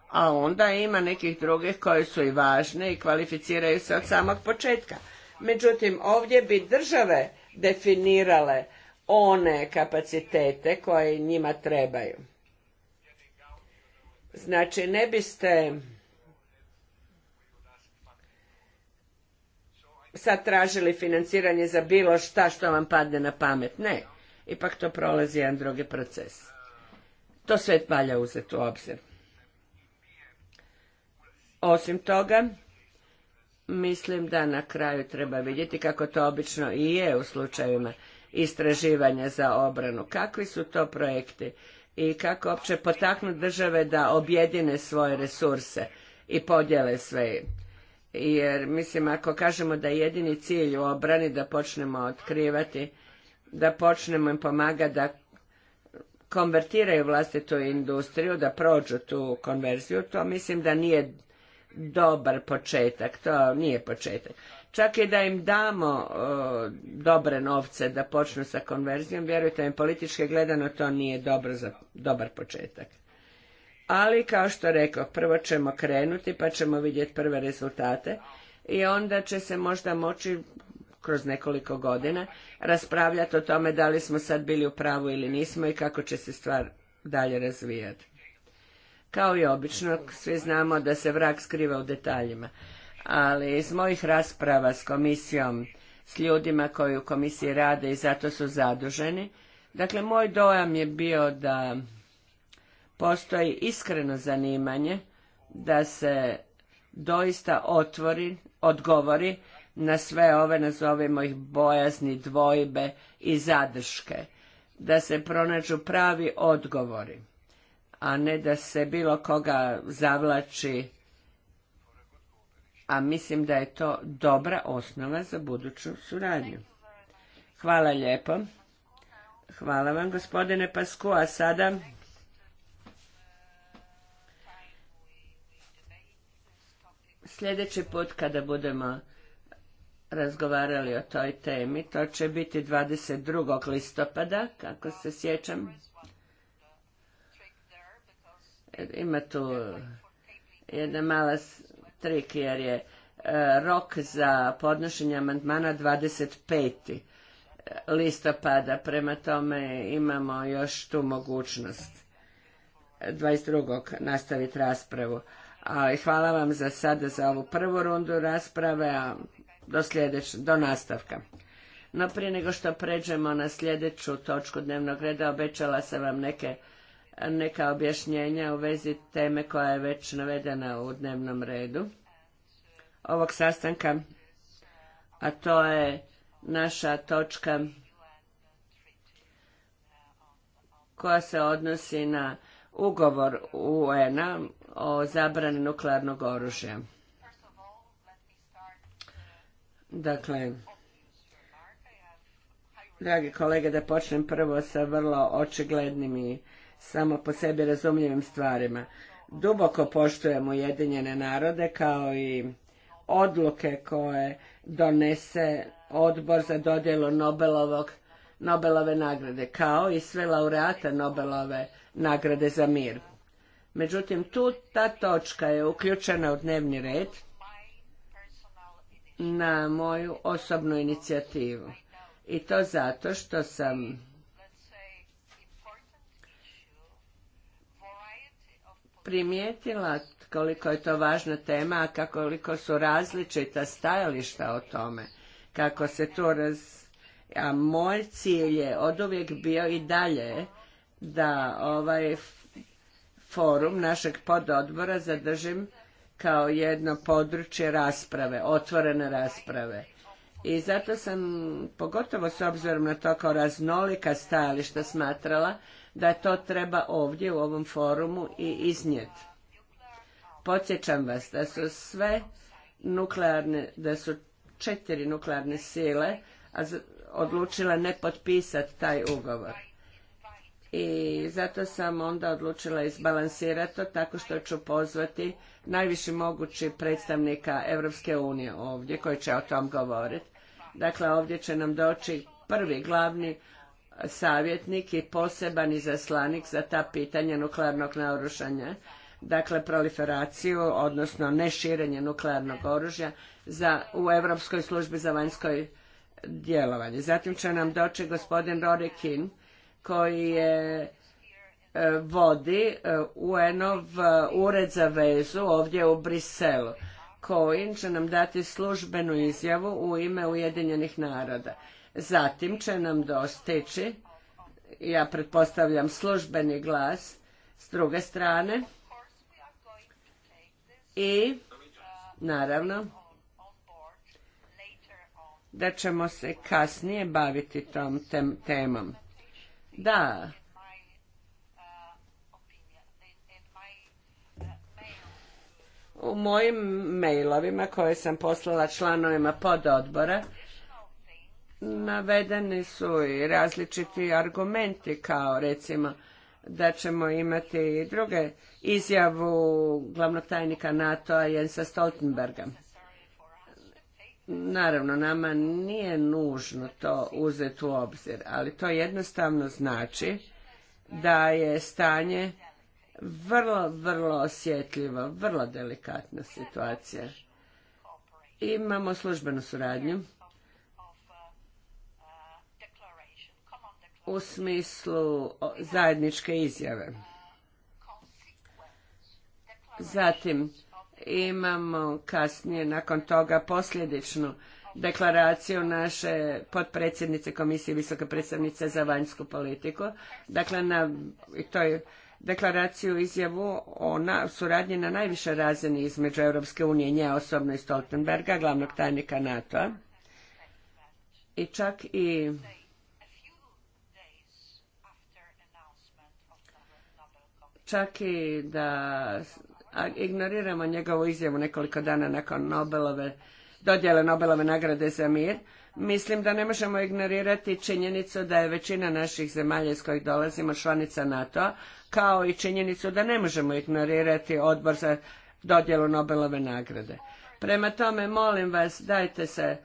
A onda ima nekih drugih koje su i važne i kvalificiraju se od samog početka. Međutim, ovdje bi države definirale one kapacitete koje njima trebaju. Znači, ne biste sad tražili financiranje za bilo šta što vam padne na pamet. Ne, ipak to prolazi jedan drugi proces. To sve valja uzeti u obzir. Osim toga, mislim da na kraju treba vidjeti kako to obično i je u slučajevima istraživanja za obranu. Kakvi su to projekti i kako opće potaknuti države da objedine svoje resurse i podjele sve jer mislim ako kažemo da je jedini cilj u obrani da počnemo otkrivati, da počnemo im pomagati da konvertiraju vlastitu industriju, da prođu tu konverziju, to mislim da nije dobar početak, to nije početak. Čak i da im damo dobre novce da počnu sa konverzijom, vjerujte mi, politički gledano to nije dobro za, dobar početak ali kao što rekao, prvo ćemo krenuti pa ćemo vidjeti prve rezultate i onda će se možda moći kroz nekoliko godina raspravljati o tome da li smo sad bili u pravu ili nismo i kako će se stvar dalje razvijati. Kao i obično, svi znamo da se vrak skriva u detaljima, ali iz mojih rasprava s komisijom, s ljudima koji u komisiji rade i zato su zaduženi, dakle, moj dojam je bio da postoji iskreno zanimanje da se doista otvori, odgovori na sve ove, nazovimo ih, bojazni, dvojbe i zadrške. Da se pronađu pravi odgovori, a ne da se bilo koga zavlači, a mislim da je to dobra osnova za buduću suradnju. Hvala lijepo. Hvala vam, gospodine Pasku, a sada... sljedeći put kada budemo razgovarali o toj temi, to će biti 22. listopada, kako se sjećam. Ima tu jedna mala trik, jer je e, rok za podnošenje amandmana 25. listopada. Prema tome imamo još tu mogućnost 22. nastaviti raspravu hvala vam za sada za ovu prvu rundu rasprave, a do do nastavka. No prije nego što pređemo na sljedeću točku dnevnog reda, obećala sam vam neke, neka objašnjenja u vezi teme koja je već navedena u dnevnom redu ovog sastanka, a to je naša točka koja se odnosi na ugovor UN-a o zabrani nuklearnog oružja. Dakle, dragi kolege, da počnem prvo sa vrlo očiglednim i samo po sebi razumljivim stvarima. Duboko poštujemo Ujedinjene narode kao i odluke koje donese odbor za dodjelu Nobelovog, Nobelove nagrade, kao i sve laureate Nobelove nagrade za mir. Međutim, tu ta točka je uključena u dnevni red na moju osobnu inicijativu. I to zato što sam primijetila koliko je to važna tema, a koliko su različita stajališta o tome, kako se to raz... A moj cilj je od uvijek bio i dalje da ovaj forum našeg pododbora zadržim kao jedno područje rasprave, otvorene rasprave. I zato sam, pogotovo s obzirom na to kao raznolika stajališta, smatrala da to treba ovdje u ovom forumu i iznijeti. Podsjećam vas da su sve nuklearne, da su četiri nuklearne sile odlučila ne potpisati taj ugovor i zato sam onda odlučila izbalansirati to tako što ću pozvati najviši mogući predstavnika Europske unije ovdje koji će o tom govoriti. Dakle, ovdje će nam doći prvi glavni savjetnik i poseban izaslanik za ta pitanja nuklearnog naoružanja, dakle proliferaciju, odnosno neširenje nuklearnog oružja za, u Europskoj službi za vanjsko djelovanje. Zatim će nam doći gospodin Rory koji je e, vodi e, UN-ov e, ured za vezu ovdje u Briselu. koji će nam dati službenu izjavu u ime Ujedinjenih naroda. Zatim će nam dostići, ja pretpostavljam službeni glas, s druge strane i naravno da ćemo se kasnije baviti tom temom. Da. U mojim mailovima koje sam poslala članovima pododbora navedeni su i različiti argumenti kao recimo da ćemo imati i druge izjavu glavnog tajnika NATO-a Jensa Stoltenberga Naravno, nama nije nužno to uzeti u obzir, ali to jednostavno znači da je stanje vrlo, vrlo osjetljivo, vrlo delikatna situacija. Imamo službenu suradnju u smislu zajedničke izjave. Zatim, Imamo kasnije nakon toga posljedičnu deklaraciju naše potpredsjednice Komisije Visoke predstavnice za vanjsku politiku. Dakle, na toj deklaraciju izjavu o na, suradnji na najvišoj razini između Europske unije i nje osobno i Stoltenberga, glavnog tajnika NATO-a. I čak i čak i da a ignoriramo njegovu izjavu nekoliko dana nakon Nobelove, dodjele Nobelove nagrade za mir, mislim da ne možemo ignorirati činjenicu da je većina naših zemalja iz kojih dolazimo članica NATO, kao i činjenicu da ne možemo ignorirati odbor za dodjelu Nobelove nagrade. Prema tome, molim vas, dajte se,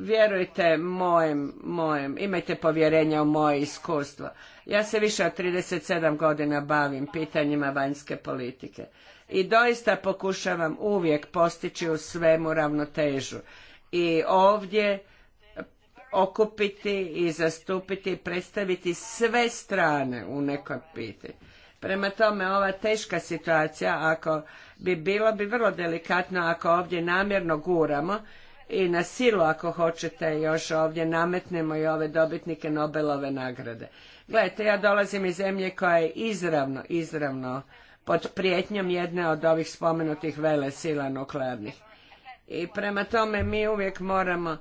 vjerujte mojem, mojem, imajte povjerenja u moje iskustvo. Ja se više od 37 godina bavim pitanjima vanjske politike i doista pokušavam uvijek postići u svemu ravnotežu i ovdje okupiti i zastupiti i predstaviti sve strane u nekoj piti. Prema tome, ova teška situacija, ako bi bilo, bi vrlo delikatno ako ovdje namjerno guramo i na silu, ako hoćete, još ovdje nametnemo i ove dobitnike Nobelove nagrade. Gledajte, ja dolazim iz zemlje koja je izravno, izravno pod prijetnjom jedne od ovih spomenutih vele sila nuklearnih. I prema tome mi uvijek moramo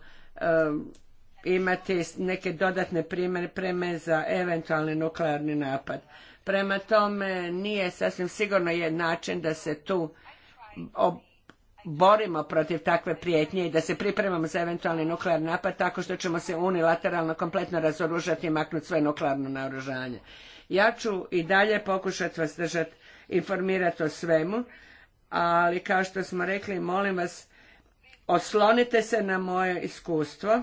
imati neke dodatne pripreme za eventualni nuklearni napad. Prema tome nije sasvim sigurno je način da se tu borimo protiv takve prijetnje i da se pripremamo za eventualni nuklearni napad tako što ćemo se unilateralno kompletno razoružati i maknuti svoje nuklearno naoružanje. Ja ću i dalje pokušati vas držati informirati o svemu, ali kao što smo rekli, molim vas, oslonite se na moje iskustvo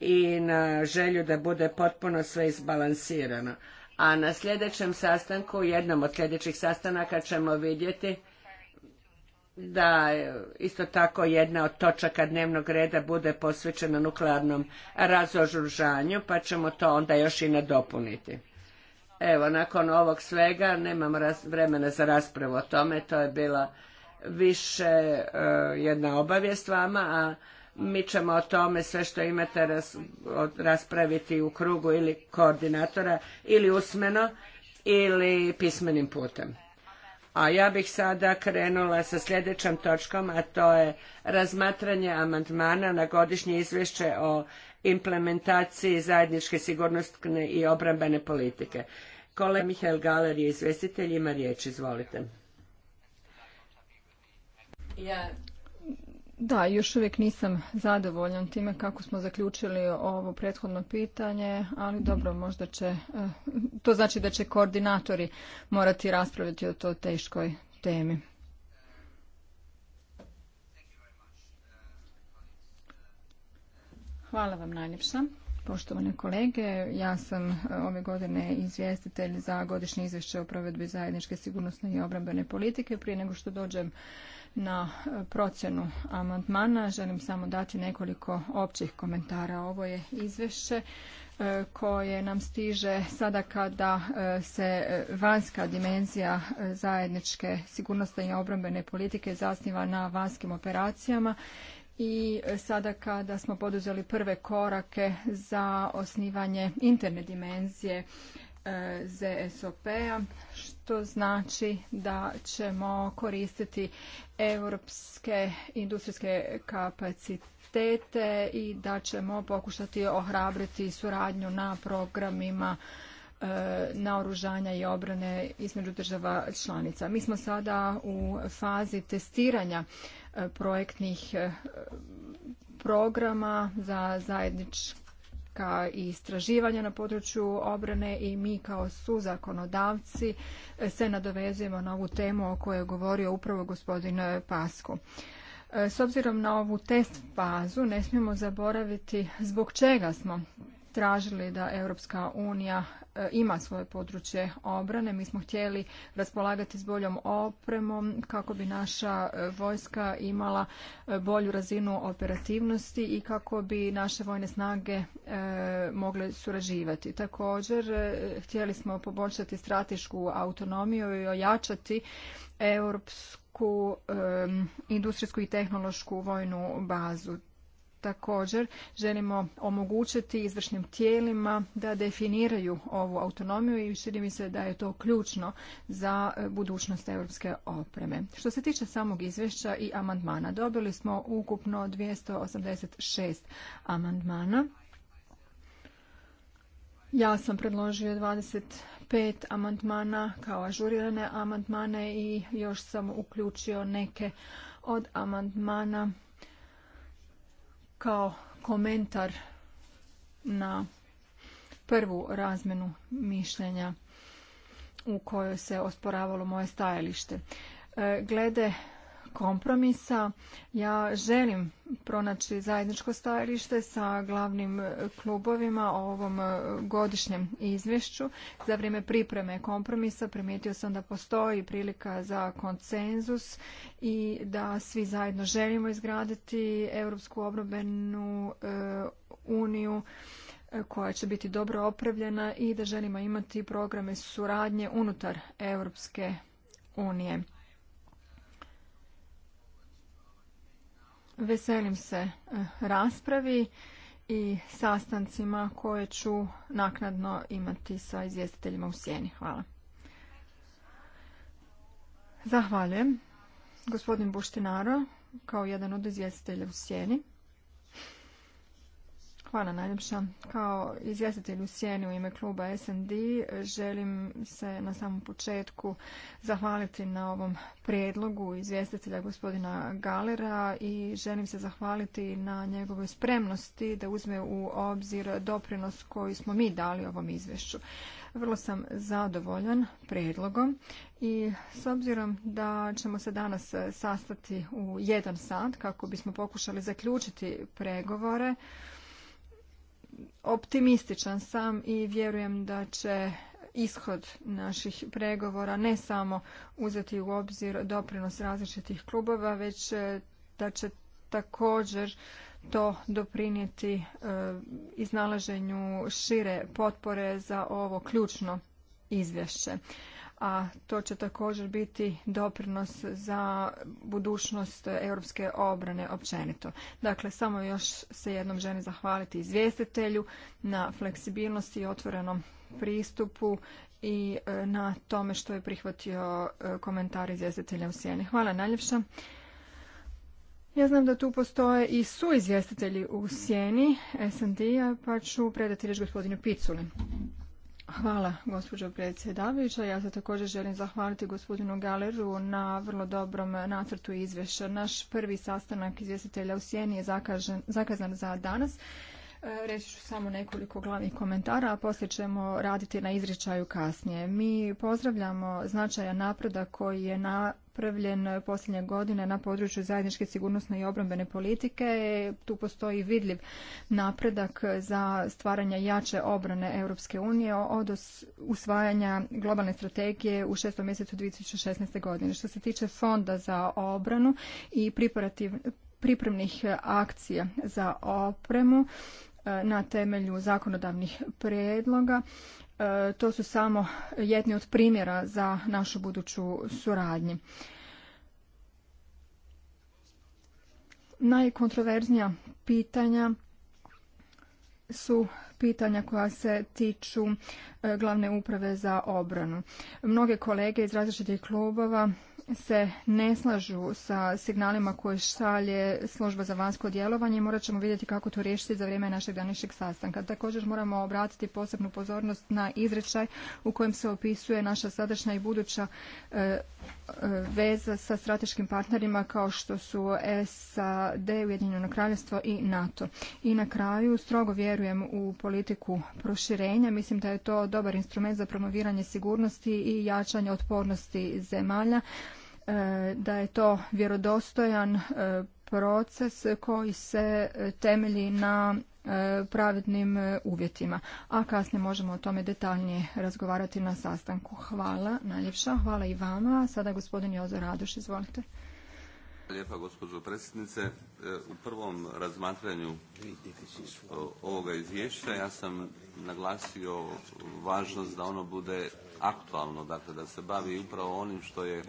i na želju da bude potpuno sve izbalansirano. A na sljedećem sastanku, jednom od sljedećih sastanaka ćemo vidjeti da isto tako jedna od točaka dnevnog reda bude posvećena nuklearnom razoružanju, pa ćemo to onda još i nadopuniti. Evo, nakon ovog svega nemam vremena za raspravu o tome, to je bila više eh, jedna obavijest vama, a mi ćemo o tome sve što imate raspraviti u krugu ili koordinatora ili usmeno ili pismenim putem. A ja bih sada krenula sa sljedećom točkom, a to je razmatranje amandmana na godišnje izvješće o implementaciji zajedničke sigurnosne i obrambene politike. Kolega Mihael Galer je izvjestitelj, ima riječ, da, još uvijek nisam zadovoljan time kako smo zaključili ovo prethodno pitanje, ali dobro, možda će, eh, to znači da će koordinatori morati raspraviti o to teškoj temi. Hvala vam najljepša. Poštovane kolege, ja sam e, ove godine izvjestitelj za godišnje izvješće o provedbi zajedničke sigurnosne i obrambene politike. Prije nego što dođem na e, procjenu amandmana, želim samo dati nekoliko općih komentara. Ovo je izvješće e, koje nam stiže sada kada se vanjska dimenzija zajedničke sigurnosne i obrambene politike zasniva na vanjskim operacijama i e, sada kada smo poduzeli prve korake za osnivanje interne dimenzije e, ZSOP-a, što znači da ćemo koristiti europske industrijske kapacitete i da ćemo pokušati ohrabriti suradnju na programima e, naoružanja i obrane između država članica. Mi smo sada u fazi testiranja projektnih e, programa za zajednička istraživanja na području obrane i mi kao suzakonodavci e, se nadovezujemo na ovu temu o kojoj je govorio upravo gospodin Pasku. E, s obzirom na ovu test fazu ne smijemo zaboraviti zbog čega smo tražili da Europska unija E, ima svoje područje obrane. Mi smo htjeli raspolagati s boljom opremom kako bi naša e, vojska imala e, bolju razinu operativnosti i kako bi naše vojne snage mogle surađivati. Također htjeli smo poboljšati stratešku autonomiju i ojačati europsku industrijsku i tehnološku vojnu bazu. Također želimo omogućiti izvršnim tijelima da definiraju ovu autonomiju i čini mi se da je to ključno za e, budućnost europske opreme. Što se tiče samog izvješća i amandmana, dobili smo ukupno 286 amandmana. Ja sam predložio 25 amandmana kao ažurirane amandmane i još sam uključio neke od amandmana kao komentar na prvu razmenu mišljenja u kojoj se osporavalo moje stajalište. E, glede kompromisa. Ja želim pronaći zajedničko stajalište sa glavnim klubovima o ovom e, godišnjem izvješću. Za vrijeme pripreme kompromisa primijetio sam da postoji prilika za konsenzus i da svi zajedno želimo izgraditi Europsku obrobenu e, uniju e, koja će biti dobro opravljena i da želimo imati programe suradnje unutar Europske unije. Veselim se eh, raspravi i sastancima koje ću naknadno imati sa izvjestiteljima u sjeni. Hvala. Zahvaljujem. Gospodin Buštinaro, kao jedan od izvjestitelja u sjeni. Hvala najljepša. Kao izvjestitelj u sjeni u ime kluba SND želim se na samom početku zahvaliti na ovom prijedlogu izvjestitelja gospodina Galera i želim se zahvaliti na njegovoj spremnosti da uzme u obzir doprinos koji smo mi dali ovom izvješću. Vrlo sam zadovoljan prijedlogom i s obzirom da ćemo se danas sastati u jedan sat kako bismo pokušali zaključiti pregovore, optimističan sam i vjerujem da će ishod naših pregovora ne samo uzeti u obzir doprinos različitih klubova, već e, da će također to doprinijeti e, iznalaženju šire potpore za ovo ključno izvješće a to će također biti doprinos za budućnost europske obrane općenito. Dakle, samo još se jednom želim zahvaliti izvjestitelju na fleksibilnosti i otvorenom pristupu i e, na tome što je prihvatio e, komentar izvjestitelja u sjeni. Hvala najljepša. Ja znam da tu postoje i su izvjestitelji u sjeni SND-a, pa ću predati riječ gospodinu Piculi. Hvala, gospođo predsjedavajuća. Ja se također želim zahvaliti gospodinu Galeru na vrlo dobrom nacrtu izvješća. Naš prvi sastanak izvjestitelja u Sjeni je zakazan za danas E, reći ću samo nekoliko glavnih komentara, a poslije ćemo raditi na izričaju kasnije. Mi pozdravljamo značajan napredak koji je napravljen posljednje godine na području zajedničke sigurnosne i obrambene politike. Tu postoji vidljiv napredak za stvaranje jače obrane Europske unije od usvajanja globalne strategije u šestom mjesecu 2016. godine. Što se tiče fonda za obranu i pripremnih akcija za opremu, E, na temelju zakonodavnih prijedloga. E, to su samo jedni od primjera za našu buduću suradnju. Najkontroverznija pitanja su pitanja koja se tiču e, glavne uprave za obranu. Mnoge kolege iz različitih klubova se ne slažu sa signalima koje šalje služba za vanjsko djelovanje i morat ćemo vidjeti kako to riješiti za vrijeme našeg današnjeg sastanka. Također moramo obratiti posebnu pozornost na izrečaj u kojem se opisuje naša sadašnja i buduća e, e, veza sa strateškim partnerima kao što su SAD, Ujedinjeno kraljevstvo i NATO. I na kraju strogo vjerujem u politiku proširenja. Mislim da je to dobar instrument za promoviranje sigurnosti i jačanje otpornosti zemalja E, da je to vjerodostojan e, proces koji se temelji na e, pravednim uvjetima. A kasnije možemo o tome detaljnije razgovarati na sastanku. Hvala najljepša, hvala i vama. Sada gospodin Jozo Radoš, izvolite. lijepa gospođo predsjednice. U prvom razmatranju ovoga izvješća ja sam naglasio važnost da ono bude aktualno, dakle da se bavi upravo onim što je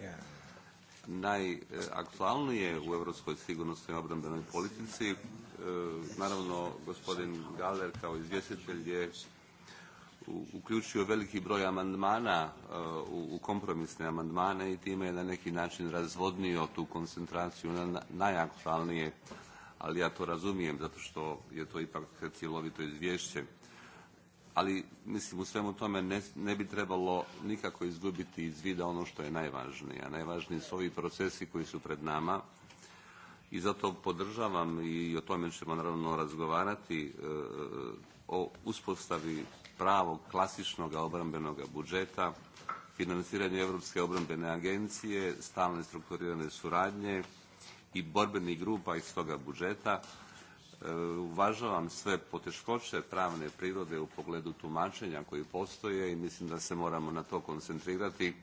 najaktualnije u europskoj sigurnosnoj obrambenoj politici. E, naravno, gospodin Galer kao izvjestitelj je uključio veliki broj amandmana e, u kompromisne amandmane i time je na neki način razvodnio tu koncentraciju na najaktualnije, ali ja to razumijem zato što je to ipak cjelovito izvješće ali mislim u svemu tome ne, bi trebalo nikako izgubiti iz vida ono što je najvažnije, a najvažniji su ovi procesi koji su pred nama i zato podržavam i o tome ćemo naravno razgovarati e, o uspostavi pravog klasičnog obrambenog budžeta, financiranju Europske obrambene agencije, stalne strukturirane suradnje i borbenih grupa iz toga budžeta E, uvažavam sve poteškoće pravne prirode u pogledu tumačenja koji postoje i mislim da se moramo na to koncentrirati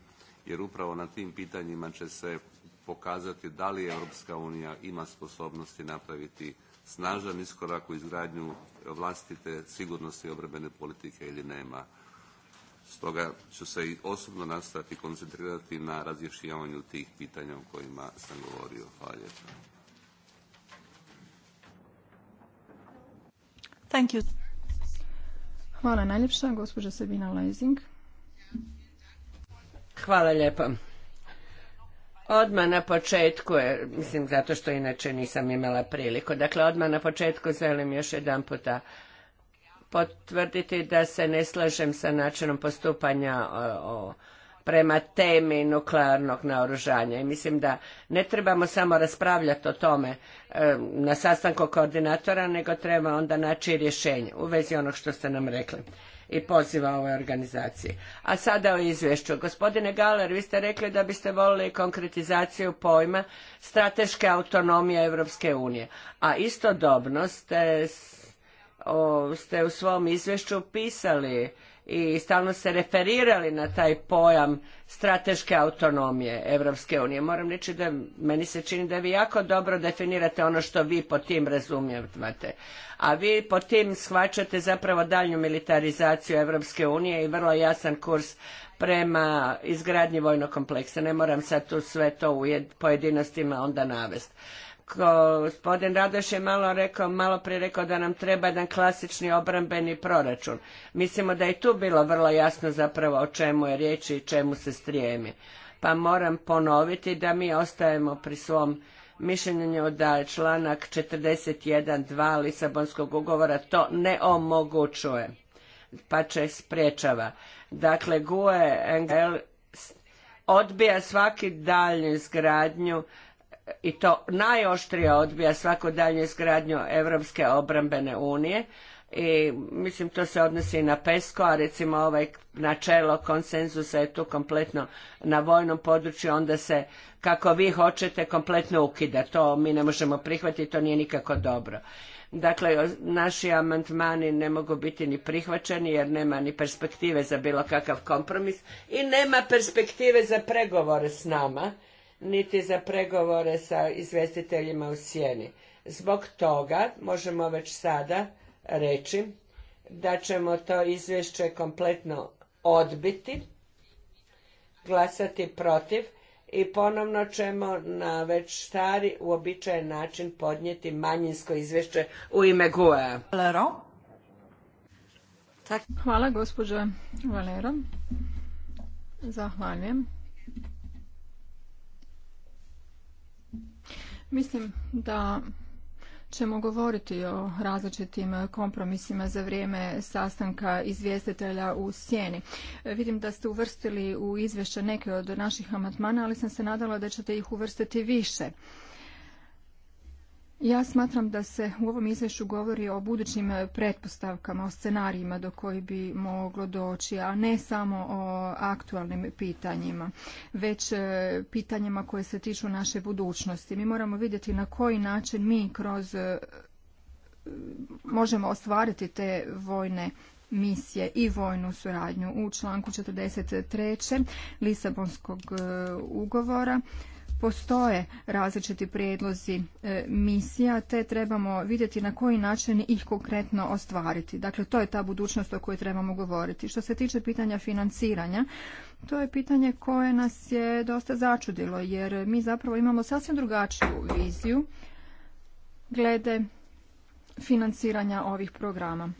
jer upravo na tim pitanjima će se pokazati da li Europska unija ima sposobnosti napraviti snažan iskorak u izgradnju vlastite sigurnosti i obrambene politike ili nema. Stoga ću se i osobno nastojati koncentrirati na razjašnjavanju tih pitanja o kojima sam govorio. Hvala lijepa. Hvala najljepša, gospođa Sabina Lezing. Hvala lijepa. Odmah na početku, e, mislim zato što inače nisam imala priliku, dakle odmah na početku želim još jedan puta potvrditi da se ne slažem sa načinom postupanja o prema temi nuklearnog naoružanja i mislim da ne trebamo samo raspravljati o tome e, na sastanku koordinatora nego treba onda naći rješenje u vezi onog što ste nam rekli i poziva ove organizacije. A sada o izvješću. Gospodine Galer, vi ste rekli da biste volili konkretizaciju pojma strateške autonomije Europske unije, a istodobno ste ste u svom izvješću pisali i stalno se referirali na taj pojam strateške autonomije Evropske unije. Moram reći da meni se čini da vi jako dobro definirate ono što vi pod tim razumijevate. A vi pod tim shvaćate zapravo daljnju militarizaciju Evropske unije i vrlo jasan kurs prema izgradnji vojnog kompleksa. Ne moram sad tu sve to u pojedinostima onda navesti gospodin Radoš je malo rekao, malo prije rekao da nam treba jedan klasični obrambeni proračun. Mislimo da je tu bilo vrlo jasno zapravo o čemu je riječ i čemu se strijemi. Pa moram ponoviti da mi ostajemo pri svom mišljenju da je članak 41.2 Lisabonskog ugovora to ne omogućuje, pa će spriječava. Dakle, GUE odbija svaki daljnju izgradnju i to najoštrije odbija svaku daljnju izgradnju Europske obrambene unije i mislim to se odnosi i na PESCO, a recimo ovaj načelo konsenzusa je tu kompletno na vojnom području, onda se kako vi hoćete kompletno ukida. To mi ne možemo prihvatiti, to nije nikako dobro. Dakle, naši amandmani ne mogu biti ni prihvaćeni jer nema ni perspektive za bilo kakav kompromis i nema perspektive za pregovore s nama niti za pregovore sa izvjestiteljima u sjeni. Zbog toga možemo već sada reći da ćemo to izvješće kompletno odbiti, glasati protiv i ponovno ćemo na već stari uobičajen način podnijeti manjinsko izvješće u ime GUE-a. Hvala Valero. Zahvaljujem. Mislim da ćemo govoriti o različitim kompromisima za vrijeme sastanka izvjestitelja u sjeni. Vidim da ste uvrstili u izvješće neke od naših amatmana, ali sam se nadala da ćete ih uvrstiti više. Ja smatram da se u ovom izvješću govori o budućim e, pretpostavkama, o scenarijima do koji bi moglo doći, a ne samo o aktualnim pitanjima, već e, pitanjima koje se tiču naše budućnosti. Mi moramo vidjeti na koji način mi kroz e, možemo ostvariti te vojne misije i vojnu suradnju u članku 43. Lisabonskog ugovora postoje različiti prijedlozi e, misija te trebamo vidjeti na koji način ih konkretno ostvariti. Dakle, to je ta budućnost o kojoj trebamo govoriti. Što se tiče pitanja financiranja, to je pitanje koje nas je dosta začudilo jer mi zapravo imamo sasvim drugačiju viziju glede financiranja ovih programa.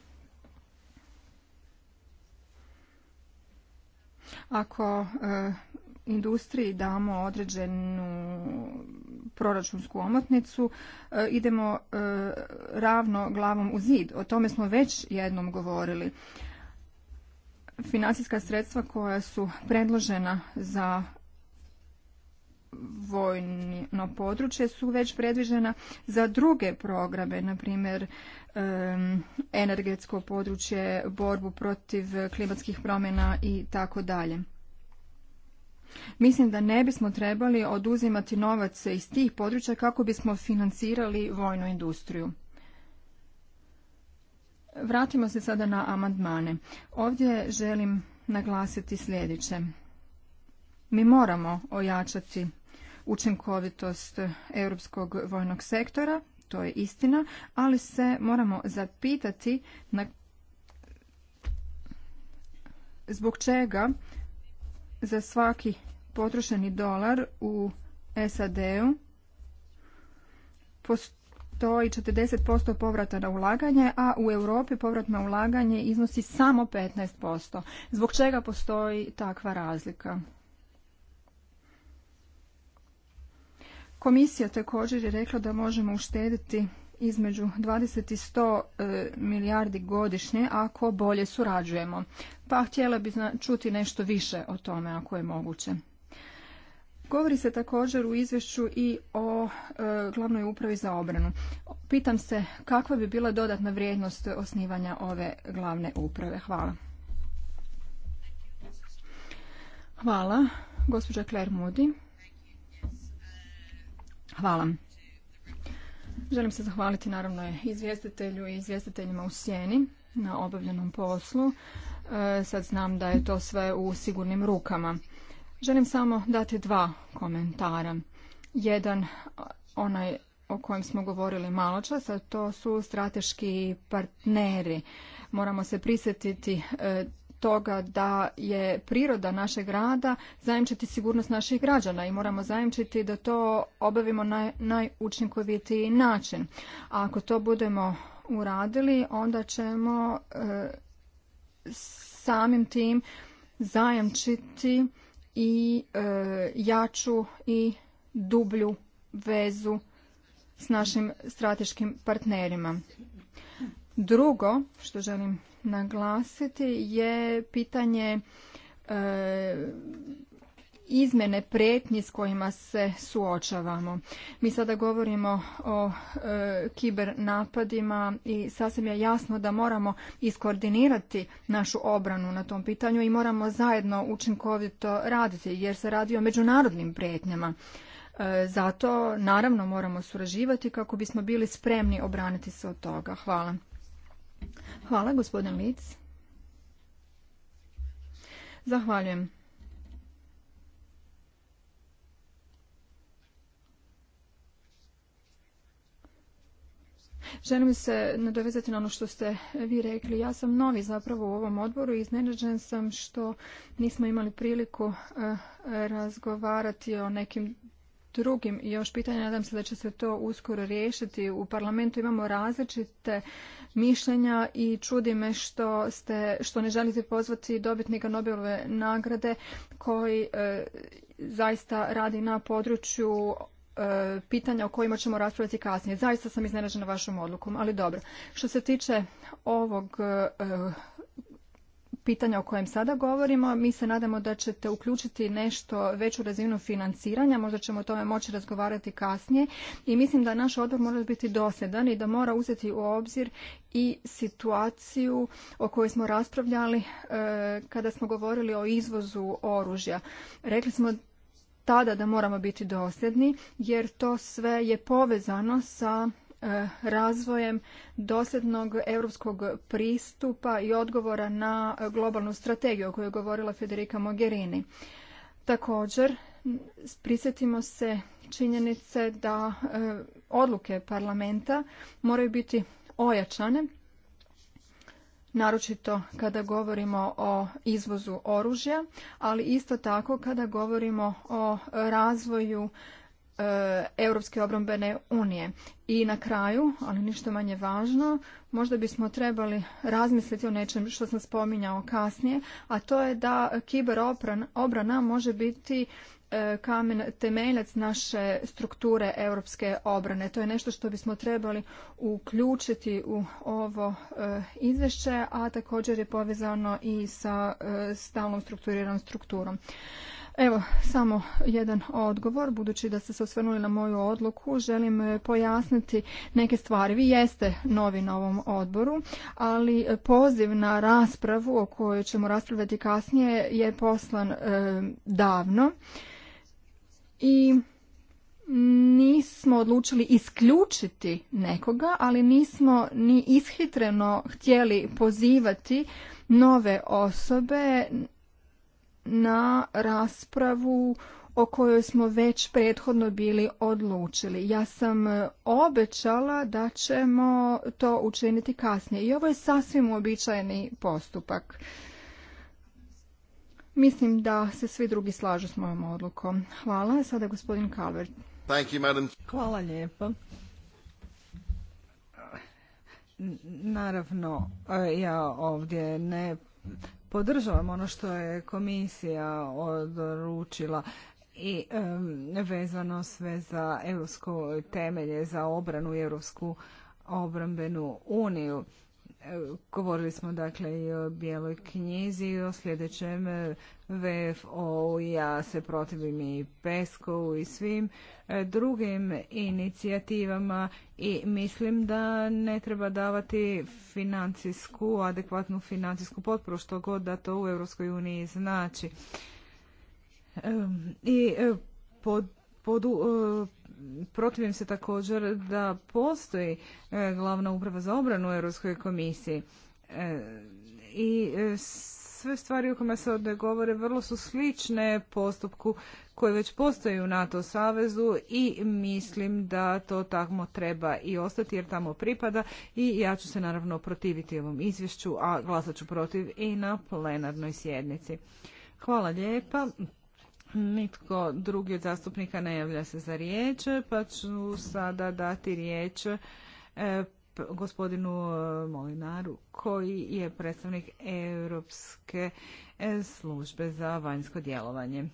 Ako e, industriji damo određenu proračunsku omotnicu, e, idemo e, ravno glavom u zid. O tome smo već jednom govorili. Financijska sredstva koja su predložena za vojno područje su već predviđena za druge programe, na primjer energetsko područje, borbu protiv klimatskih promjena i tako dalje. Mislim da ne bismo trebali oduzimati novac iz tih područja kako bismo financirali vojnu industriju. Vratimo se sada na amandmane. Ovdje želim naglasiti sljedeće. Mi moramo ojačati učinkovitost europskog vojnog sektora, to je istina, ali se moramo zapitati na... zbog čega za svaki potrošeni dolar u SAD-u postoji 40% povrata na ulaganje, a u Europi povrat na ulaganje iznosi samo 15%. Zbog čega postoji takva razlika? Komisija također je rekla da možemo uštediti između 20 i 100 e, milijardi godišnje ako bolje surađujemo. Pa htjela bi čuti nešto više o tome ako je moguće. Govori se također u izvješću i o e, glavnoj upravi za obranu. Pitam se kakva bi bila dodatna vrijednost osnivanja ove glavne uprave. Hvala. Hvala. Gospođa Claire Moody. Hvala. Želim se zahvaliti naravno izvjestitelju i izvjestiteljima u sjeni na obavljenom poslu. E, sad znam da je to sve u sigurnim rukama. Želim samo dati dva komentara. Jedan, onaj o kojem smo govorili malo čas, a to su strateški partneri. Moramo se prisjetiti e, toga da je priroda našeg rada zajamčiti sigurnost naših građana i moramo zajamčiti da to obavimo na najučinkovitiji način. A ako to budemo uradili, onda ćemo e, samim tim zajamčiti i e, jaču i dublju vezu s našim strateškim partnerima. Drugo što želim naglasiti je pitanje e, izmjene prijetnji s kojima se suočavamo. Mi sada govorimo o e, kiber napadima i sasvim je jasno da moramo iskoordinirati našu obranu na tom pitanju i moramo zajedno učinkovito raditi jer se radi o međunarodnim prijetnjama. E, zato naravno moramo surađivati kako bismo bili spremni obraniti se od toga. Hvala. Hvala, gospodin Lic. Zahvaljujem. Želim se nadovezati na ono što ste vi rekli. Ja sam novi zapravo u ovom odboru i iznenađen sam što nismo imali priliku eh, razgovarati o nekim drugim još pitanja. Nadam se da će se to uskoro riješiti. U parlamentu imamo različite mišljenja i čudi me što, ste, što ne želite pozvati dobitnika Nobelove nagrade koji e, zaista radi na području e, pitanja o kojima ćemo raspravljati kasnije. Zaista sam iznenađena vašom odlukom, ali dobro. Što se tiče ovog e, pitanja o kojem sada govorimo. Mi se nadamo da ćete uključiti nešto veću razinu financiranja, možda ćemo o tome moći razgovarati kasnije i mislim da naš odbor mora biti dosljedan i da mora uzeti u obzir i situaciju o kojoj smo raspravljali e, kada smo govorili o izvozu oružja. Rekli smo tada da moramo biti dosljedni jer to sve je povezano sa E, razvojem dosljednog europskog pristupa i odgovora na globalnu strategiju o kojoj je govorila Federica Mogherini. Također, prisjetimo se činjenice da e, odluke parlamenta moraju biti ojačane, naročito kada govorimo o izvozu oružja, ali isto tako kada govorimo o razvoju E, europske obrambene unije. I na kraju, ali ništa manje važno, možda bismo trebali razmisliti o nečem što sam spominjao kasnije, a to je da kiber obrana može biti e, kamen temeljac naše strukture europske obrane. To je nešto što bismo trebali uključiti u ovo e, izvješće, a također je povezano i sa stalnom strukturiranom strukturom. Evo, samo jedan odgovor, budući da ste se osvrnuli na moju odluku, želim eh, pojasniti neke stvari. Vi jeste novi na ovom odboru, ali eh, poziv na raspravu o kojoj ćemo raspravljati kasnije je poslan eh, davno i nismo odlučili isključiti nekoga, ali nismo ni ishitreno htjeli pozivati nove osobe na raspravu o kojoj smo već prethodno bili odlučili. Ja sam e, obećala da ćemo to učiniti kasnije i ovo je sasvim uobičajeni postupak. Mislim da se svi drugi slažu s mojom odlukom. Hvala. Sada gospodin Calvert. Hvala lijepo. Naravno, e, ja ovdje ne podržavam ono što je komisija odručila i vezano sve za europsko temelje za obranu i europsku obrambenu uniju. Govorili smo dakle i o bijeloj knjizi i o sljedećem e, vfo Ja se protivim i Peskovu i svim e, drugim inicijativama i mislim da ne treba davati financijsku, adekvatnu financijsku potporu što god da to u Europskoj uniji znači. E, I pod, pod protivim se također da postoji e, glavna uprava za obranu u Europskoj komisiji. E, I e, sve stvari o kojima se ovdje govore vrlo su slične postupku koji već postoji u NATO savezu i mislim da to tamo treba i ostati jer tamo pripada i ja ću se naravno protiviti ovom izvješću, a glasat ću protiv i na plenarnoj sjednici. Hvala lijepa. Nitko drugi od zastupnika ne javlja se za riječ, pa ću sada dati riječ e, gospodinu e, Molinaru koji je predstavnik Europske e, službe za vanjsko djelovanje.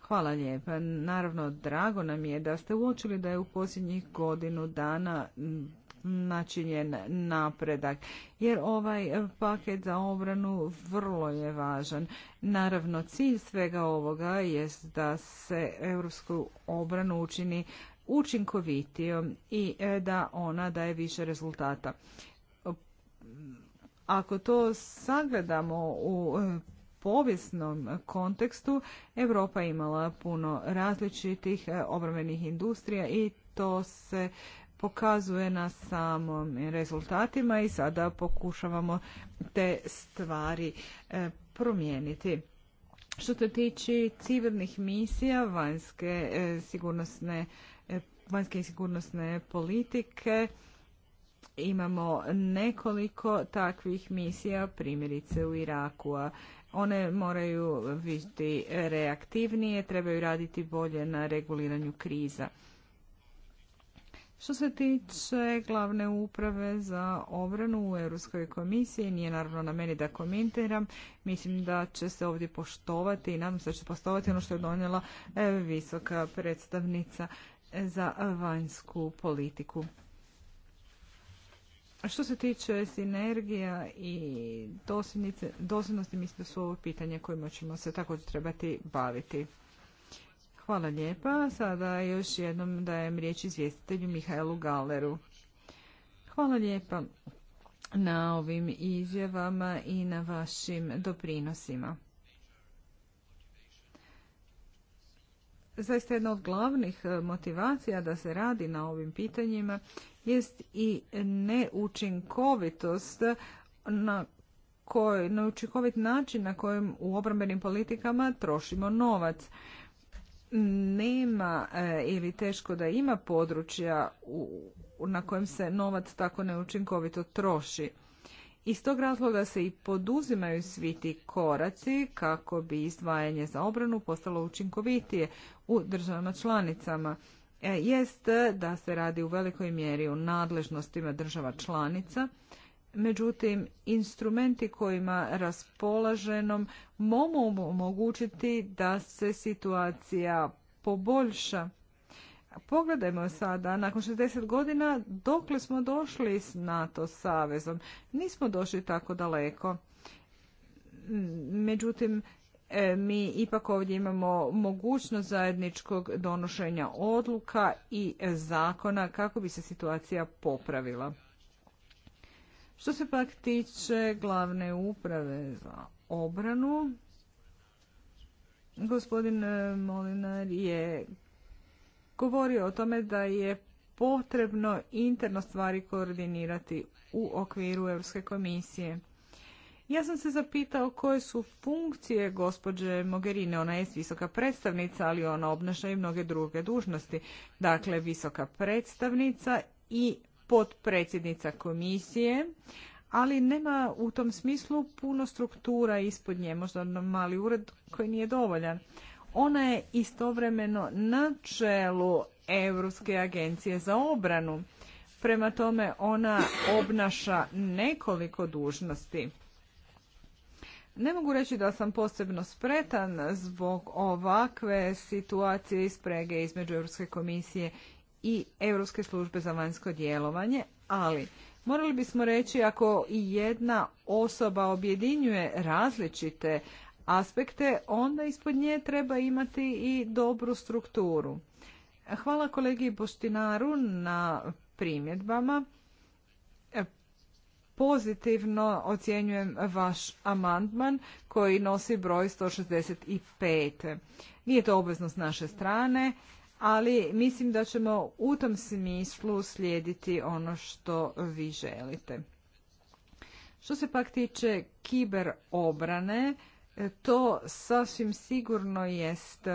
Hvala lijepa. Naravno, drago nam je da ste uočili da je u posljednjih godinu dana načinjen napredak. Jer ovaj paket za obranu vrlo je važan. Naravno, cilj svega ovoga jest da se europsku obranu učini učinkovitijom i e, da ona daje više rezultata. Ako to sagledamo u e, povijesnom kontekstu, Europa imala puno različitih e, obrambenih industrija i to se pokazuje na samom rezultatima i sada pokušavamo te stvari e, promijeniti. Što se tiče civilnih misija, vanjske e, sigurnosne e, vanjske i sigurnosne politike, imamo nekoliko takvih misija, primjerice u Iraku, a one moraju biti reaktivnije, trebaju raditi bolje na reguliranju kriza. Što se tiče glavne uprave za obranu u Europskoj komisiji, nije naravno na meni da komentiram. Mislim da će se ovdje poštovati i nadam se da će poštovati ono što je donijela e, visoka predstavnica za vanjsku politiku. Što se tiče sinergija i dosljednosti, mislim da su ovo pitanje kojima ćemo se također trebati baviti. Hvala lijepa. Sada još jednom dajem riječ izvjestitelju Mihajlu Galeru. Hvala lijepa na ovim izjavama i na vašim doprinosima. Zaista jedna od glavnih e, motivacija da se radi na ovim pitanjima jest i neučinkovitost na učinkovit neučinkovit način na kojem u obrambenim politikama trošimo novac nema e, ili teško da ima područja na kojem se novac tako neučinkovito troši. Iz tog razloga se i poduzimaju svi ti koraci kako bi izdvajanje za obranu postalo učinkovitije u državama članicama. E, jest da se radi u velikoj mjeri u nadležnostima država članica, Međutim, instrumenti kojima raspolaženom mogu omogućiti da se situacija poboljša. Pogledajmo sada, nakon 60 godina, dokle smo došli s NATO savezom. Nismo došli tako daleko. Međutim, e, mi ipak ovdje imamo mogućnost zajedničkog donošenja odluka i zakona kako bi se situacija popravila. Što se pak tiče glavne uprave za obranu, gospodin e, Molinar je govorio o tome da je potrebno interno stvari koordinirati u okviru Europske komisije. Ja sam se zapitao koje su funkcije gospođe Mogherine. Ona je visoka predstavnica, ali ona obnaša i mnoge druge dužnosti. Dakle, visoka predstavnica i potpredsjednica komisije, ali nema u tom smislu puno struktura ispod nje, možda mali ured koji nije dovoljan. Ona je istovremeno na čelu Europske agencije za obranu. Prema tome ona obnaša nekoliko dužnosti. Ne mogu reći da sam posebno spretan zbog ovakve situacije i sprege između Europske komisije i Europske službe za vanjsko djelovanje, ali morali bismo reći ako i jedna osoba objedinjuje različite aspekte, onda ispod nje treba imati i dobru strukturu. Hvala kolegi Boštinaru na primjedbama. Pozitivno ocjenjujem vaš amandman koji nosi broj 165. Nije to obveznost naše strane, ali mislim da ćemo u tom smislu slijediti ono što vi želite. Što se pak tiče kiber obrane, to sasvim sigurno jest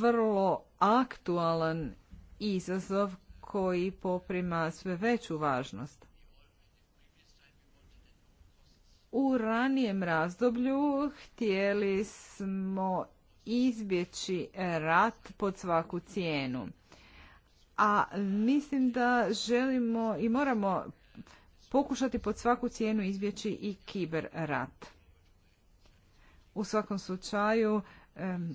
vrlo aktualan izazov koji poprima sve veću važnost. U ranijem razdoblju htjeli smo izbjeći rat pod svaku cijenu. A mislim da želimo i moramo pokušati pod svaku cijenu izbjeći i kiber rat. U svakom slučaju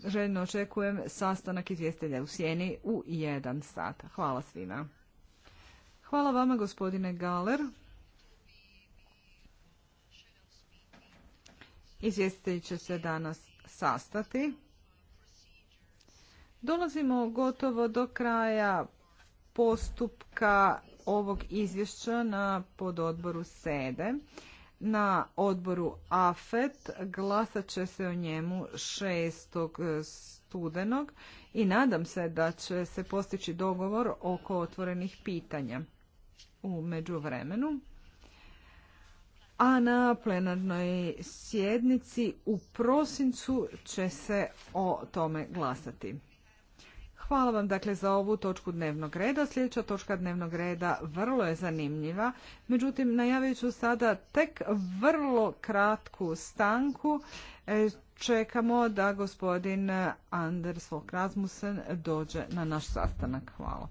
željno očekujem sastanak izvjestelja u Sjeni u jedan sat. Hvala svima. Hvala vama gospodine Galer. Izvjestitelji će se danas sastati. Dolazimo gotovo do kraja postupka ovog izvješća na pododboru SEDE. Na odboru AFET glasat će se o njemu 6. studenog i nadam se da će se postići dogovor oko otvorenih pitanja u međuvremenu. A na plenarnoj sjednici u prosincu će se o tome glasati. Hvala vam dakle za ovu točku dnevnog reda. Sljedeća točka dnevnog reda vrlo je zanimljiva. Međutim, najavit ću sada tek vrlo kratku stanku. E, čekamo da gospodin Anders Fogh Rasmussen dođe na naš sastanak. Hvala.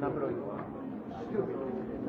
na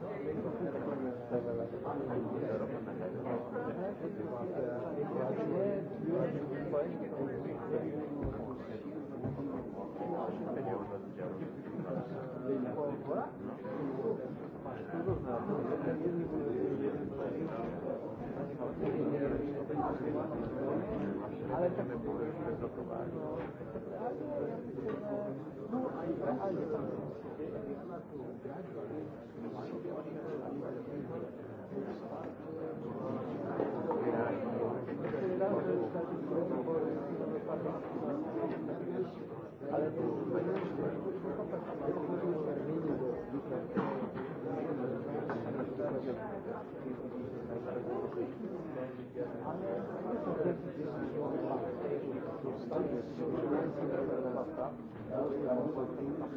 So they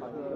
mm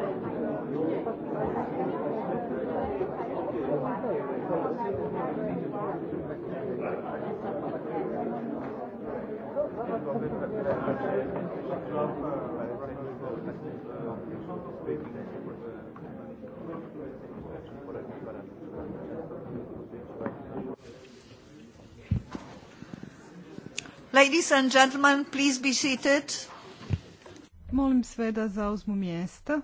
Ladies and gentlemen, please be seated. Molim sve da zauzmu mjesta.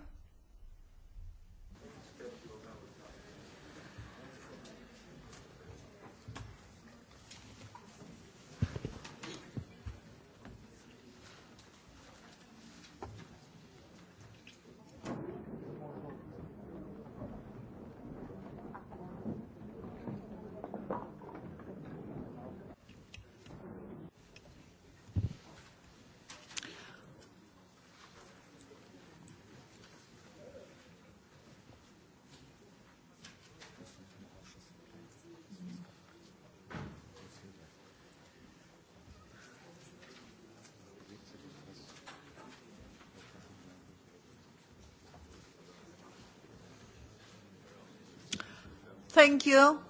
Thank you.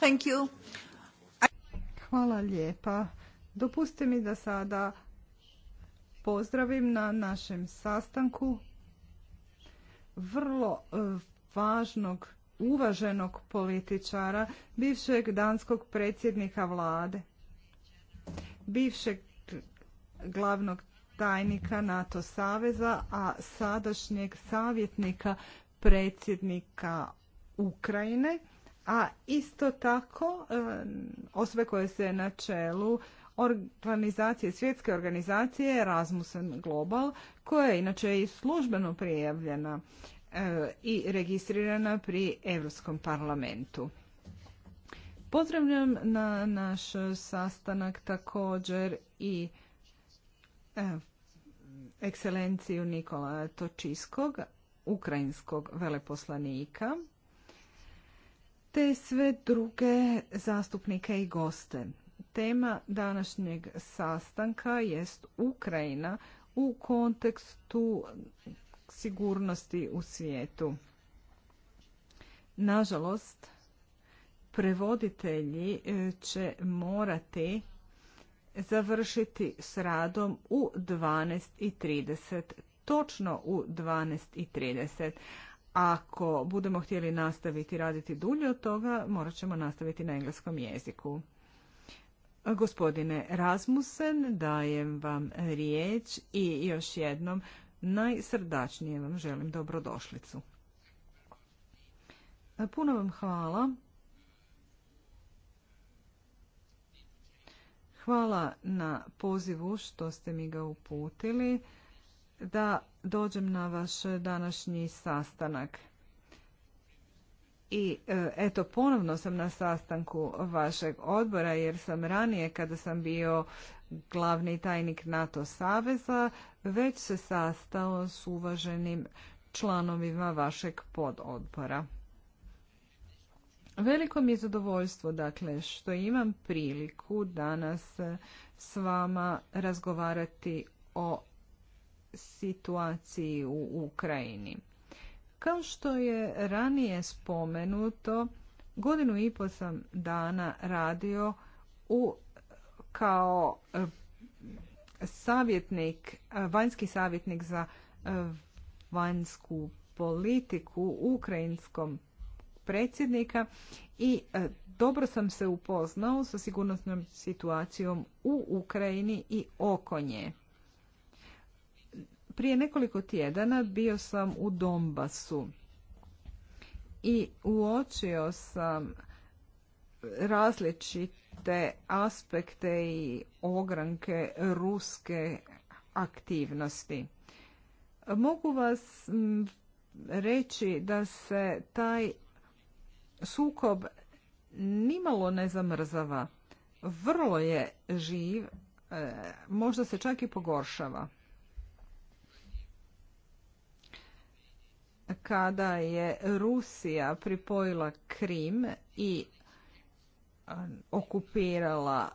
Thank you. Hvala lijepa. Dopustite mi da sada pozdravim na našem sastanku vrlo e, važnog, uvaženog političara, bivšeg danskog predsjednika vlade, bivšeg glavnog tajnika NATO saveza, a sadašnjeg savjetnika predsjednika Ukrajine, a isto tako e, osobe koje se na čelu organizacije, svjetske organizacije Erasmus Global, koja je inače i službeno prijavljena e, i registrirana pri Europskom parlamentu. Pozdravljam na naš sastanak također i e, ekscelenciju Nikola Točiskog, ukrajinskog veleposlanika, te sve druge zastupnike i goste. Tema današnjeg sastanka jest Ukrajina u kontekstu sigurnosti u svijetu. Nažalost, prevoditelji e, će morati završiti s radom u 12.30 točno u 12.30. Ako budemo htjeli nastaviti raditi dulje od toga, morat ćemo nastaviti na engleskom jeziku. Gospodine razmusen dajem vam riječ i još jednom najsrdačnije vam želim dobrodošlicu. Puno vam hvala. Hvala na pozivu što ste mi ga uputili da dođem na vaš današnji sastanak. I e, eto, ponovno sam na sastanku vašeg odbora jer sam ranije kada sam bio glavni tajnik NATO saveza već se sastao s uvaženim članovima vašeg pododbora. Veliko mi je zadovoljstvo dakle što imam priliku danas s vama razgovarati o situaciji u Ukrajini. Kao što je ranije spomenuto, godinu i pol sam dana radio u, kao e, savjetnik, e, vanjski savjetnik za e, vanjsku politiku ukrajinskom predsjednika i dobro sam se upoznao sa sigurnosnom situacijom u Ukrajini i oko nje. Prije nekoliko tjedana bio sam u Dombasu i uočio sam različite aspekte i ogranke ruske aktivnosti. Mogu vas reći da se taj sukob nimalo ne zamrzava. Vrlo je živ, e, možda se čak i pogoršava. kada je Rusija pripojila Krim i okupirala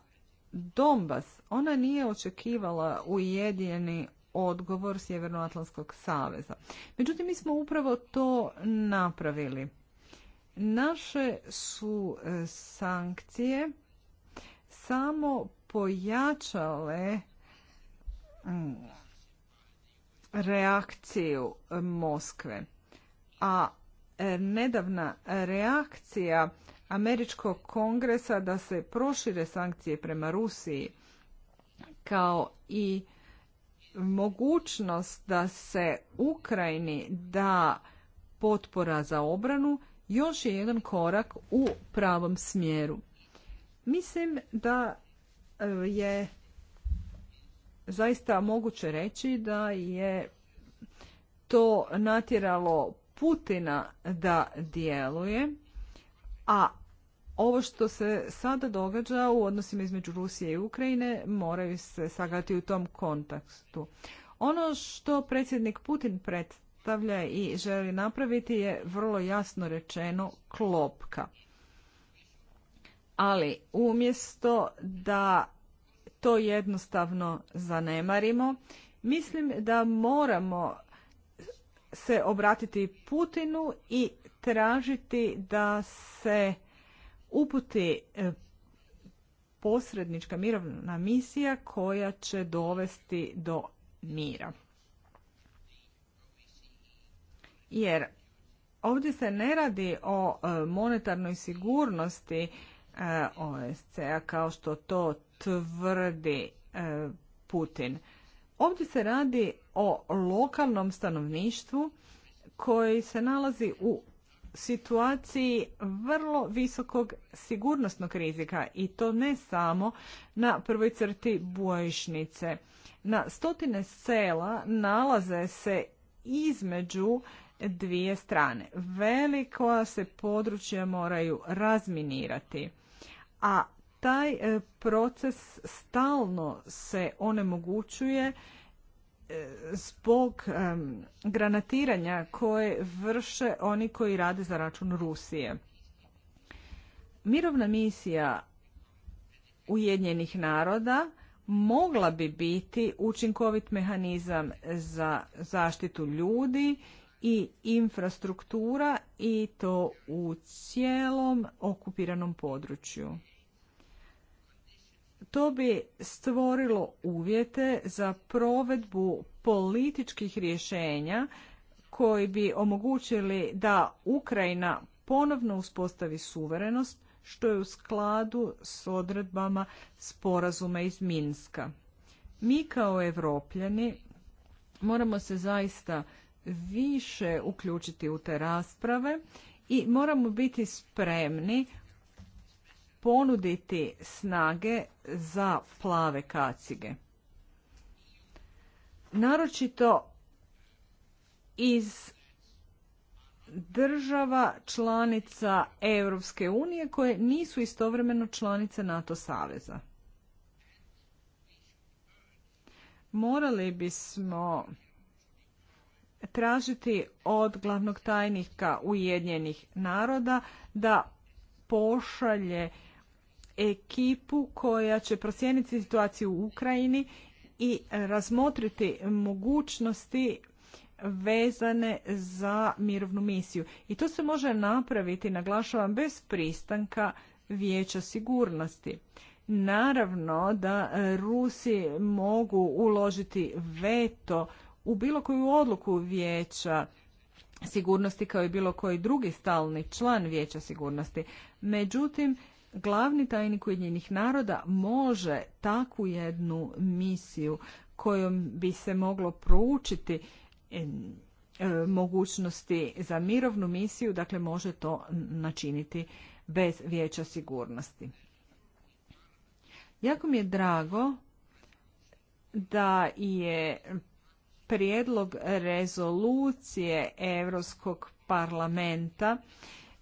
Donbas, ona nije očekivala ujedinjeni odgovor Sjevernoatlantskog saveza. Međutim, mi smo upravo to napravili. Naše su e, sankcije samo pojačale reakciju Moskve a e, nedavna reakcija američkog kongresa da se prošire sankcije prema Rusiji kao i mogućnost da se Ukrajini da potpora za obranu još je jedan korak u pravom smjeru. Mislim da e, je zaista moguće reći da je to natjeralo Putina da djeluje, a ovo što se sada događa u odnosima između Rusije i Ukrajine moraju se sagati u tom kontekstu. Ono što predsjednik Putin predstavlja i želi napraviti je vrlo jasno rečeno klopka. Ali umjesto da to jednostavno zanemarimo, mislim da moramo se obratiti Putinu i tražiti da se uputi e, posrednička mirovna misija koja će dovesti do mira. Jer ovdje se ne radi o e, monetarnoj sigurnosti e, OSCE-a kao što to tvrdi Putin. Ovdje se radi o lokalnom stanovništvu koji se nalazi u situaciji vrlo visokog sigurnosnog rizika i to ne samo na prvoj crti bojišnice. Na stotine sela nalaze se između dvije strane. Veliko se područje moraju razminirati, a taj e, proces stalno se onemogućuje E, zbog granatiranja koje vrše oni koji rade za račun Rusije. Mirovna misija Ujedinjenih naroda mogla bi biti učinkovit mehanizam za zaštitu ljudi i infrastruktura i to u cijelom okupiranom području. To bi stvorilo uvjete za provedbu političkih rješenja koji bi omogućili da Ukrajina ponovno uspostavi suverenost što je u skladu s odredbama sporazuma iz Minska. Mi kao evropljani moramo se zaista više uključiti u te rasprave i moramo biti spremni ponuditi snage za plave kacige. Naročito iz država članica Europske unije koje nisu istovremeno članice NATO saveza. Morali bismo tražiti od glavnog tajnika Ujedinjenih naroda da pošalje ekipu koja će procijeniti situaciju u Ukrajini i razmotriti mogućnosti vezane za mirovnu misiju. I to se može napraviti, naglašavam, bez pristanka vijeća sigurnosti. Naravno da Rusi mogu uložiti veto u bilo koju odluku vijeća sigurnosti kao i bilo koji drugi stalni član vijeća sigurnosti. Međutim, glavni tajnik Ujedinjenih naroda može takvu jednu misiju kojom bi se moglo proučiti e, e, mogućnosti za mirovnu misiju, dakle može to načiniti bez vijeća sigurnosti. Jako mi je drago da je prijedlog rezolucije Europskog parlamenta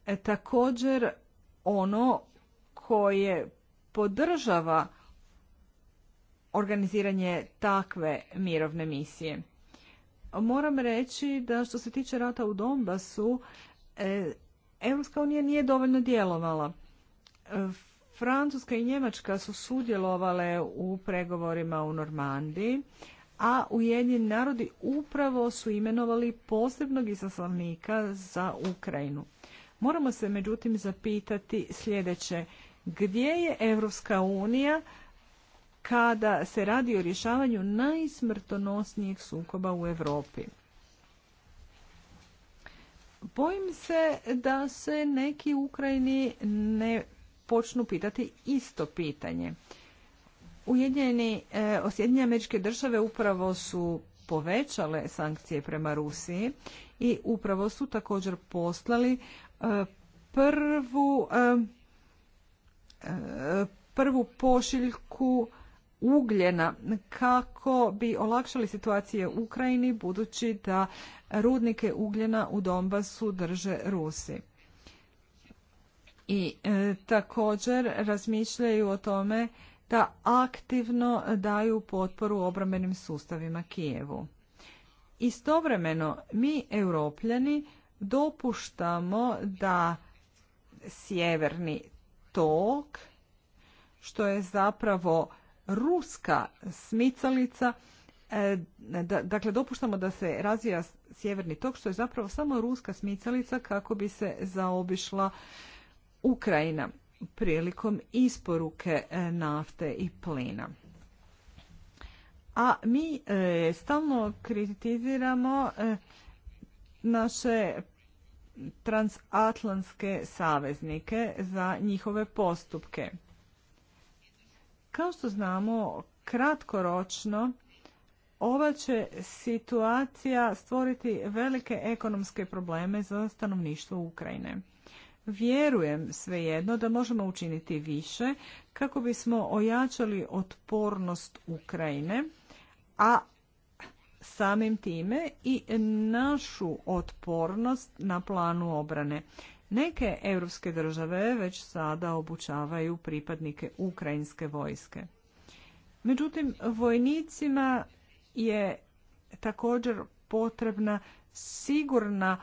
e, također ono koje podržava organiziranje takve mirovne misije. Moram reći da što se tiče rata u Donbasu, e, Europska unija nije dovoljno djelovala. Francuska i Njemačka su sudjelovale u pregovorima u Normandiji, a Ujedinjeni narodi upravo su imenovali posebnog izaslanika za Ukrajinu. Moramo se međutim zapitati sljedeće. Gdje je Europska unija kada se radi o rješavanju najsmrtonosnijih sukoba u Europi? Bojim se da se neki Ukrajini ne počnu pitati isto pitanje. Ujedinjeni, eh, američke države upravo su povećale sankcije prema Rusiji i upravo su također poslali eh, prvu eh, prvu pošiljku ugljena kako bi olakšali situacije u Ukrajini budući da rudnike ugljena u Donbasu drže Rusi. I e, također razmišljaju o tome da aktivno daju potporu obrambenim sustavima Kijevu. Istovremeno mi europljani dopuštamo da sjeverni tok, što je zapravo ruska smicalica. E, dakle, dopuštamo da se razvija sjeverni tok, što je zapravo samo ruska smicalica kako bi se zaobišla Ukrajina prilikom isporuke e, nafte i plina. A mi e, stalno kritiziramo naše transatlantske saveznike za njihove postupke. Kao što znamo, kratkoročno ova će situacija stvoriti velike ekonomske probleme za stanovništvo Ukrajine. Vjerujem svejedno da možemo učiniti više kako bismo ojačali otpornost Ukrajine, a samim time i našu otpornost na planu obrane. Neke europske države već sada obučavaju pripadnike ukrajinske vojske. Međutim, vojnicima je također potrebna sigurna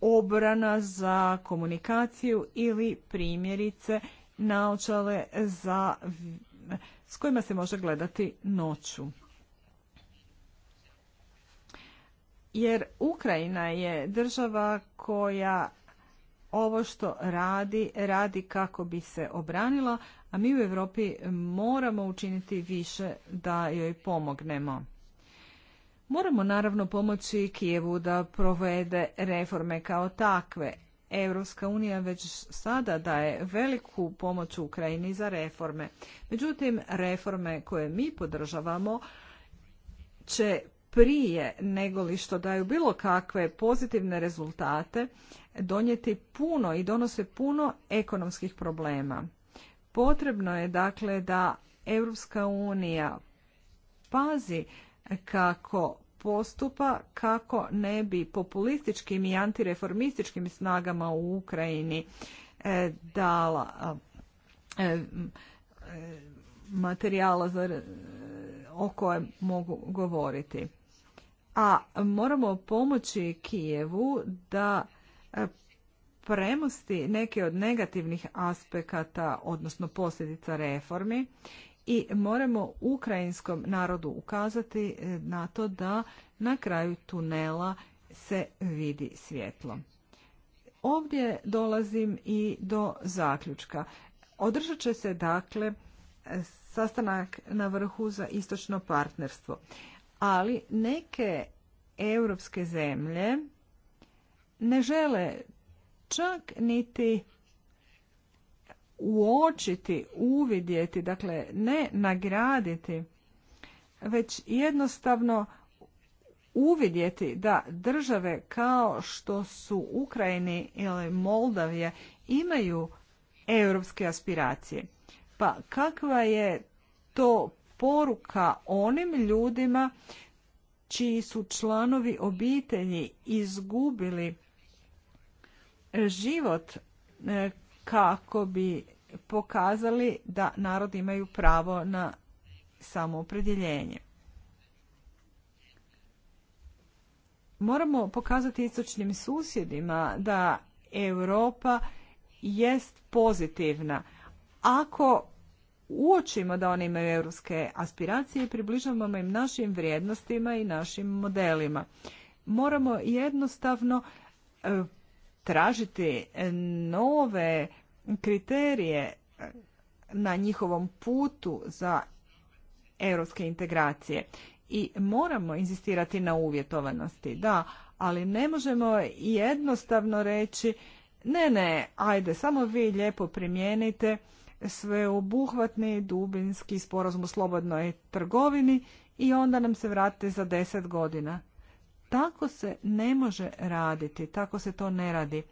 obrana za komunikaciju ili primjerice naočale za, s kojima se može gledati noću. jer Ukrajina je država koja ovo što radi, radi kako bi se obranila, a mi u Europi moramo učiniti više da joj pomognemo. Moramo naravno pomoći Kijevu da provede reforme kao takve. Europska unija već sada daje veliku pomoć Ukrajini za reforme. Međutim, reforme koje mi podržavamo će prije nego što daju bilo kakve pozitivne rezultate donijeti puno i donose puno ekonomskih problema. Potrebno je dakle da Europska unija pazi kako postupa kako ne bi populističkim i antireformističkim snagama u Ukrajini e, dala e, e, materijala za, o kojem mogu govoriti a moramo pomoći Kijevu da e, premosti neke od negativnih aspekata, odnosno posljedica reformi i moramo ukrajinskom narodu ukazati e, na to da na kraju tunela se vidi svjetlo. Ovdje dolazim i do zaključka. Održat će se dakle e, sastanak na vrhu za istočno partnerstvo ali neke europske zemlje ne žele čak niti uočiti, uvidjeti, dakle ne nagraditi, već jednostavno uvidjeti da države kao što su Ukrajini ili Moldavije imaju europske aspiracije. Pa kakva je to poruka onim ljudima čiji su članovi obitelji izgubili e, život e, kako bi pokazali da narod imaju pravo na samoopredjeljenje. Moramo pokazati istočnim susjedima da Europa jest pozitivna. Ako uočimo da oni imaju europske aspiracije i približavamo im našim vrijednostima i našim modelima. Moramo jednostavno e, tražiti nove kriterije na njihovom putu za europske integracije i moramo inzistirati na uvjetovanosti, da, ali ne možemo jednostavno reći ne, ne, ajde, samo vi lijepo primijenite sveobuhvatni dubinski sporazum o slobodnoj trgovini i onda nam se vrate za deset godina. Tako se ne može raditi, tako se to ne radi.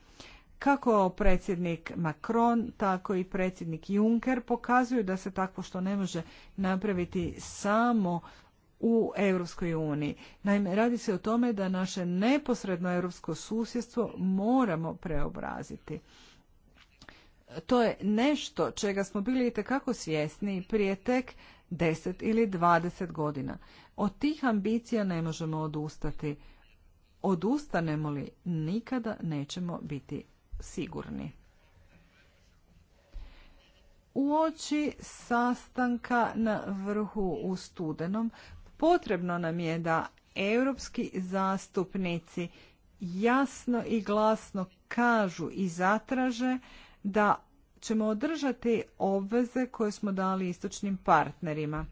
Kako predsjednik Macron, tako i predsjednik Juncker pokazuju da se tako što ne može napraviti samo u Europskoj uniji. Naime, radi se o tome da naše neposredno europsko susjedstvo moramo preobraziti. To je nešto čega smo bili itekako svjesni prije tek 10 ili 20 godina. Od tih ambicija ne možemo odustati. Odustanemo li, nikada nećemo biti sigurni. U oči sastanka na vrhu u studenom potrebno nam je da europski zastupnici jasno i glasno kažu i zatraže da ćemo održati obveze koje smo dali istočnim partnerima.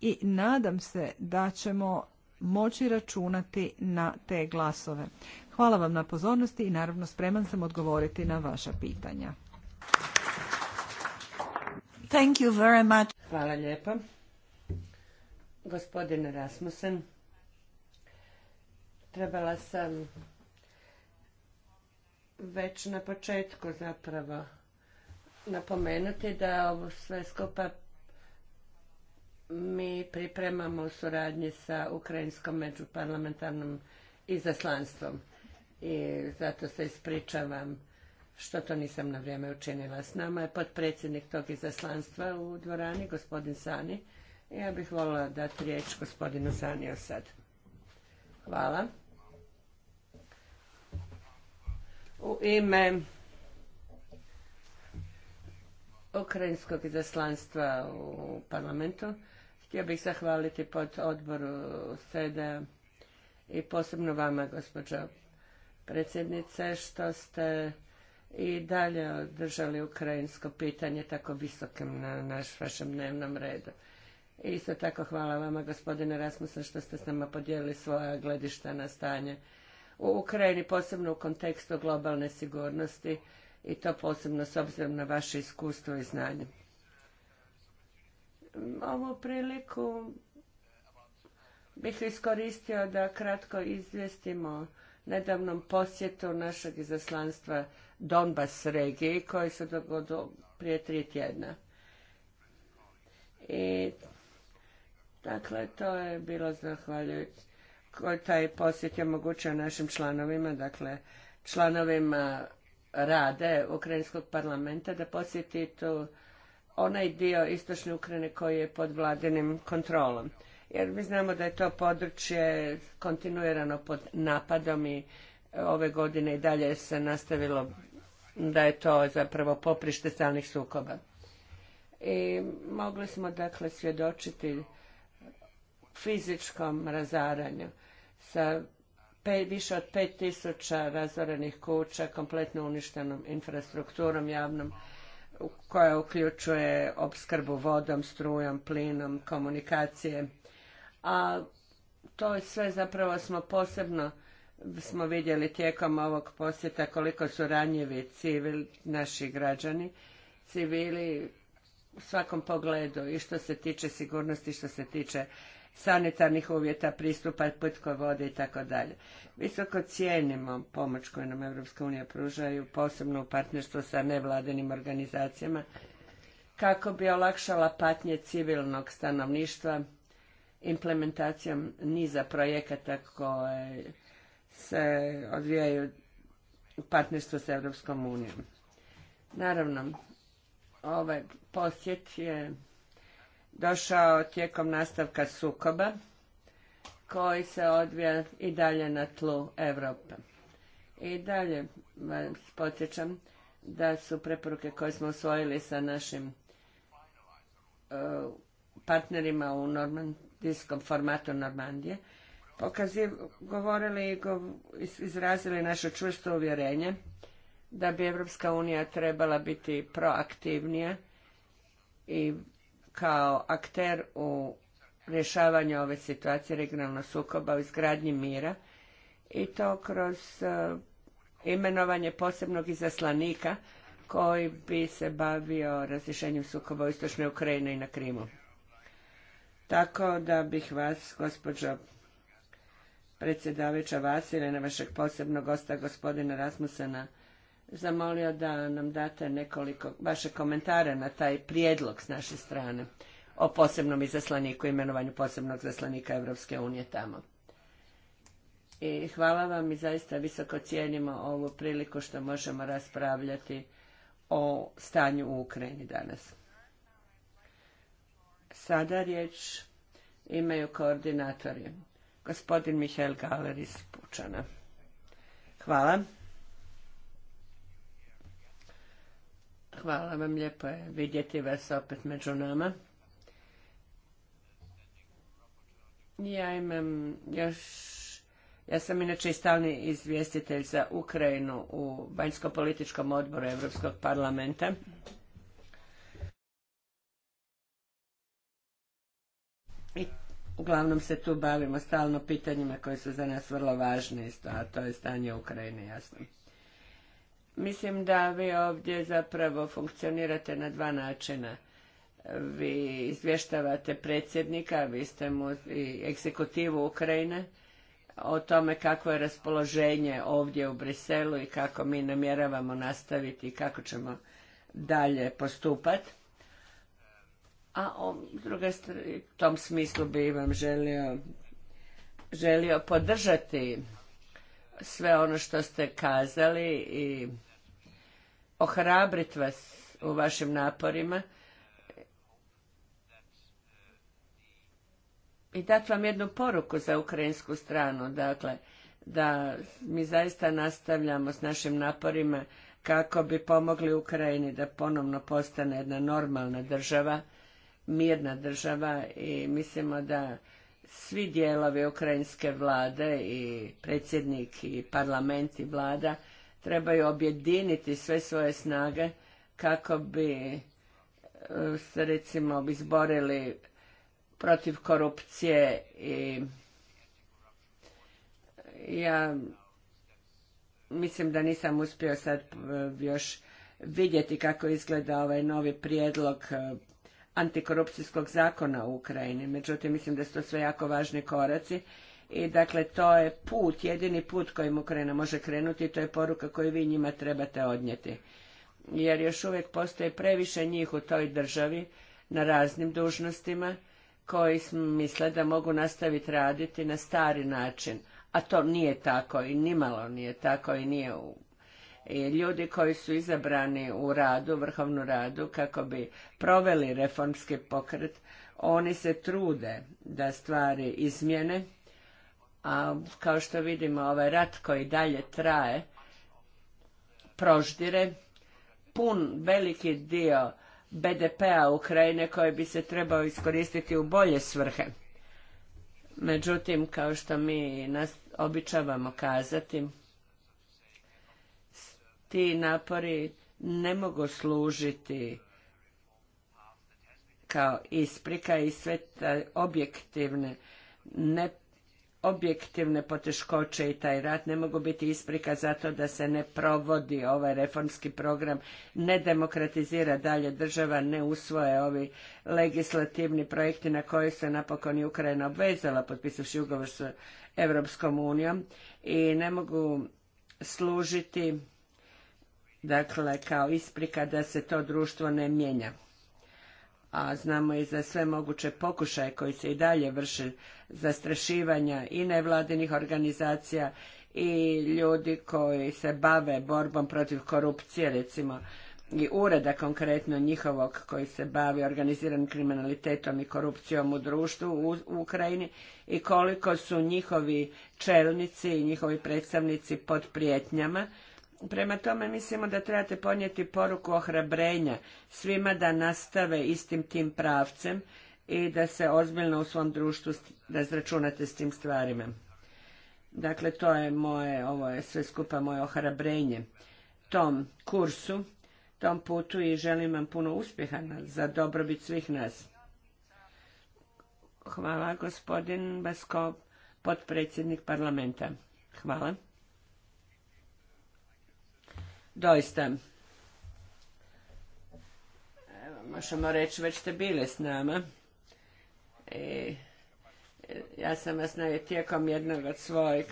I nadam se da ćemo moći računati na te glasove. Hvala vam na pozornosti i naravno spreman sam odgovoriti na vaša pitanja. Thank you very much. Hvala lijepa. Gospodine Rasmussen, trebala sam već na početku zapravo napomenuti da ovo sve skupa mi pripremamo u suradnji sa Ukrajinskom međuparlamentarnom izaslanstvom i zato se ispričavam što to nisam na vrijeme učinila. S nama je potpredsjednik tog izaslanstva u dvorani, gospodin Sani. Ja bih volila dati riječ gospodinu Sanio sad. Hvala. u ime ukrajinskog izaslanstva u parlamentu htio bih zahvaliti pod odboru SEDA i posebno vama gospođo predsjednice što ste i dalje održali ukrajinsko pitanje tako visokim na naš, vašem dnevnom redu. Isto tako hvala vama gospodine Rasmusa, što ste s nama podijelili svoja gledišta na stanje u Ukrajini, posebno u kontekstu globalne sigurnosti i to posebno s obzirom na vaše iskustvo i znanje. Ovu priliku bih iskoristio da kratko o nedavnom posjetu našeg izaslanstva Donbas regiji koji se dogodio prije tri tjedna. I, dakle, to je bilo zahvaljujući koji taj posjet je omogućio našim članovima, dakle članovima rade Ukrajinskog parlamenta da posjeti tu onaj dio istočne Ukrajine koji je pod vladinim kontrolom. Jer mi znamo da je to područje kontinuirano pod napadom i e, ove godine i dalje se nastavilo da je to zapravo poprište stalnih sukoba. I mogli smo dakle svjedočiti fizičkom razaranju sa više od tisuća razorenih kuća, kompletno uništenom infrastrukturom javnom koja uključuje opskrbu vodom, strujom, plinom, komunikacije. A to je sve zapravo smo posebno smo vidjeli tijekom ovog posjeta koliko su ranjivi civil, naši građani, civili u svakom pogledu i što se tiče sigurnosti, što se tiče sanitarnih uvjeta, pristupa pitkoj vode i tako dalje. Visoko cijenimo pomoć koju nam Europska unija pružaju, posebno u partnerstvu sa nevladinim organizacijama, kako bi olakšala patnje civilnog stanovništva implementacijom niza projekata koje se odvijaju u partnerstvu sa Europskom unijom. Naravno, ovaj posjet je došao tijekom nastavka sukoba koji se odvija i dalje na tlu Europe. I dalje vas podsjećam da su preporuke koje smo usvojili sa našim e, partnerima u normandijskom formatu Normandije govorili i izrazili naše čvrsto uvjerenje da bi europska unija trebala biti proaktivnija i kao akter u rješavanju ove situacije regionalnog sukoba u izgradnji mira i to kroz e, imenovanje posebnog izaslanika koji bi se bavio razrješenjem sukoba u istočnoj Ukrajini i na Krimu. Tako da bih vas, gospođo predsjedavajuća vas na vašeg posebnog gosta gospodina Rasmusena zamolio da nam date nekoliko vaše komentare na taj prijedlog s naše strane o posebnom izaslaniku, imenovanju posebnog zaslanika Europske unije tamo. I hvala vam i zaista visoko cijenimo ovu priliku što možemo raspravljati o stanju u Ukrajini danas. Sada riječ imaju koordinatori. Gospodin Mihael Galer iz Pučana. Hvala. Hvala vam lijepo je vidjeti vas opet među nama. Ja imam još... Ja sam inače i stalni izvjestitelj za Ukrajinu u Banjsko-političkom odboru Europskog parlamenta. I uglavnom se tu bavimo stalno pitanjima koje su za nas vrlo važne, a to je stanje Ukrajine, jasno. Mislim da vi ovdje zapravo funkcionirate na dva načina. Vi izvještavate predsjednika, vi ste mu i eksekutivu Ukrajine o tome kako je raspoloženje ovdje u Briselu i kako mi namjeravamo nastaviti i kako ćemo dalje postupati. A o druge u tom smislu bi vam želio, želio podržati sve ono što ste kazali i ohrabriti vas u vašim naporima i dati vam jednu poruku za ukrajinsku stranu, dakle, da mi zaista nastavljamo s našim naporima kako bi pomogli Ukrajini da ponovno postane jedna normalna država, mirna država i mislimo da svi dijelovi ukrajinske vlade i predsjednik i parlament i vlada trebaju objediniti sve svoje snage kako bi e, se recimo izborili protiv korupcije i ja mislim da nisam uspio sad e, još vidjeti kako izgleda ovaj novi prijedlog e, antikorupcijskog zakona u Ukrajini. Međutim, mislim da su to sve jako važni koraci i dakle to je put, jedini put kojim Ukrajina može krenuti, to je poruka koju vi njima trebate odnijeti. Jer još uvijek postoje previše njih u toj državi na raznim dužnostima koji misle da mogu nastaviti raditi na stari način. A to nije tako i nimalo nije tako i nije u ljudi koji su izabrani u radu, vrhovnu radu, kako bi proveli reformski pokret, oni se trude da stvari izmjene a kao što vidimo ovaj rat koji dalje traje proždire pun veliki dio BDP-a Ukrajine koji bi se trebao iskoristiti u bolje svrhe. Međutim, kao što mi nas običavamo kazati, ti napori ne mogu služiti kao isprika i sve objektivne ne objektivne poteškoće i taj rad, ne mogu biti isprika zato da se ne provodi ovaj reformski program, ne demokratizira dalje država, ne usvoje ovi legislativni projekti na koje se napokon i Ukrajina obvezala potpisavši ugovor sa Europskom unijom i ne mogu služiti dakle kao isprika da se to društvo ne mijenja a znamo i za sve moguće pokušaje koji se i dalje vrše zastrašivanja i nevladinih organizacija i ljudi koji se bave borbom protiv korupcije, recimo i ureda konkretno njihovog koji se bavi organiziranim kriminalitetom i korupcijom u društvu u, Ukrajini i koliko su njihovi čelnici i njihovi predstavnici pod prijetnjama Prema tome mislimo da trebate ponijeti poruku ohrabrenja svima da nastave istim tim pravcem i da se ozbiljno u svom društvu razračunate s tim stvarima. Dakle, to je moje, ovo je sve skupa moje ohrabrenje tom kursu, tom putu i želim vam puno uspjeha za dobrobit svih nas. Hvala gospodin Baskov, potpredsjednik parlamenta. Hvala doista možemo reći već ste bili s nama i e, ja sam vas na, tijekom jednog od svojih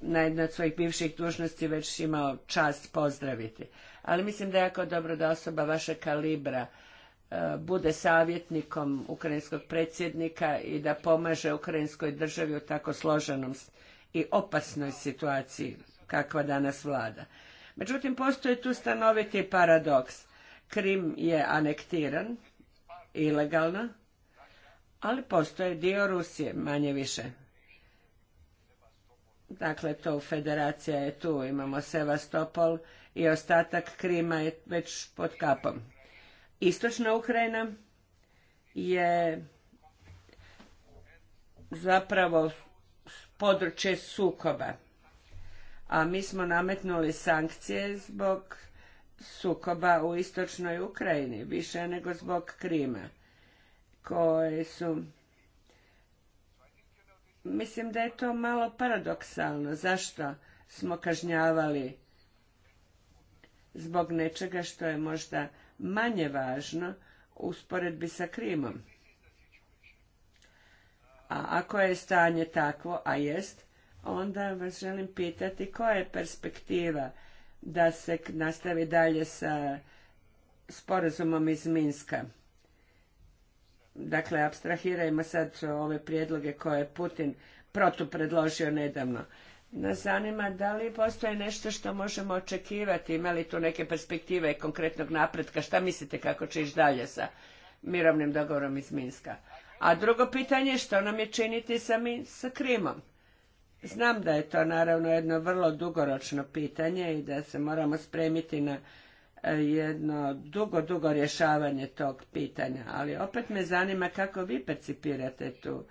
na jednoj od svojih bivših dužnosti već imao čast pozdraviti. Ali mislim da je jako dobro da osoba vaše kalibra e, bude savjetnikom ukrajinskog predsjednika i da pomaže ukrajinskoj državi u tako složenom i opasnoj situaciji kakva danas vlada. Međutim, postoji tu stanoviti paradoks. Krim je anektiran, ilegalno, ali postoje dio Rusije, manje više. Dakle, to federacija je tu, imamo Sevastopol i ostatak Krima je već pod kapom. Istočna Ukrajina je zapravo područje sukoba a mi smo nametnuli sankcije zbog sukoba u istočnoj Ukrajini, više nego zbog Krima, koje su... Mislim da je to malo paradoksalno. Zašto smo kažnjavali zbog nečega što je možda manje važno u usporedbi sa Krimom? A ako je stanje takvo, a jest, onda vas želim pitati koja je perspektiva da se nastavi dalje sa sporazumom iz Minska. Dakle, abstrahirajmo sad ove prijedloge koje je Putin protupredložio predložio nedavno. Nas zanima da li postoje nešto što možemo očekivati, ima li tu neke perspektive i konkretnog napretka, šta mislite kako će ići dalje sa mirovnim dogovorom iz Minska? A drugo pitanje, što nam je činiti sa, sa Krimom? Znam da je to naravno jedno vrlo dugoročno pitanje i da se moramo spremiti na e, jedno dugo, dugo rješavanje tog pitanja, ali opet me zanima kako vi percipirate tu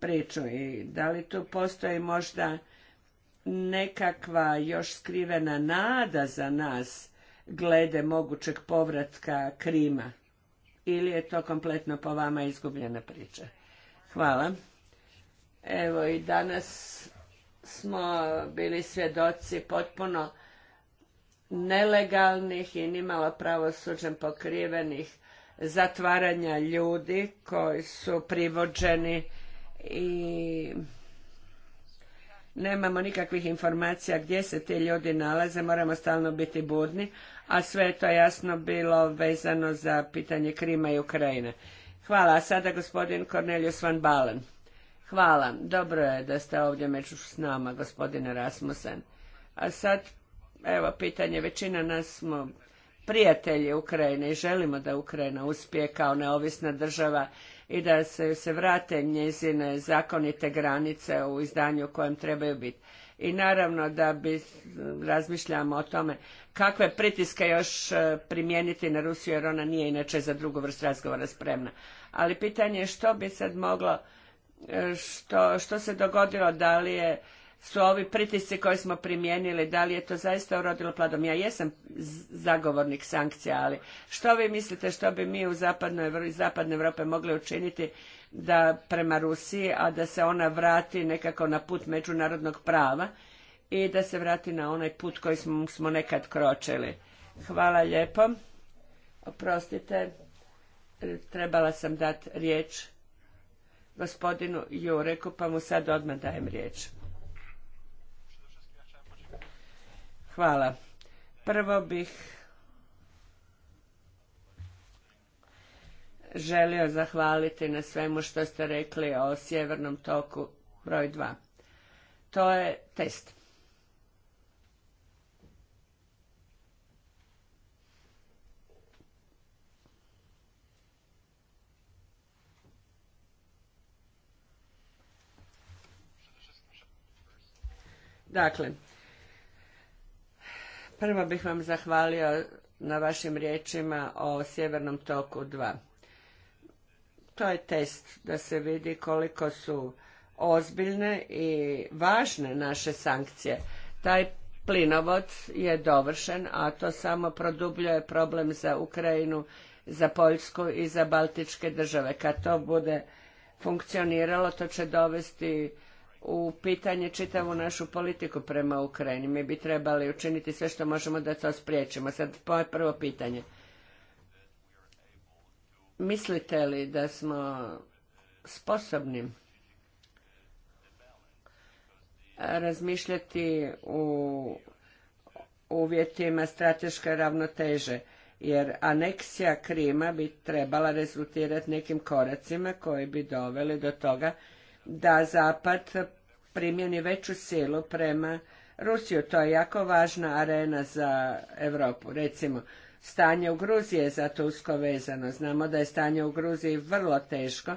priču i da li tu postoji možda nekakva još skrivena nada za nas glede mogućeg povratka Krima ili je to kompletno po vama izgubljena priča. Hvala. Evo i danas smo bili svjedoci potpuno nelegalnih i nimalo pravosuđem pokrivenih zatvaranja ljudi koji su privođeni i nemamo nikakvih informacija gdje se ti ljudi nalaze, moramo stalno biti budni, a sve je to jasno bilo vezano za pitanje Krima i Ukrajine. Hvala, a sada gospodin Cornelius van Balen. Hvala. Dobro je da ste ovdje među s nama, gospodine Rasmussen. A sad, evo pitanje, većina nas smo prijatelji Ukrajine i želimo da Ukrajina uspije kao neovisna država i da se, se vrate njezine zakonite granice u izdanju u kojem trebaju biti. I naravno da bi razmišljamo o tome kakve pritiske još e, primijeniti na Rusiju jer ona nije inače za drugu vrstu razgovora spremna. Ali pitanje je što bi sad moglo što, što se dogodilo, da li je su ovi pritisci koje smo primijenili, da li je to zaista urodilo pladom. Ja jesam zagovornik sankcija, ali što vi mislite što bi mi u zapadnoj, i zapadne Europe mogli učiniti da prema Rusiji, a da se ona vrati nekako na put međunarodnog prava i da se vrati na onaj put koji smo, smo nekad kročili. Hvala lijepo. Oprostite, trebala sam dati riječ gospodinu Jureku, pa mu sad odmah dajem riječ. Hvala. Prvo bih želio zahvaliti na svemu što ste rekli o sjevernom toku broj 2. To je test. Dakle, prvo bih vam zahvalio na vašim riječima o Sjevernom toku 2. To je test da se vidi koliko su ozbiljne i važne naše sankcije. Taj plinovod je dovršen, a to samo produbljuje problem za Ukrajinu, za Poljsku i za Baltičke države. Kad to bude funkcioniralo, to će dovesti u pitanje čitavu našu politiku prema Ukrajini. Mi bi trebali učiniti sve što možemo da to spriječimo. Sad pa, prvo pitanje. Mislite li da smo sposobni razmišljati u uvjetima strateške ravnoteže, jer aneksija Krima bi trebala rezultirati nekim koracima koji bi doveli do toga da Zapad primjeni veću silu prema Rusiju. To je jako važna arena za Europu. Recimo, stanje u Gruziji je zato usko vezano. Znamo da je stanje u Gruziji vrlo teško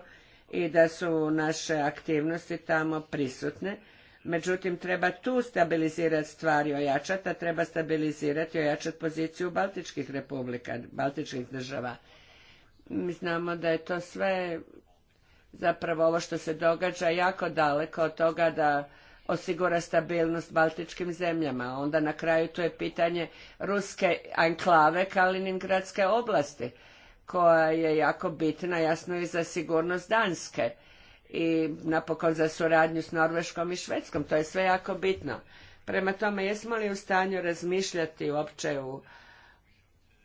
i da su naše aktivnosti tamo prisutne. Međutim, treba tu stabilizirati stvari, ojačati, a treba stabilizirati i ojačati poziciju Baltičkih republika, Baltičkih država. Mi znamo da je to sve zapravo ovo što se događa jako daleko od toga da osigura stabilnost baltičkim zemljama. Onda na kraju tu je pitanje ruske anklave Kaliningradske oblasti koja je jako bitna jasno i za sigurnost Danske i napokon za suradnju s Norveškom i Švedskom. To je sve jako bitno. Prema tome, jesmo li u stanju razmišljati uopće u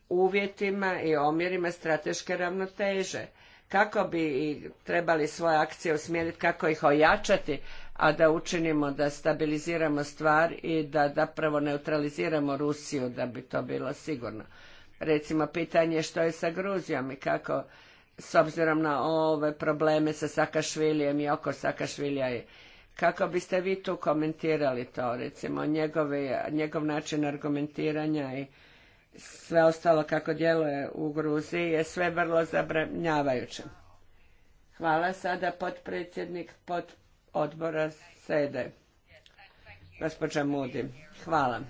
uvjetima i omjerima strateške ravnoteže? kako bi trebali svoje akcije usmjeriti, kako ih ojačati, a da učinimo da stabiliziramo stvar i da zapravo neutraliziramo Rusiju, da bi to bilo sigurno. Recimo, pitanje što je sa Gruzijom i kako, s obzirom na ove probleme sa Sakašvilijem i oko Sakašvilja kako biste vi tu komentirali to, recimo, njegov način argumentiranja i sve ostalo kako djeluje u Gruziji je sve vrlo zabranjavajuće. Hvala sada potpredsjednik pod odbora sede. Gospođa Mudi, hvala.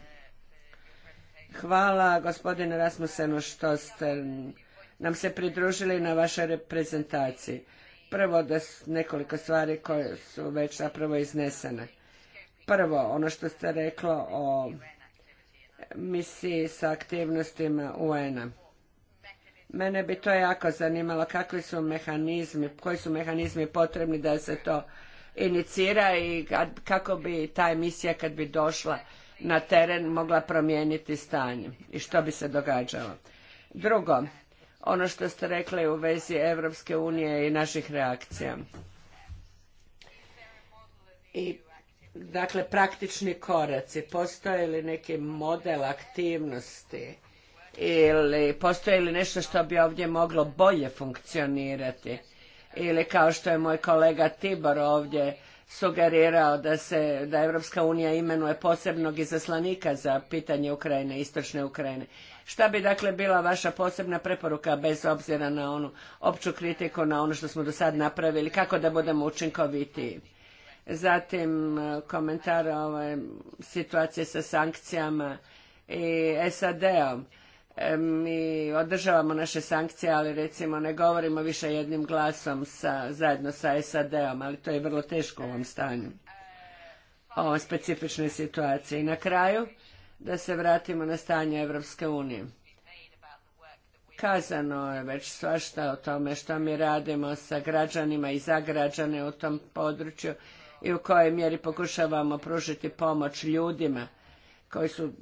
Hvala gospodine Rasmusenu što ste nam se pridružili na vašoj reprezentaciji. Prvo da nekoliko stvari koje su već zapravo iznesene. Prvo, ono što ste reklo o misiji sa aktivnostima UN-a. Mene bi to jako zanimalo kakvi su mehanizmi, koji su mehanizmi potrebni da se to inicira i kako bi ta misija kad bi došla na teren mogla promijeniti stanje i što bi se događalo. Drugo, ono što ste rekli u vezi Evropske unije i naših reakcija. I dakle praktični koraci, postoje li neki model aktivnosti ili postoji li nešto što bi ovdje moglo bolje funkcionirati ili kao što je moj kolega Tibor ovdje sugerirao da se da Europska unija imenuje posebnog izaslanika za pitanje Ukrajine, istočne Ukrajine. Šta bi dakle bila vaša posebna preporuka bez obzira na onu opću kritiku, na ono što smo do sad napravili, kako da budemo učinkovitiji? zatim e, komentara ove situacije sa sankcijama i SAD-om. E, mi održavamo naše sankcije, ali recimo ne govorimo više jednim glasom sa, zajedno sa SAD-om, ali to je vrlo teško u ovom stanju, o ovoj specifičnoj situaciji. I na kraju, da se vratimo na stanje Evropske unije. Kazano je već svašta o tome što mi radimo sa građanima i za građane u tom području i u kojoj mjeri pokušavamo pružiti pomoć ljudima koji su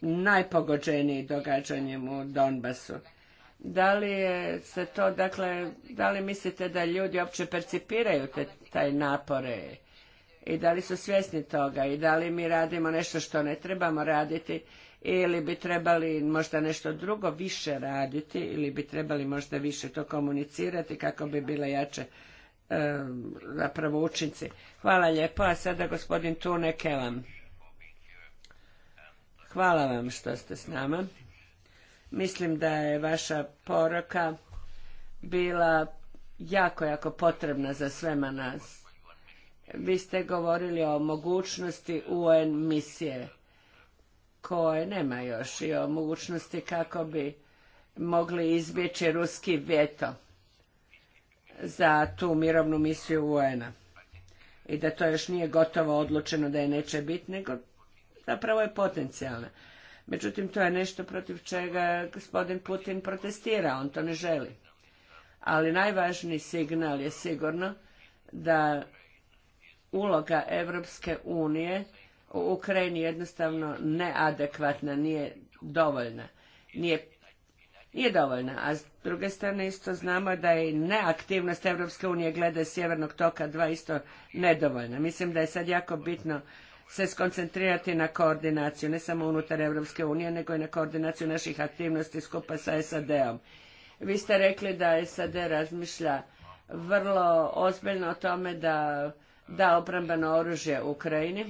najpogođeniji događanjem u Donbasu. Da li je se to, dakle, da li mislite da ljudi uopće percipiraju te, taj napore i da li su svjesni toga i da li mi radimo nešto što ne trebamo raditi ili bi trebali možda nešto drugo više raditi ili bi trebali možda više to komunicirati kako bi bile jače zapravo učinci. Hvala lijepo, a sada gospodin Tune Kelam. Hvala vam što ste s nama. Mislim da je vaša poroka bila jako, jako potrebna za svema nas. Vi ste govorili o mogućnosti UN misije koje nema još i o mogućnosti kako bi mogli izbjeći ruski vjeto za tu mirovnu misiju UN-a i da to još nije gotovo odlučeno da je neće biti, nego zapravo je potencijalna. Međutim, to je nešto protiv čega gospodin Putin protestira, on to ne želi. Ali najvažniji signal je sigurno da uloga Evropske unije u Ukrajini jednostavno neadekvatna, nije dovoljna, nije nije dovoljna. A s druge strane isto znamo da je neaktivnost Europske unije glede Sjevernog toka dva isto nedovoljna. Mislim da je sad jako bitno se skoncentrirati na koordinaciju, ne samo unutar Europske unije, nego i na koordinaciju naših aktivnosti skupa sa SAD-om. Vi ste rekli da SAD razmišlja vrlo ozbiljno o tome da da obrambeno oružje Ukrajini.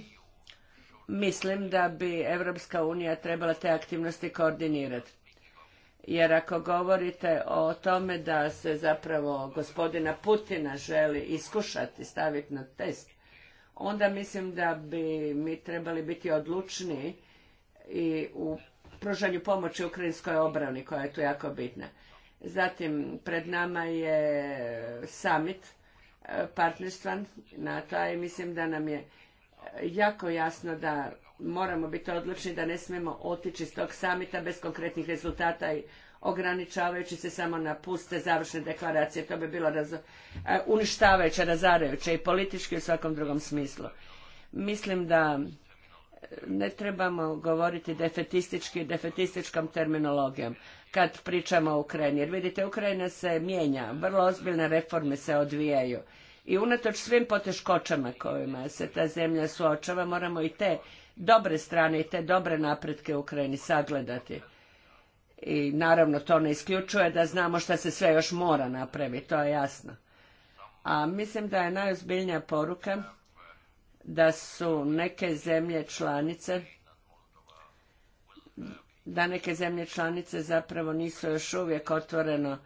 Mislim da bi Europska unija trebala te aktivnosti koordinirati. Jer ako govorite o tome da se zapravo gospodina Putina želi iskušati, staviti na test, onda mislim da bi mi trebali biti odlučni i u pružanju pomoći ukrajinskoj obrani koja je tu jako bitna. Zatim, pred nama je summit e, partnerstva NATO-a i mislim da nam je jako jasno da moramo biti odlučni da ne smijemo otići s tog samita bez konkretnih rezultata i ograničavajući se samo na puste završne deklaracije. To bi bilo e, uništavajuće, razarajuće i politički i u svakom drugom smislu. Mislim da e, ne trebamo govoriti defetistički, defetističkom terminologijom kad pričamo o Ukrajini. Jer vidite, Ukrajina se mijenja, vrlo ozbiljne reforme se odvijaju. I unatoč svim poteškoćama kojima se ta zemlja suočava, moramo i te dobre strane i te dobre napretke u Ukrajini sagledati. I naravno to ne isključuje da znamo šta se sve još mora napraviti, to je jasno. A mislim da je najozbiljnija poruka da su neke zemlje članice da neke zemlje članice zapravo nisu još uvijek otvoreno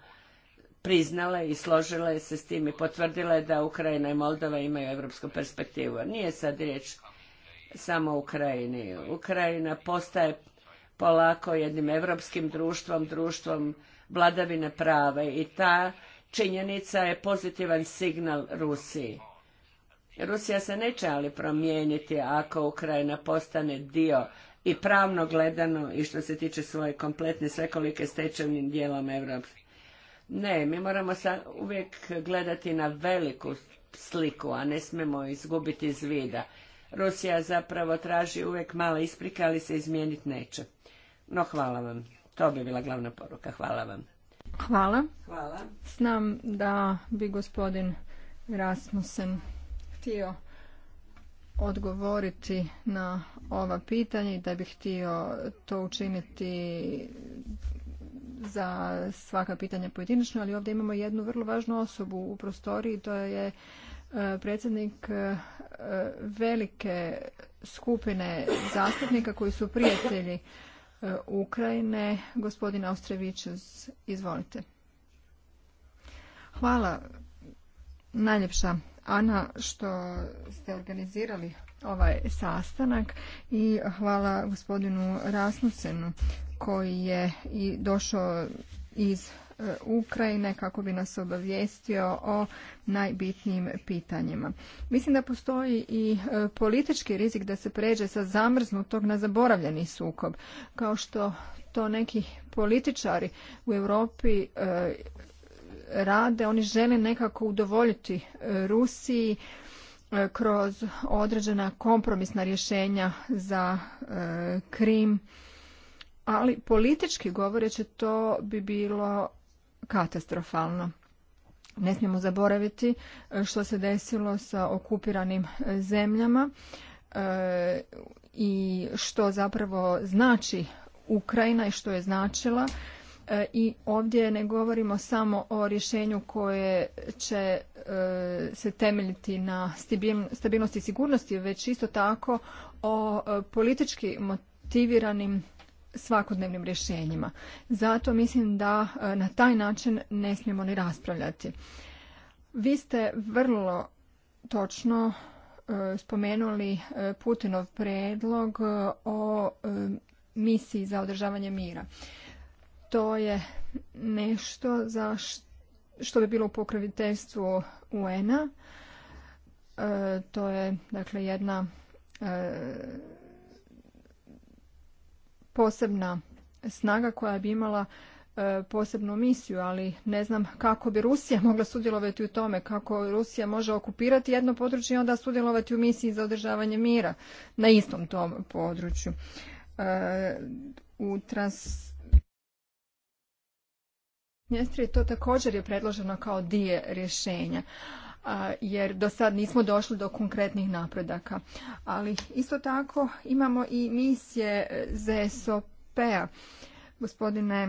priznale i složile se s tim i potvrdile da Ukrajina i Moldova imaju europsku perspektivu. Nije sad riječ samo Ukrajini. Ukrajina postaje polako jednim evropskim društvom, društvom vladavine prave i ta činjenica je pozitivan signal Rusiji. Rusija se neće ali promijeniti ako Ukrajina postane dio i pravno gledano i što se tiče svoje kompletne svekolike stečevnim dijelom Evrope. Ne, mi moramo uvijek gledati na veliku sliku, a ne smemo izgubiti iz vida. Rusija zapravo traži uvijek male isprike, ali se izmijeniti neće. No hvala vam. To bi bila glavna poruka. Hvala vam. Hvala. Hvala. Znam da bi gospodin Rasmussen htio odgovoriti na ova pitanja i da bi htio to učiniti za svaka pitanja pojedinačno, ali ovdje imamo jednu vrlo važnu osobu u prostoriji, to je E, predsjednik e, velike skupine zastupnika koji su prijatelji e, Ukrajine, gospodin Austrević, Izvolite. Hvala najljepša Ana što ste organizirali ovaj sastanak i hvala gospodinu Rasmusenu koji je i došao iz E, Ukrajine kako bi nas obavijestio o najbitnijim pitanjima. Mislim da postoji i e, politički rizik da se pređe sa zamrznutog na zaboravljeni sukob. Kao što to neki političari u Europi e, rade, oni žele nekako udovoljiti Rusiji kroz određena kompromisna rješenja za Krim ali politički govoreći to bi bilo katastrofalno. Ne smijemo zaboraviti e, što se desilo sa okupiranim e, zemljama e, i što zapravo znači Ukrajina i što je značila i ovdje ne govorimo samo o rješenju koje će se temeljiti na stabilnosti i sigurnosti, već isto tako o politički motiviranim svakodnevnim rješenjima. Zato mislim da e, na taj način ne smijemo ni raspravljati. Vi ste vrlo točno e, spomenuli e, Putinov predlog o misiji za održavanje mira. To je nešto za što bi bilo u pokroviteljstvu UN-a. To je dakle jedna posebna snaga koja bi imala e, posebnu misiju, ali ne znam kako bi Rusija (laughs) mogla sudjelovati u tome, kako Rusija može okupirati jedno područje i onda sudjelovati u misiji za održavanje mira na istom tom području. E, u trans... to također je predloženo kao dije rješenja jer do sad nismo došli do konkretnih napredaka. Ali isto tako imamo i misije e, ZSOP-a. Gospodine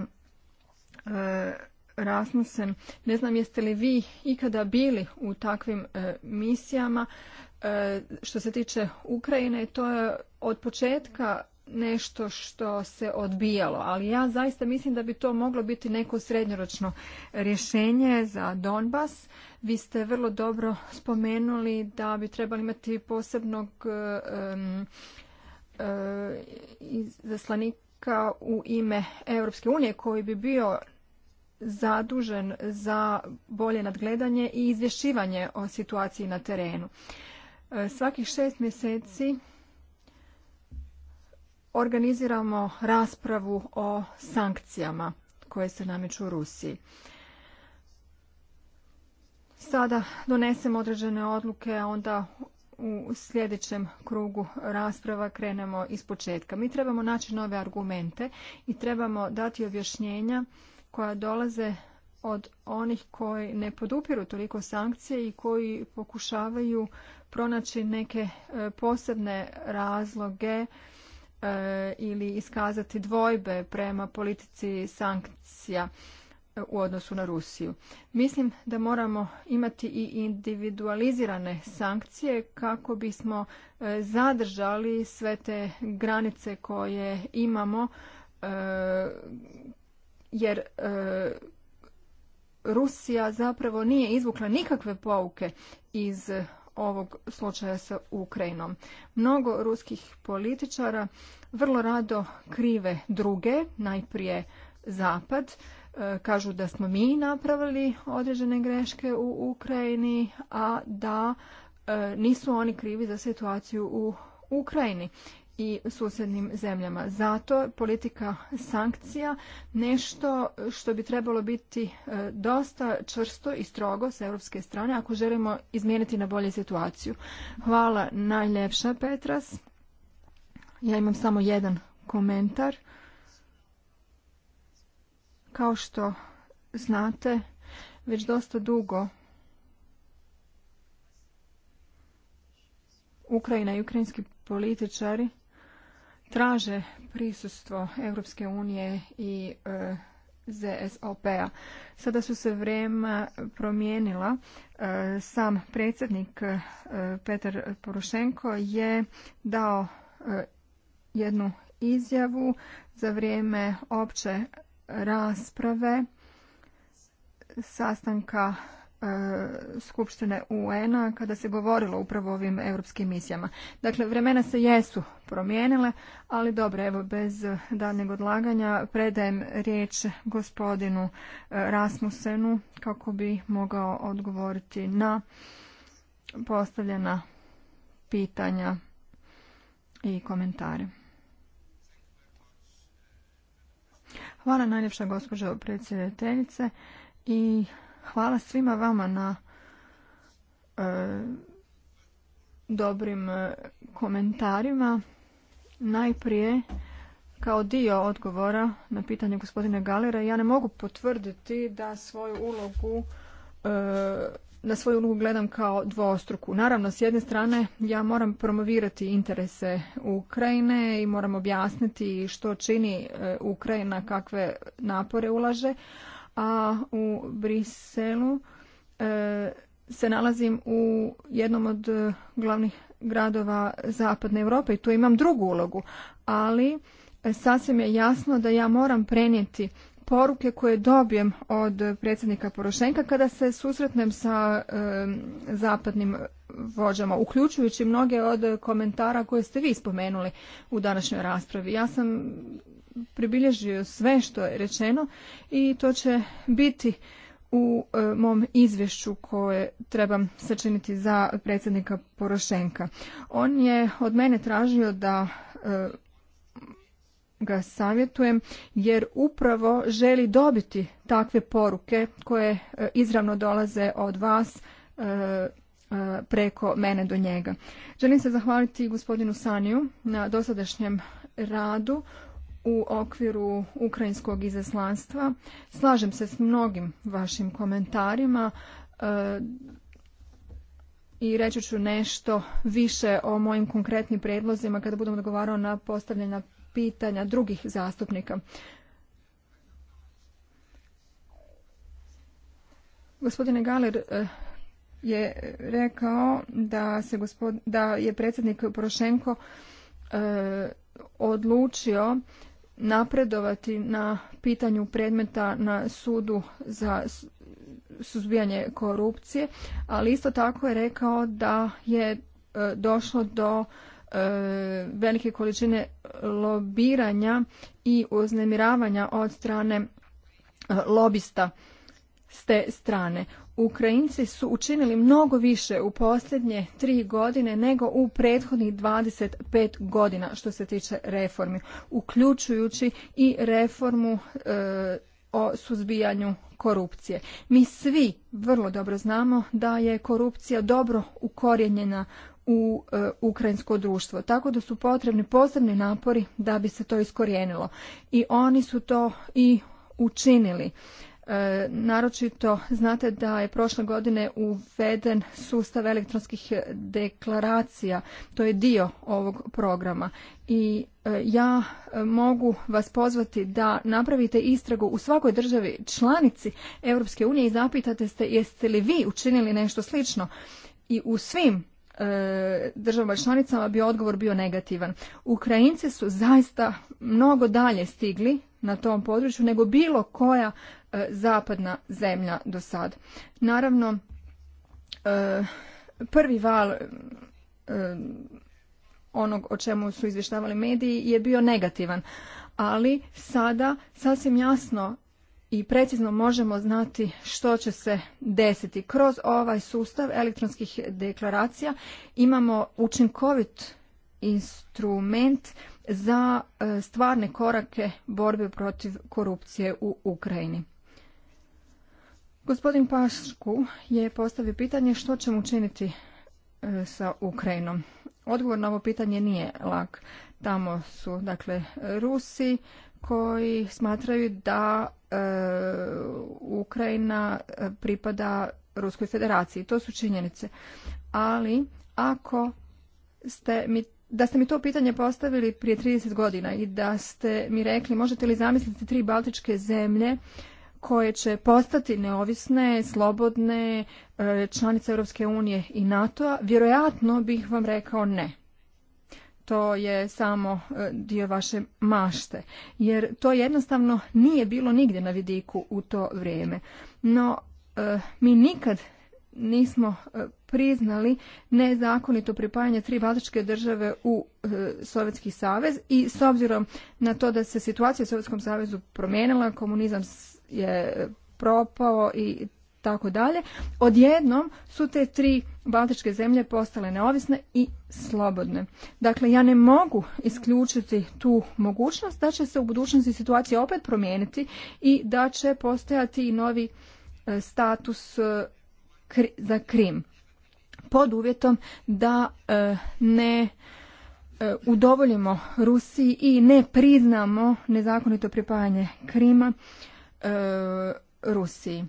e, Rasmussen, ne znam jeste li vi ikada bili u takvim e, misijama. Što se tiče Ukrajine, to je od početka nešto što se odbijalo, ali ja zaista mislim da bi to moglo biti neko srednjoročno rješenje za Donbas. Vi ste vrlo dobro spomenuli da bi trebali imati posebnog e, e, zaslanika u ime Europske unije koji bi bio zadužen za bolje nadgledanje i izvješćivanje o situaciji na terenu. E, svakih šest mjeseci organiziramo raspravu o sankcijama koje se nameću u Rusiji. Sada donesemo određene odluke, a onda u sljedećem krugu rasprava krenemo iz početka. Mi trebamo naći nove argumente i trebamo dati objašnjenja koja dolaze od onih koji ne podupiru toliko sankcije i koji pokušavaju pronaći neke e, posebne razloge E, ili iskazati dvojbe prema politici sankcija u odnosu na Rusiju. Mislim da moramo imati i individualizirane sankcije kako bismo e, zadržali sve te granice koje imamo e, jer Rusija zapravo nije izvukla nikakve pouke iz ovog slučaja sa Ukrajinom. Mnogo ruskih političara vrlo rado krive druge, najprije Zapad, e, kažu da smo mi napravili određene greške u Ukrajini, a da e, nisu oni krivi za situaciju u Ukrajini i susjednim zemljama. Zato politika sankcija nešto što bi trebalo biti e, dosta čvrsto i strogo s europske strane ako želimo izmijeniti na bolje situaciju. Hvala najljepša Petras. Ja imam samo jedan komentar. Kao što znate, već dosta dugo Ukrajina i ukrajinski političari traže prisustvo Europske unije i e, ZSOP-a. Sada su se vrijeme promijenila. E, sam predsjednik e, Petar Porošenko je dao e, jednu izjavu za vrijeme opće rasprave sastanka E, Skupštine UN-a kada se govorilo upravo o ovim europskim misijama. Dakle, vremena se jesu promijenile, ali dobro, evo, bez daljnjeg odlaganja predajem riječ gospodinu e, Rasmusenu kako bi mogao odgovoriti na postavljena pitanja i komentare. Hvala najljepša gospođo predsjedateljice i Hvala svima vama na e, dobrim e, komentarima. Najprije, kao dio odgovora na pitanje gospodine Galera, ja ne mogu potvrditi da svoju ulogu e, na svoju ulogu gledam kao dvostruku. Naravno, s jedne strane ja moram promovirati interese Ukrajine i moram objasniti što čini e, Ukrajina, kakve napore ulaže, a u Briselu e, se nalazim u jednom od e, glavnih gradova Zapadne Europe i tu imam drugu ulogu, ali e, sasvim je jasno da ja moram prenijeti poruke koje dobijem od predsjednika Porošenka kada se susretnem sa zapadnim vođama, uključujući mnoge od komentara koje ste vi spomenuli u današnjoj raspravi. Ja sam pribilježio sve što je rečeno i to će biti u e, mom izvješću koje trebam sačiniti za predsjednika Porošenka. On je od mene tražio da e, ga savjetujem jer upravo želi dobiti takve poruke koje e, izravno dolaze od vas preko mene do njega. Želim se zahvaliti gospodinu Saniju na dosadašnjem radu u okviru ukrajinskog izaslanstva. Slažem se s mnogim vašim komentarima e, i reći ću nešto više o mojim konkretnim prijedlozima kada budem odgovarao na postavljena pitanja drugih zastupnika. Gospodine Galer e, je rekao da, da je predsjednik Porošenko e, odlučio napredovati na pitanju predmeta na sudu za suzbijanje korupcije, ali isto tako je rekao da je e, došlo do e, velike količine lobiranja i uznemiravanja od strane e, lobista s te strane. Ukrajinci su učinili mnogo više u posljednje tri godine nego u prethodnih 25 godina što se tiče reformi, uključujući i reformu e, o suzbijanju korupcije. Mi svi vrlo dobro znamo da je korupcija dobro ukorjenjena u e, ukrajinsko društvo, tako da su potrebni posebni napori da bi se to iskorijenilo. I oni su to i učinili. E, naročito znate da je prošle godine uveden sustav elektronskih deklaracija. To je dio ovog programa. I e, ja e, mogu vas pozvati da napravite istragu u svakoj državi članici Europske unije i zapitate ste jeste li vi učinili nešto slično. I u svim E, državama članicama bi odgovor bio negativan. Ukrajinci su zaista mnogo dalje stigli na tom području nego bilo koja e, zapadna zemlja do sad. Naravno, e, prvi val onog o čemu su izvještavali mediji je bio negativan ali sada sasvim jasno i precizno možemo znati što će se desiti. Kroz ovaj sustav elektronskih deklaracija imamo učinkovit instrument za e, stvarne korake borbe protiv korupcije u Ukrajini. Gospodin Pašku je postavio pitanje što ćemo učiniti e, sa Ukrajinom. Odgovor na ovo pitanje nije lak. Tamo su dakle Rusi, koji smatraju da e, Ukrajina e, pripada Ruskoj federaciji. To su činjenice. Ali ako ste mi da ste mi to pitanje postavili prije 30 godina i da ste mi rekli možete li zamisliti tri baltičke zemlje koje će postati neovisne, slobodne, e, članice Europske unije i NATO-a, vjerojatno bih vam rekao ne to je samo e, dio vaše mašte jer to jednostavno nije bilo nigdje na vidiku u to vrijeme no e, mi nikad nismo e, priznali nezakonito pripajanje tri baltičke države u Sovjetski savez i s obzirom na to da se situacija u Sovjetskom savezu promijenila, komunizam je propao i tako dalje, odjednom su te tri baltičke zemlje postale neovisne i slobodne. Dakle, ja ne mogu isključiti tu mogućnost da će se u budućnosti situacija opet promijeniti i da će postojati novi e, status e, za Krim. Pod uvjetom da e, ne udovoljimo Rusiji i ne priznamo nezakonito pripajanje Krima Rusiji.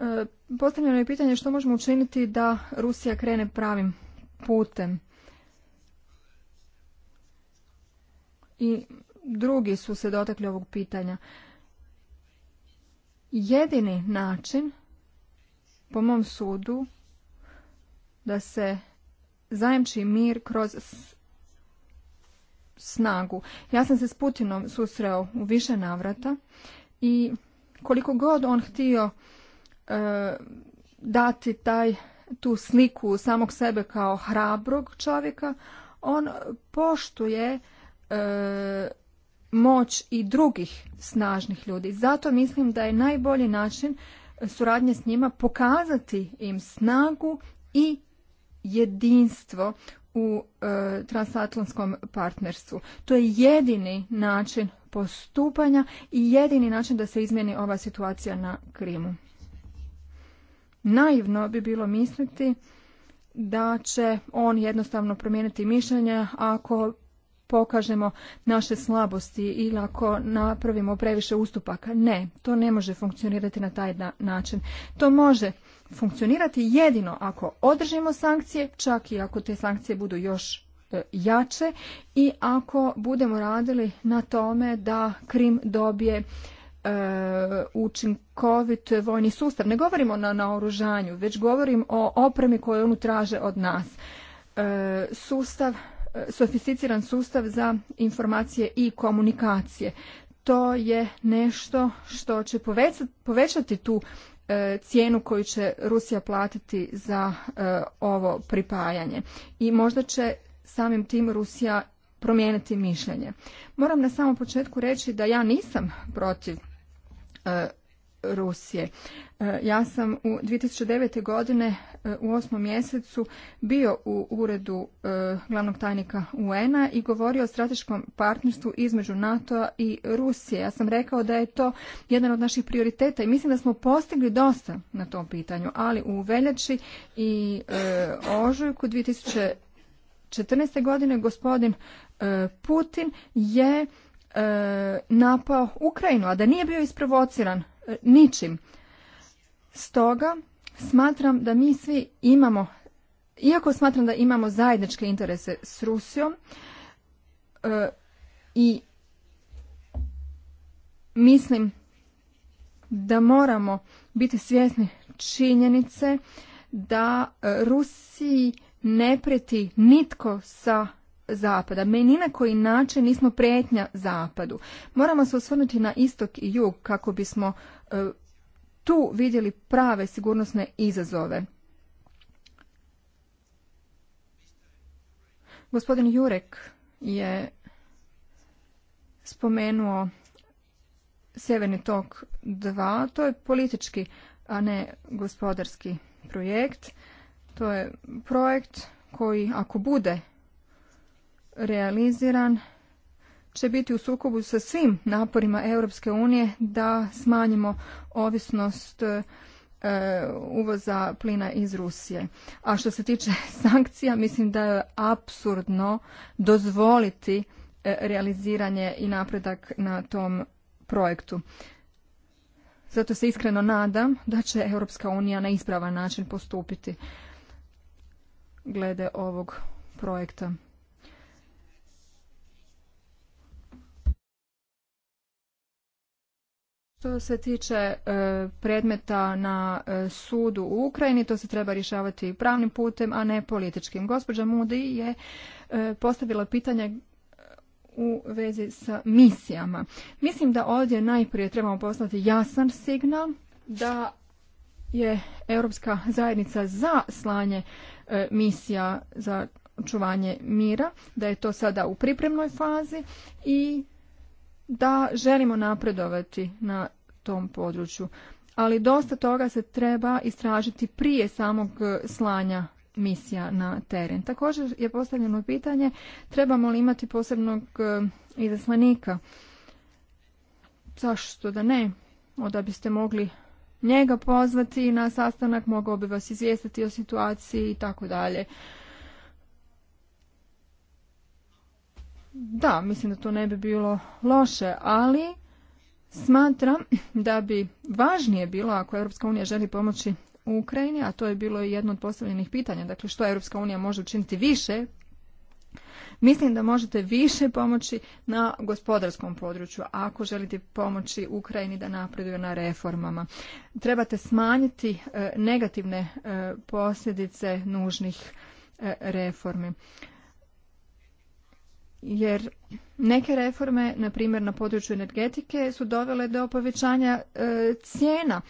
E, postavljeno je pitanje što možemo učiniti da Rusija krene pravim putem. I drugi su se dotakli ovog pitanja. Jedini način, po mom sudu, da se zajemči mir kroz snagu. Ja sam se s Putinom susreo u više navrata i koliko god on htio E, dati taj tu sliku samog sebe kao hrabrog čovjeka, on poštuje e, moć i drugih snažnih ljudi. Zato mislim da je najbolji način suradnje s njima pokazati im snagu i jedinstvo u e, transatlantskom partnerstvu. To je jedini način postupanja i jedini način da se izmjeni ova situacija na Krimu. Naivno bi bilo misliti da će on jednostavno promijeniti mišljenje ako pokažemo naše slabosti ili ako napravimo previše ustupaka. Ne, to ne može funkcionirati na taj način. To može funkcionirati jedino ako održimo sankcije, čak i ako te sankcije budu još e, jače i ako budemo radili na tome da Krim dobije E, učinkovit vojni sustav. Ne govorimo na naoružanju, već govorim o opremi koju onu traže od nas. E, sustav, e, sofisticiran sustav za informacije i komunikacije. To je nešto što će povećati tu cijenu koju će Rusija platiti za ovo pripajanje. I možda će samim tim Rusija promijeniti mišljenje. Moram na samom početku reći da ja nisam protiv E, Rusije. E, ja sam u 2009. godine e, u osmom mjesecu bio u uredu glavnog tajnika UN-a i govorio o strateškom partnerstvu između NATO-a i Rusije. Ja sam rekao da je to jedan od naših prioriteta i mislim da smo postigli dosta na tom pitanju, ali u veljači i ožujku 2014. godine gospodin Putin je E, napao Ukrajinu, a da nije bio isprovociran e, ničim. Stoga smatram da mi svi imamo, iako smatram da imamo zajedničke interese s Rusijom e, i mislim da moramo biti svjesni činjenice da Rusiji ne preti nitko sa zapada. Mi ni na koji način nismo prijetnja zapadu. Moramo se osvrnuti na istok i jug kako bismo e, tu vidjeli prave sigurnosne izazove. Gospodin Jurek je spomenuo Sjeverni tok 2. To je politički, a ne gospodarski projekt. To je projekt koji ako bude realiziran će biti u sukobu sa svim naporima Europske unije da smanjimo ovisnost e, uvoza plina iz Rusije. A što se tiče (laughs) sankcija, mislim da je apsurdno dozvoliti e, realiziranje i napredak na tom projektu. Zato se iskreno nadam da će Europska unija na ispravan način postupiti glede ovog projekta. Što se tiče e, predmeta na e, sudu u Ukrajini, to se treba rješavati pravnim putem, a ne političkim. Gospođa Mudi je e, postavila pitanje u vezi sa misijama. Mislim da ovdje najprije trebamo poslati jasan signal da je Europska zajednica za slanje misija za očuvanje mira, da je to sada u pripremnoj fazi i da želimo napredovati na tom području, ali dosta toga se treba istražiti prije samog e, slanja misija na teren. Također je postavljeno pitanje trebamo li imati posebnog e, izaslanika. Zašto da ne? Onda biste mogli njega pozvati na sastanak, mogao bi vas izvijestiti o situaciji i tako dalje. Da, mislim da to ne bi bilo loše, ali smatram da bi važnije bilo ako Europska unija želi pomoći Ukrajini, a to je bilo i jedno od postavljenih pitanja, dakle što Europska unija može učiniti više, mislim da možete više pomoći na gospodarskom području ako želite pomoći Ukrajini da napreduje na reformama. Trebate smanjiti e, negativne e, posljedice nužnih e, reformi jer neke reforme, na primjer na području energetike, su dovele do povećanja e, cijena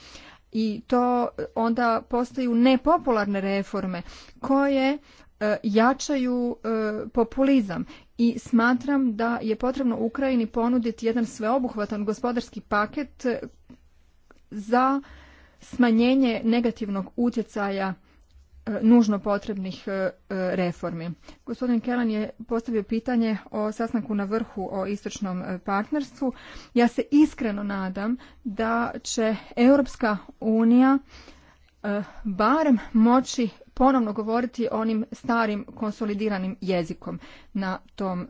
i to onda postaju nepopularne reforme koje e, jačaju e, populizam i smatram da je potrebno Ukrajini ponuditi jedan sveobuhvatan gospodarski paket za smanjenje negativnog utjecaja nužno potrebnih e, e, reformi. Gospodin Kelan je postavio pitanje o sastanku na vrhu o istočnom e, partnerstvu. Ja se iskreno nadam da će Europska unija barem moći ponovno govoriti onim starim konsolidiranim jezikom na tom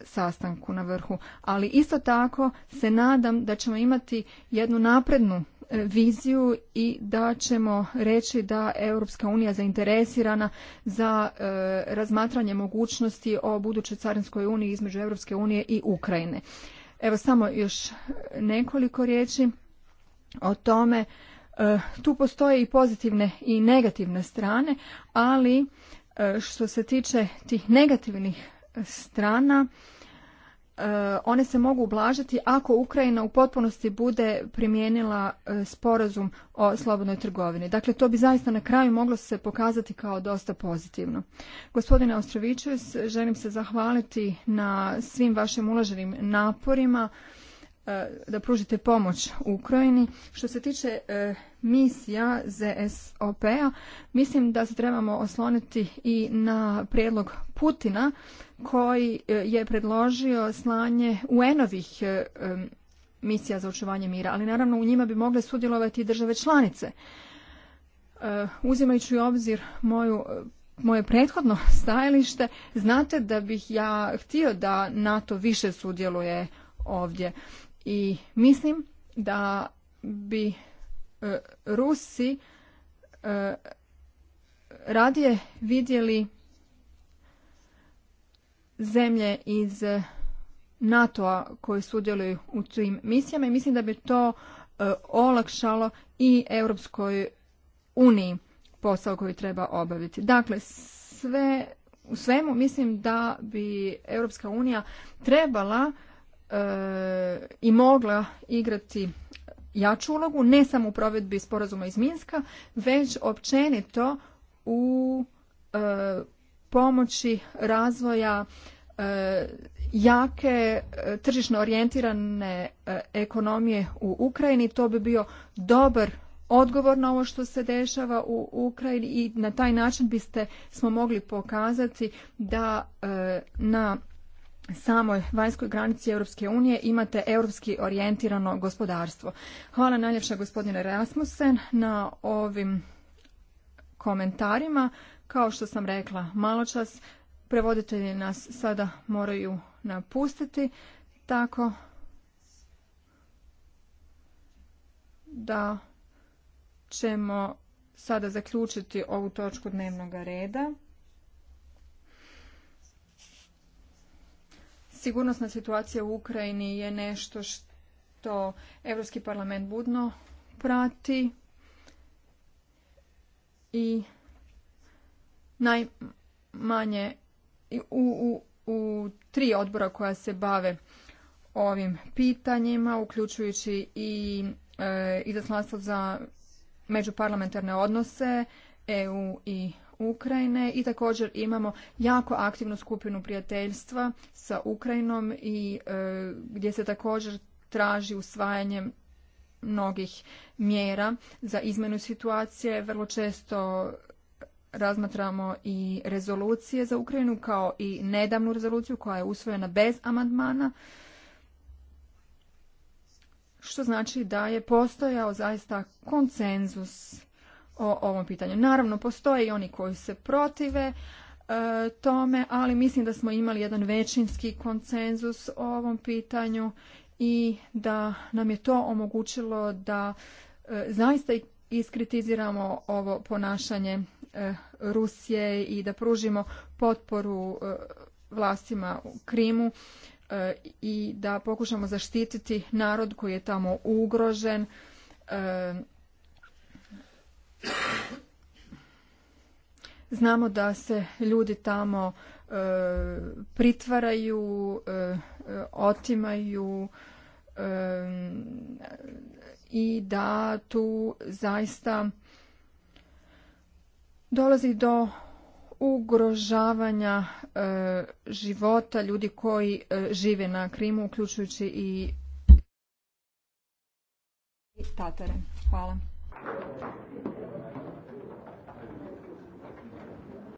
sastanku na vrhu. Ali isto tako se nadam da ćemo imati jednu naprednu viziju i da ćemo reći da Europska unija zainteresirana za e, razmatranje mogućnosti o budućoj carinskoj uniji između Europske unije i Ukrajine. Evo samo još nekoliko riječi o tome. E, tu postoje i pozitivne i negativne strane, ali e, što se tiče tih negativnih strana, E, one se mogu ublažiti ako Ukrajina u potpunosti bude primijenila e, sporazum o slobodnoj trgovini. Dakle, to bi zaista na kraju moglo se pokazati kao dosta pozitivno. Gospodine Ostrovićus, želim se zahvaliti na svim vašim uloženim naporima E, da pružite pomoć Ukrajini. Što se tiče e, misija ZSOP-a, mislim da se trebamo osloniti i na prijedlog Putina koji e, je predložio slanje UN-ovih misija za očuvanje mira, ali naravno u njima bi mogle sudjelovati i države članice. Uzimajući u obzir moju moje prethodno (laughs) stajalište, znate da bih ja htio da NATO više sudjeluje ovdje. I mislim da bi e, Rusi e, radije vidjeli zemlje iz NATO-a koji sudjeluju u tim misijama i mislim da bi to e, olakšalo i Europskoj uniji posao koji treba obaviti. Dakle, sve u svemu mislim da bi Europska unija trebala E, i mogla igrati jaču ulogu, ne samo u provedbi sporazuma iz Minska, već općenito u e, pomoći razvoja e, jake tržišno orijentirane ekonomije u Ukrajini. To bi bio dobar odgovor na ovo što se dešava u Ukrajini i na taj način biste smo mogli pokazati da na samoj vanjskoj granici Europske unije imate europski orijentirano gospodarstvo. Hvala najljepša gospodine Rasmussen na ovim komentarima. Kao što sam rekla malo čas, prevoditelji nas sada moraju napustiti, tako da ćemo sada zaključiti ovu točku dnevnog reda. Sigurnosna situacija u Ukrajini je nešto što Europski parlament budno prati i najmanje u, u, u tri odbora koja se bave ovim pitanjima, uključujući i e, izaslanstvo za međuparlamentarne odnose EU i Ukrajine i također imamo jako aktivnu skupinu prijateljstva sa Ukrajinom i e, gdje se također traži usvajanje mnogih mjera za izmenu situacije. Vrlo često razmatramo i rezolucije za Ukrajinu kao i nedavnu rezoluciju koja je usvojena bez amandmana što znači da je postojao zaista konsenzus o ovom pitanju. Naravno, postoje i oni koji se protive e, tome, ali mislim da smo imali jedan većinski konsenzus o ovom pitanju i da nam je to omogućilo da e, zaista iskritiziramo ovo ponašanje e, Rusije i da pružimo potporu vlastima u Krimu i da pokušamo zaštititi narod koji je tamo ugrožen Znamo da se ljudi tamo e, pritvaraju, e, otimaju e, i da tu zaista dolazi do ugrožavanja života ljudi koji žive na Krimu, uključujući i Tatare. Hvala.